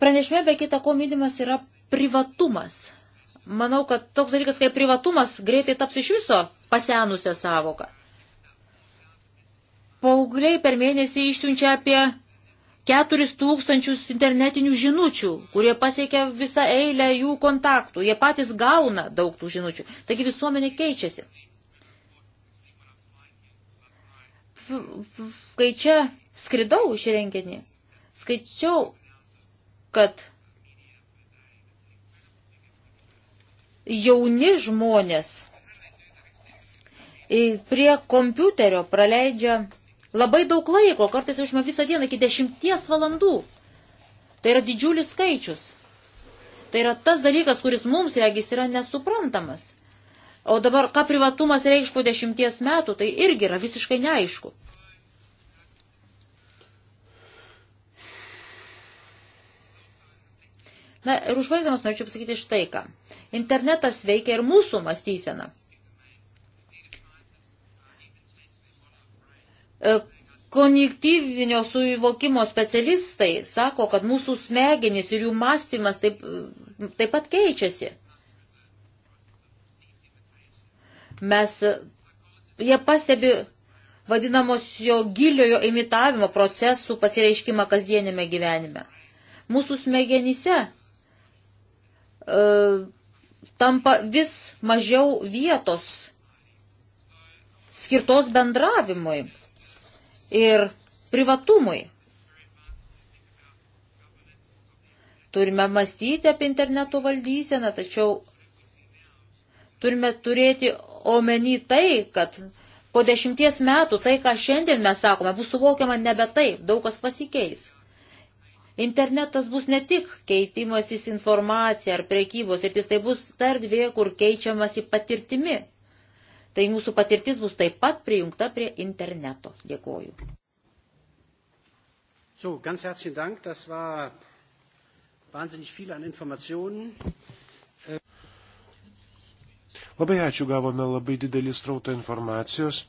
Pranešime be kita ko minimas yra privatumas. Manau, kad toks dalykas kaip privatumas greitai taps iš viso pasenusią savoką. Paugliai per mėnesį išsiunčia apie 4 tūkstančius internetinių žinučių, kurie pasiekia visą eilę jų kontaktų. Jie patys gauna daug tų žinučių. Taigi visuomenė keičiasi. Kai čia skridau šį renginį, skaičiau, kad jauni žmonės prie kompiuterio praleidžia labai daug laiko, kartais užima visą dieną iki dešimties valandų. Tai yra didžiulis skaičius. Tai yra tas dalykas, kuris mums regis yra nesuprantamas. O dabar, ką privatumas reikš po dešimties metų, tai irgi yra visiškai neaišku. Na ir užbaigdamas norėčiau pasakyti štai ką. Internetas veikia ir mūsų mąstyseną. E, Konjektyvinio suvokimo specialistai sako, kad mūsų smegenys ir jų mąstymas taip, taip pat keičiasi. Mes, jie pastebi vadinamosio giliojo imitavimo procesų pasireiškimą kasdienėme gyvenime. Mūsų smegenyse e, tampa vis mažiau vietos skirtos bendravimui ir privatumui. Turime mąstyti apie interneto valdyseną, tačiau turime turėti omeny tai, kad po dešimties metų tai, ką šiandien mes sakome, bus suvokiama nebe taip, daug kas pasikeis. Internetas bus ne tik keitimasis informacija ar prekybos ir tai bus ta erdvė, kur keičiamasi patirtimi tai mūsų patirtis bus taip pat prijungta prie interneto. Dėkoju. So, ganz herzlichen Dank. Das war wahnsinnig viel an Informationen. Äh. Labai ačiū, gavome labai didelį strautą informacijos.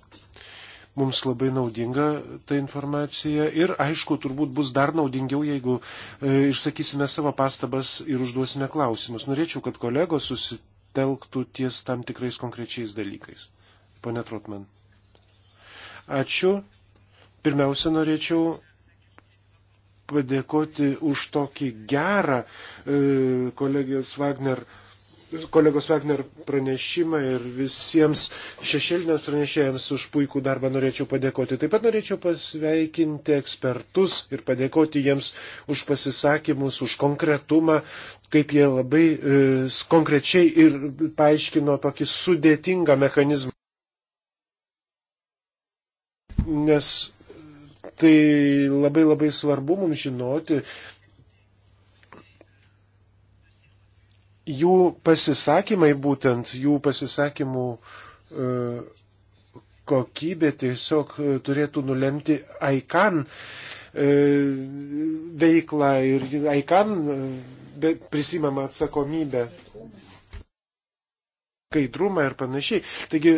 Mums labai naudinga ta informacija ir, aišku, turbūt bus dar naudingiau, jeigu e, išsakysime savo pastabas ir užduosime klausimus. Norėčiau, kad kolegos susitiktų susitelktų ties tam tikrais konkrečiais dalykais. Pone Trotman. Ačiū. Pirmiausia, norėčiau padėkoti už tokį gerą e, kolegijos Wagner e, kolegos Wagner pranešimą ir visiems šešėliniams pranešėjams už puikų darbą norėčiau padėkoti. Taip pat norėčiau pasveikinti ekspertus ir padėkoti jiems už pasisakymus, už konkretumą, kaip jie labai e, konkrečiai ir paaiškino tokį sudėtingą mechanizmą. Nes tai labai labai svarbu mums žinoti, jų pasisakymai būtent, jų pasisakymų e, kokybė tiesiog e, turėtų nulemti AIKAN e, veiklą ir AIKAN prisimama atsakomybė, skaidrumą ir panašiai. Taigi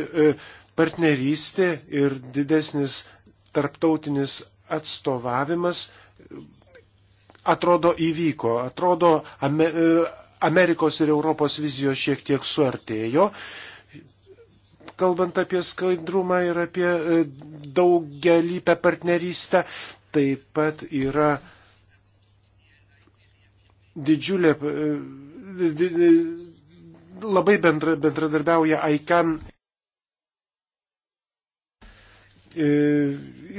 partnerystė ir didesnis tarptautinis atstovavimas atrodo įvyko, atrodo Amerikos ir Europos vizijos šiek tiek suartėjo. Kalbant apie skaidrumą ir apie e, daugelįpę partnerystę, taip pat yra didžiulė, e, labai bendra, bendradarbiauja ICAN. E,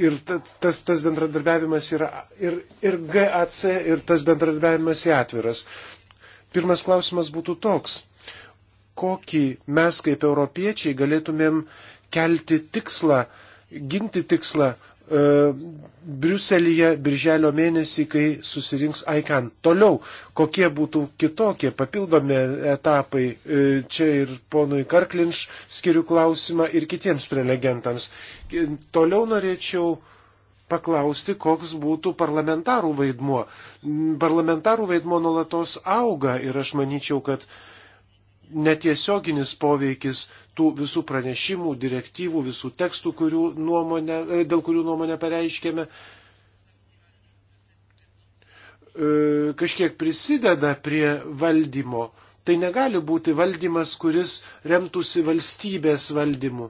ir tas, tas bendradarbiavimas yra ir, ir GAC, ir tas bendradarbiavimas yra atviras. Pirmas klausimas būtų toks. Kokį mes kaip europiečiai galėtumėm kelti tikslą, ginti tikslą e, Briuselyje birželio mėnesį, kai susirinks ICAN. Toliau, kokie būtų kitokie papildomi etapai, e, čia ir ponui Karklinš skiriu klausimą ir kitiems prelegentams. Toliau norėčiau paklausti, koks būtų parlamentarų vaidmuo. Parlamentarų vaidmuo nuolatos auga ir aš manyčiau, kad netiesioginis poveikis tų visų pranešimų, direktyvų, visų tekstų, kurių nuomonė, e, dėl kurių nuomonę pareiškėme, e, kažkiek prisideda prie valdymo. Tai negali būti valdymas, kuris remtųsi valstybės valdymu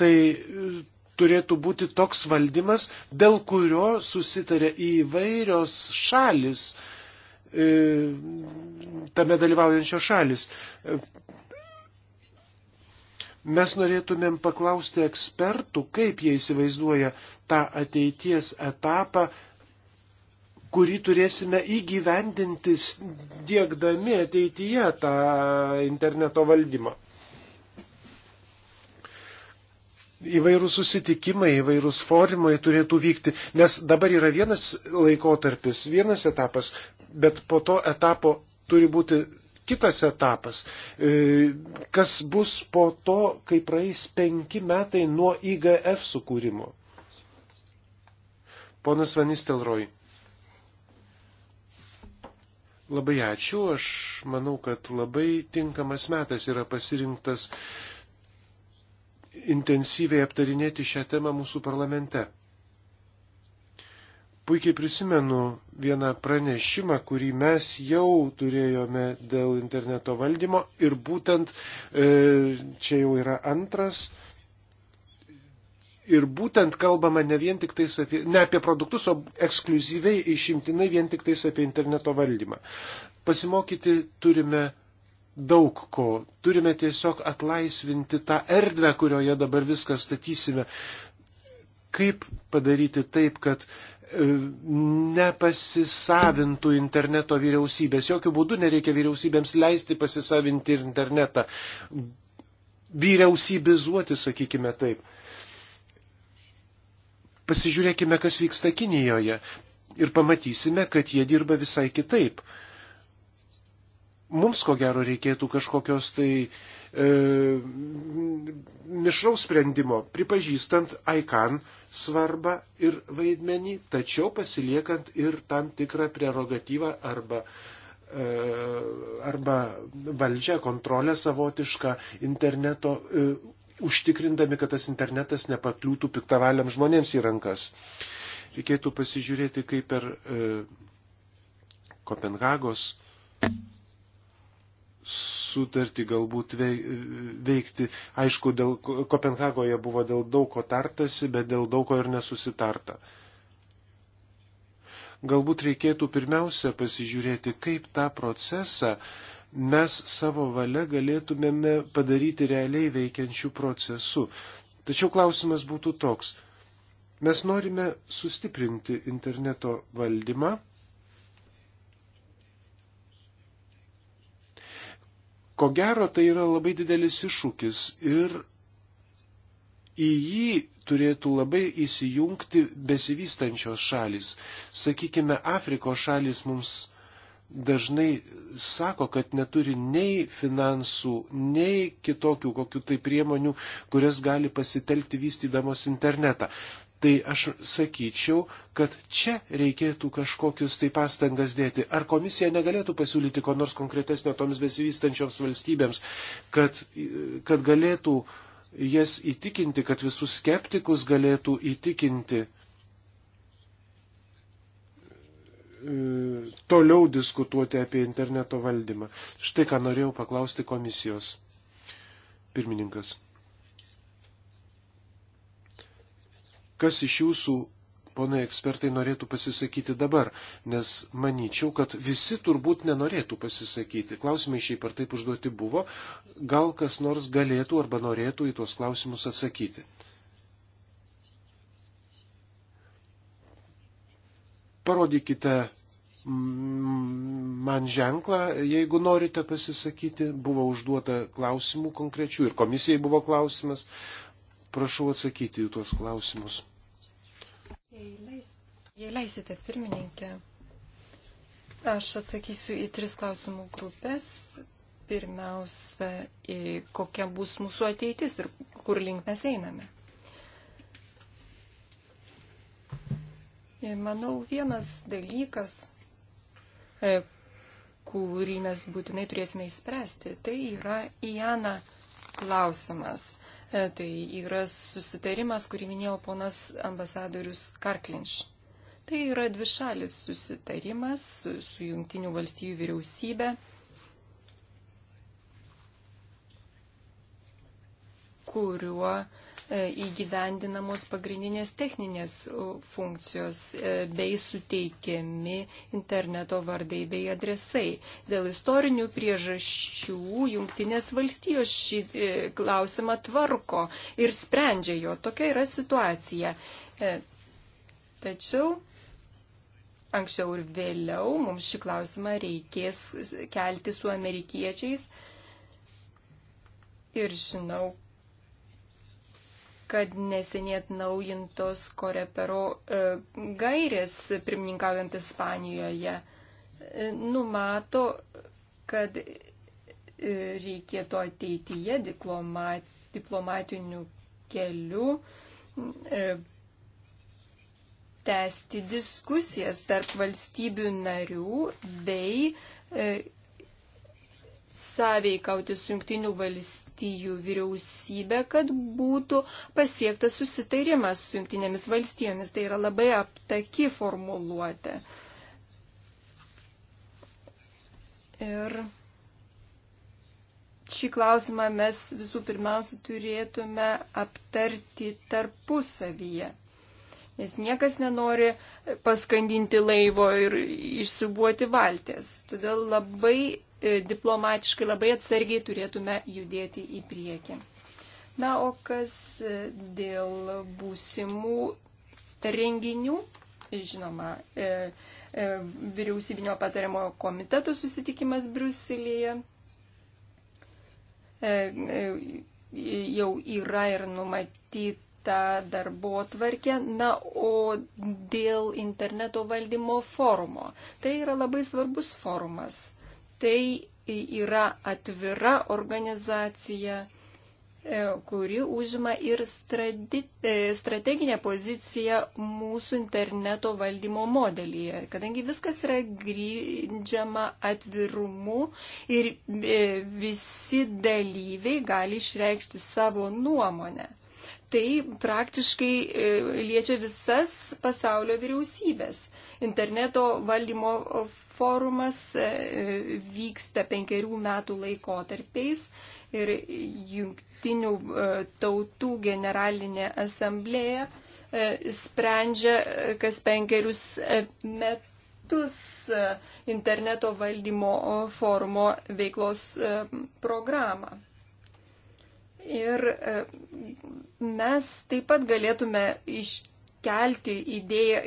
tai e, turėtų būti toks valdymas, dėl kurio susitarė įvairios šalis, e, tame dalyvaujančios šalis. E, mes norėtumėm paklausti ekspertų, kaip jie įsivaizduoja tą ateities etapą, kurį turėsime įgyvendinti, dėkdami ateityje tą interneto valdymą. Įvairūs susitikimai, įvairūs forumai turėtų vykti, nes dabar yra vienas laikotarpis, vienas etapas, bet po to etapo turi būti kitas etapas. E, kas bus po to, kai praeis penki metai nuo IGF sukūrimo? Ponas Vanistelroj. Labai ačiū, aš manau, kad labai tinkamas metas yra pasirinktas intensyviai aptarinėti šią temą mūsų parlamente. Puikiai prisimenu vieną pranešimą, kurį mes jau turėjome dėl interneto valdymo ir būtent e, čia jau yra antras. Ir būtent kalbama ne, apie, ne apie produktus, o ekskluzyviai išimtinai vien tik tais apie interneto valdymą. Pasimokyti turime daug ko. Turime tiesiog atlaisvinti tą erdvę, kurioje dabar viską statysime. Kaip padaryti taip, kad e, nepasisavintų interneto vyriausybės. Jokių būdų nereikia vyriausybėms leisti pasisavinti internetą. Vyriausybizuoti, sakykime taip. Pasižiūrėkime, kas vyksta Kinijoje ir pamatysime, kad jie dirba visai kitaip. Uh, Mums ko gero reikėtų kažkokios tai e, mišraus sprendimo, pripažįstant AICAN svarbą ir vaidmenį, tačiau pasiliekant ir tam tikrą prerogatyvą arba e, arba valdžia kontrolę savotišką interneto, e, užtikrindami, kad tas internetas nepakliūtų piktavaliam žmonėms į rankas. Reikėtų pasižiūrėti, kaip per e, Kopenhagos sutartį galbūt veikti. Aišku, dėl Kopenhagoje buvo dėl daug ko tartasi, bet dėl daug ko ir nesusitarta. Galbūt reikėtų pirmiausia pasižiūrėti, kaip tą procesą mes savo valia galėtumėme padaryti realiai veikiančių procesų. Tačiau klausimas būtų toks. Mes norime sustiprinti interneto valdymą, Ko gero, tai yra labai didelis iššūkis ir į jį turėtų labai įsijungti besivystančios šalis. Sakykime, Afrikos šalis mums dažnai sako, kad neturi nei finansų, nei kitokių kokių tai priemonių, kurias gali pasitelkti vystydamos internetą. Tai aš sakyčiau, kad čia reikėtų kažkokius tai pastangas dėti. Ar komisija negalėtų pasiūlyti ko nors konkretesnio toms besivystančioms valstybėms, kad, kad galėtų jas įtikinti, kad visus skeptikus galėtų įtikinti e, toliau diskutuoti apie interneto valdymą. Štai ką norėjau paklausti komisijos. Pirmininkas. Kas iš jūsų, ponai ekspertai, norėtų pasisakyti dabar? Nes manyčiau, kad visi turbūt nenorėtų pasisakyti. Klausimai šiaip ar taip užduoti buvo. Gal kas nors galėtų arba norėtų į tuos klausimus atsakyti? Parodykite man ženklą, jeigu norite pasisakyti. Buvo užduota klausimų konkrečių ir komisijai buvo klausimas. Prašau atsakyti į tuos klausimus. Jei, leis, jei leisite, pirmininkė, aš atsakysiu į tris klausimų grupės. Pirmiausia, kokia bus mūsų ateitis ir kur link mes einame. Manau, vienas dalykas, e, kurį mes būtinai turėsime išspręsti, tai yra Iana klausimas. E, tai yra susitarimas, kurį minėjo ponas ambasadorius Karklinš. Tai yra dvišalis susitarimas su, su Junktinių valstybių vyriausybė, kuriuo E, įgyvendinamos pagrindinės techninės e, funkcijos e, bei suteikiami interneto vardai bei adresai. Dėl istorinių priežasčių jungtinės valstijos šį klausimą tvarko ir sprendžia jo. Tokia yra situacija. Tačiau anksčiau ir vėliau mums šį klausimą reikės kelti su amerikiečiais. Ir žinau, kad neseniai atnaujintos korepero e, gairės pirmininkaujant Ispanijoje e, numato, kad e, reikėtų ateityje diplomat, diplomatinių kelių tęsti diskusijas tarp valstybių narių bei sąveikauti su jungtinių valstijų vyriausybė, kad būtų pasiektas susitarimas su jungtinėmis valstijomis. Tai yra labai aptaki formuluotė. Ir šį klausimą mes visų pirmiausia turėtume aptarti tarpusavyje. Nes niekas nenori paskandinti laivo ir išsibuoti valties. Todėl labai E, diplomatiškai labai atsargiai turėtume judėti į priekį. Na, o kas e, dėl būsimų renginių, žinoma, e, e, vyriausybinio patariamojo komiteto susitikimas Bruselėje e, e, jau yra ir numatyta darbo tvarkė. Na, o dėl interneto valdymo forumo. Tai yra labai svarbus forumas tai yra atvira organizacija, e, kuri užima ir e, strateginę poziciją mūsų interneto valdymo modelyje, kadangi viskas yra grindžiama atvirumu ir e, visi dalyviai gali išreikšti savo nuomonę. Tai praktiškai liečia visas pasaulio vyriausybės interneto valdymo forumas e, vyksta penkerių metų laikotarpiais ir jungtinių e, tautų generalinė asamblėja e, sprendžia kas penkerius metus interneto valdymo forumo veiklos programą. Ir mes taip pat galėtume iš kelti idėją,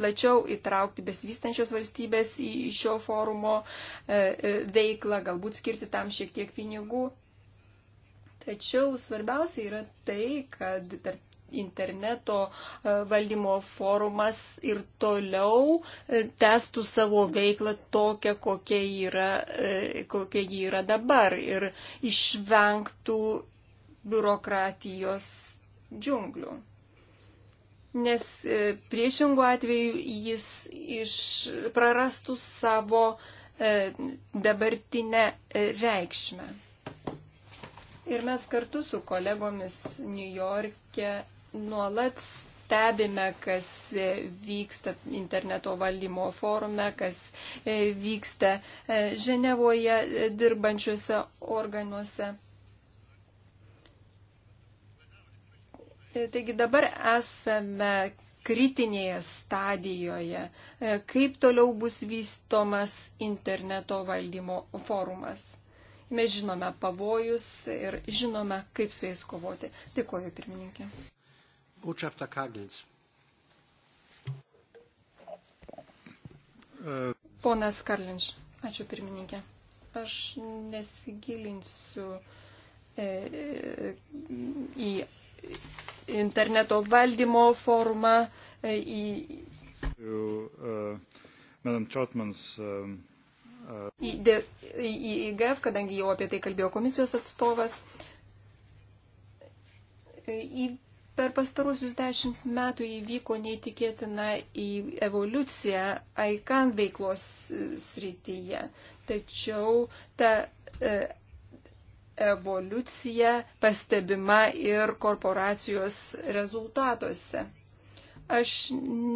plačiau įtraukti besivystančios valstybės į šio forumo e, e, veiklą, galbūt skirti tam šiek tiek pinigų. Tačiau svarbiausia yra tai, kad tarp interneto e, valdymo forumas ir toliau testų savo veiklą tokią, kokia yra, kokia ji yra dabar ir išvengtų biurokratijos džiunglių nes e, priešingų atveju jis iš, prarastų savo e, dabartinę e, reikšmę. Ir mes kartu su kolegomis New York'e nuolat stebime, kas vyksta interneto valdymo forume, kas vyksta Ženevoje dirbančiuose organuose. E, taigi dabar esame kritinėje stadijoje, e, kaip toliau bus vystomas interneto valdymo forumas. Mes žinome pavojus ir žinome, kaip su jais kovoti. Dėkuoju, pirmininkė. Būčiafta Kagins. E, Ponas Karlinš, ačiū pirmininkė. Aš nesigilinsiu į interneto valdymo formą. E, e, e, į, į, į IGF, kadangi jau apie tai kalbėjo komisijos atstovas. Į, per pastarusius dešimt metų įvyko neįtikėtina į evoliuciją ICAN veiklos srityje. Tačiau ta evoliucija pastebima ir korporacijos rezultatuose. Aš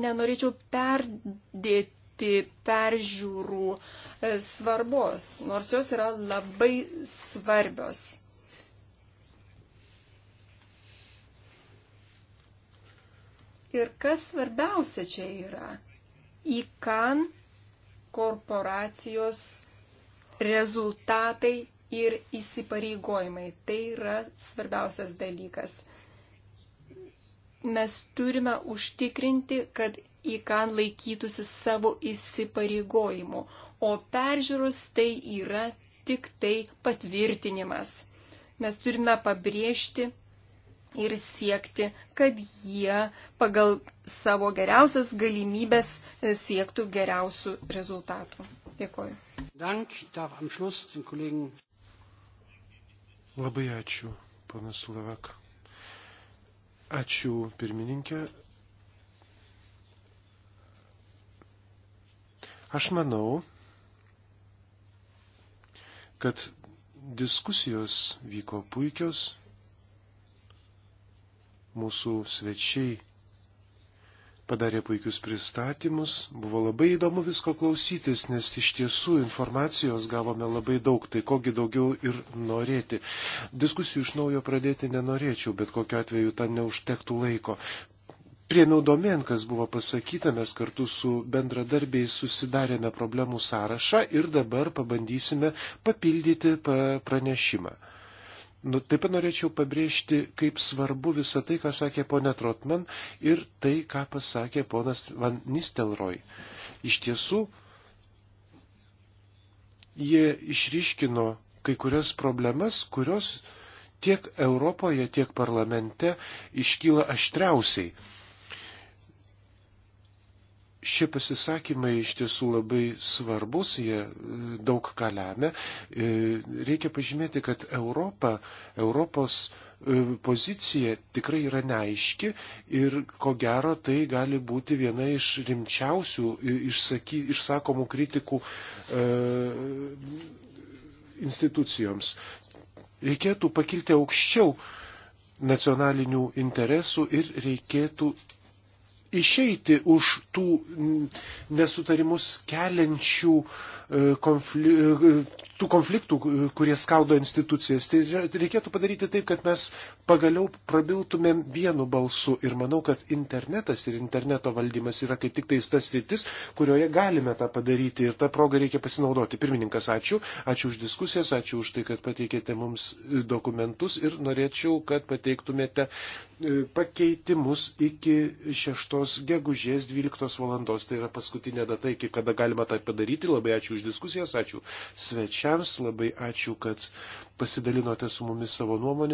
nenorėčiau perdėti peržiūrų e, svarbos, nors jos yra labai svarbios. Ir kas svarbiausia čia yra? Į kan korporacijos rezultatai ir įsipareigojimai. Tai yra svarbiausias dalykas. Mes turime užtikrinti, kad IKAN laikytųsi savo įsipareigojimų, o peržiūros tai yra tik tai patvirtinimas. Mes turime pabrėžti ir siekti, kad jie pagal savo geriausias galimybės siektų geriausių rezultatų. Dėkoju. Dank, Labai ačiū, panas Slovak. Ačiū, pirmininkė. Aš manau, kad diskusijos vyko puikios, mūsų svečiai padarė puikius pristatymus, buvo labai įdomu visko klausytis, nes iš tiesų informacijos gavome labai daug, tai kogi daugiau ir norėti. Diskusijų iš naujo pradėti nenorėčiau, bet kokiu atveju tam neužtektų laiko. Priemiau domen, kas buvo pasakyta, mes kartu su bendradarbiais susidarėme problemų sąrašą ir dabar pabandysime papildyti pranešimą. Nu, taip pat norėčiau pabrėžti, kaip svarbu visa tai, ką sakė ponė Trotman ir tai, ką pasakė ponas Van Nistelroj. Iš tiesų, jie išryškino kai kurias problemas, kurios tiek Europoje, tiek parlamente iškyla aštriausiai. Šie pasisakymai iš tiesų labai svarbus, jie e, daug ką lemia. E, reikia pažymėti, kad Europa, Europos e, pozicija tikrai yra neaiški ir ko gero tai gali būti viena iš rimčiausių išsaky, išsakomų kritikų e, institucijoms. Reikėtų pakilti aukščiau nacionalinių interesų ir reikėtų išeiti už tų mm, nesutarimus keliančių e, konfliktų e, tų konfliktų, kurie skaldo institucijas. Tai reikėtų padaryti taip, kad mes pagaliau prabiltumėm vienu balsu. Ir manau, kad internetas ir interneto valdymas yra kaip tik tai tas rytis, kurioje galime tą padaryti. Ir tą progą reikia pasinaudoti. Pirmininkas, ačiū. Ačiū už diskusijas, ačiū už tai, kad pateikėte mums dokumentus. Ir norėčiau, kad pateiktumėte e, pakeitimus iki 6 gegužės 12 valandos. Tai yra paskutinė data, iki kada galima tą padaryti. Labai ačiū už diskusijas, ačiū svečiai svečiams, labai ačiū, kad pasidalinote su mumis savo nuomonėmis.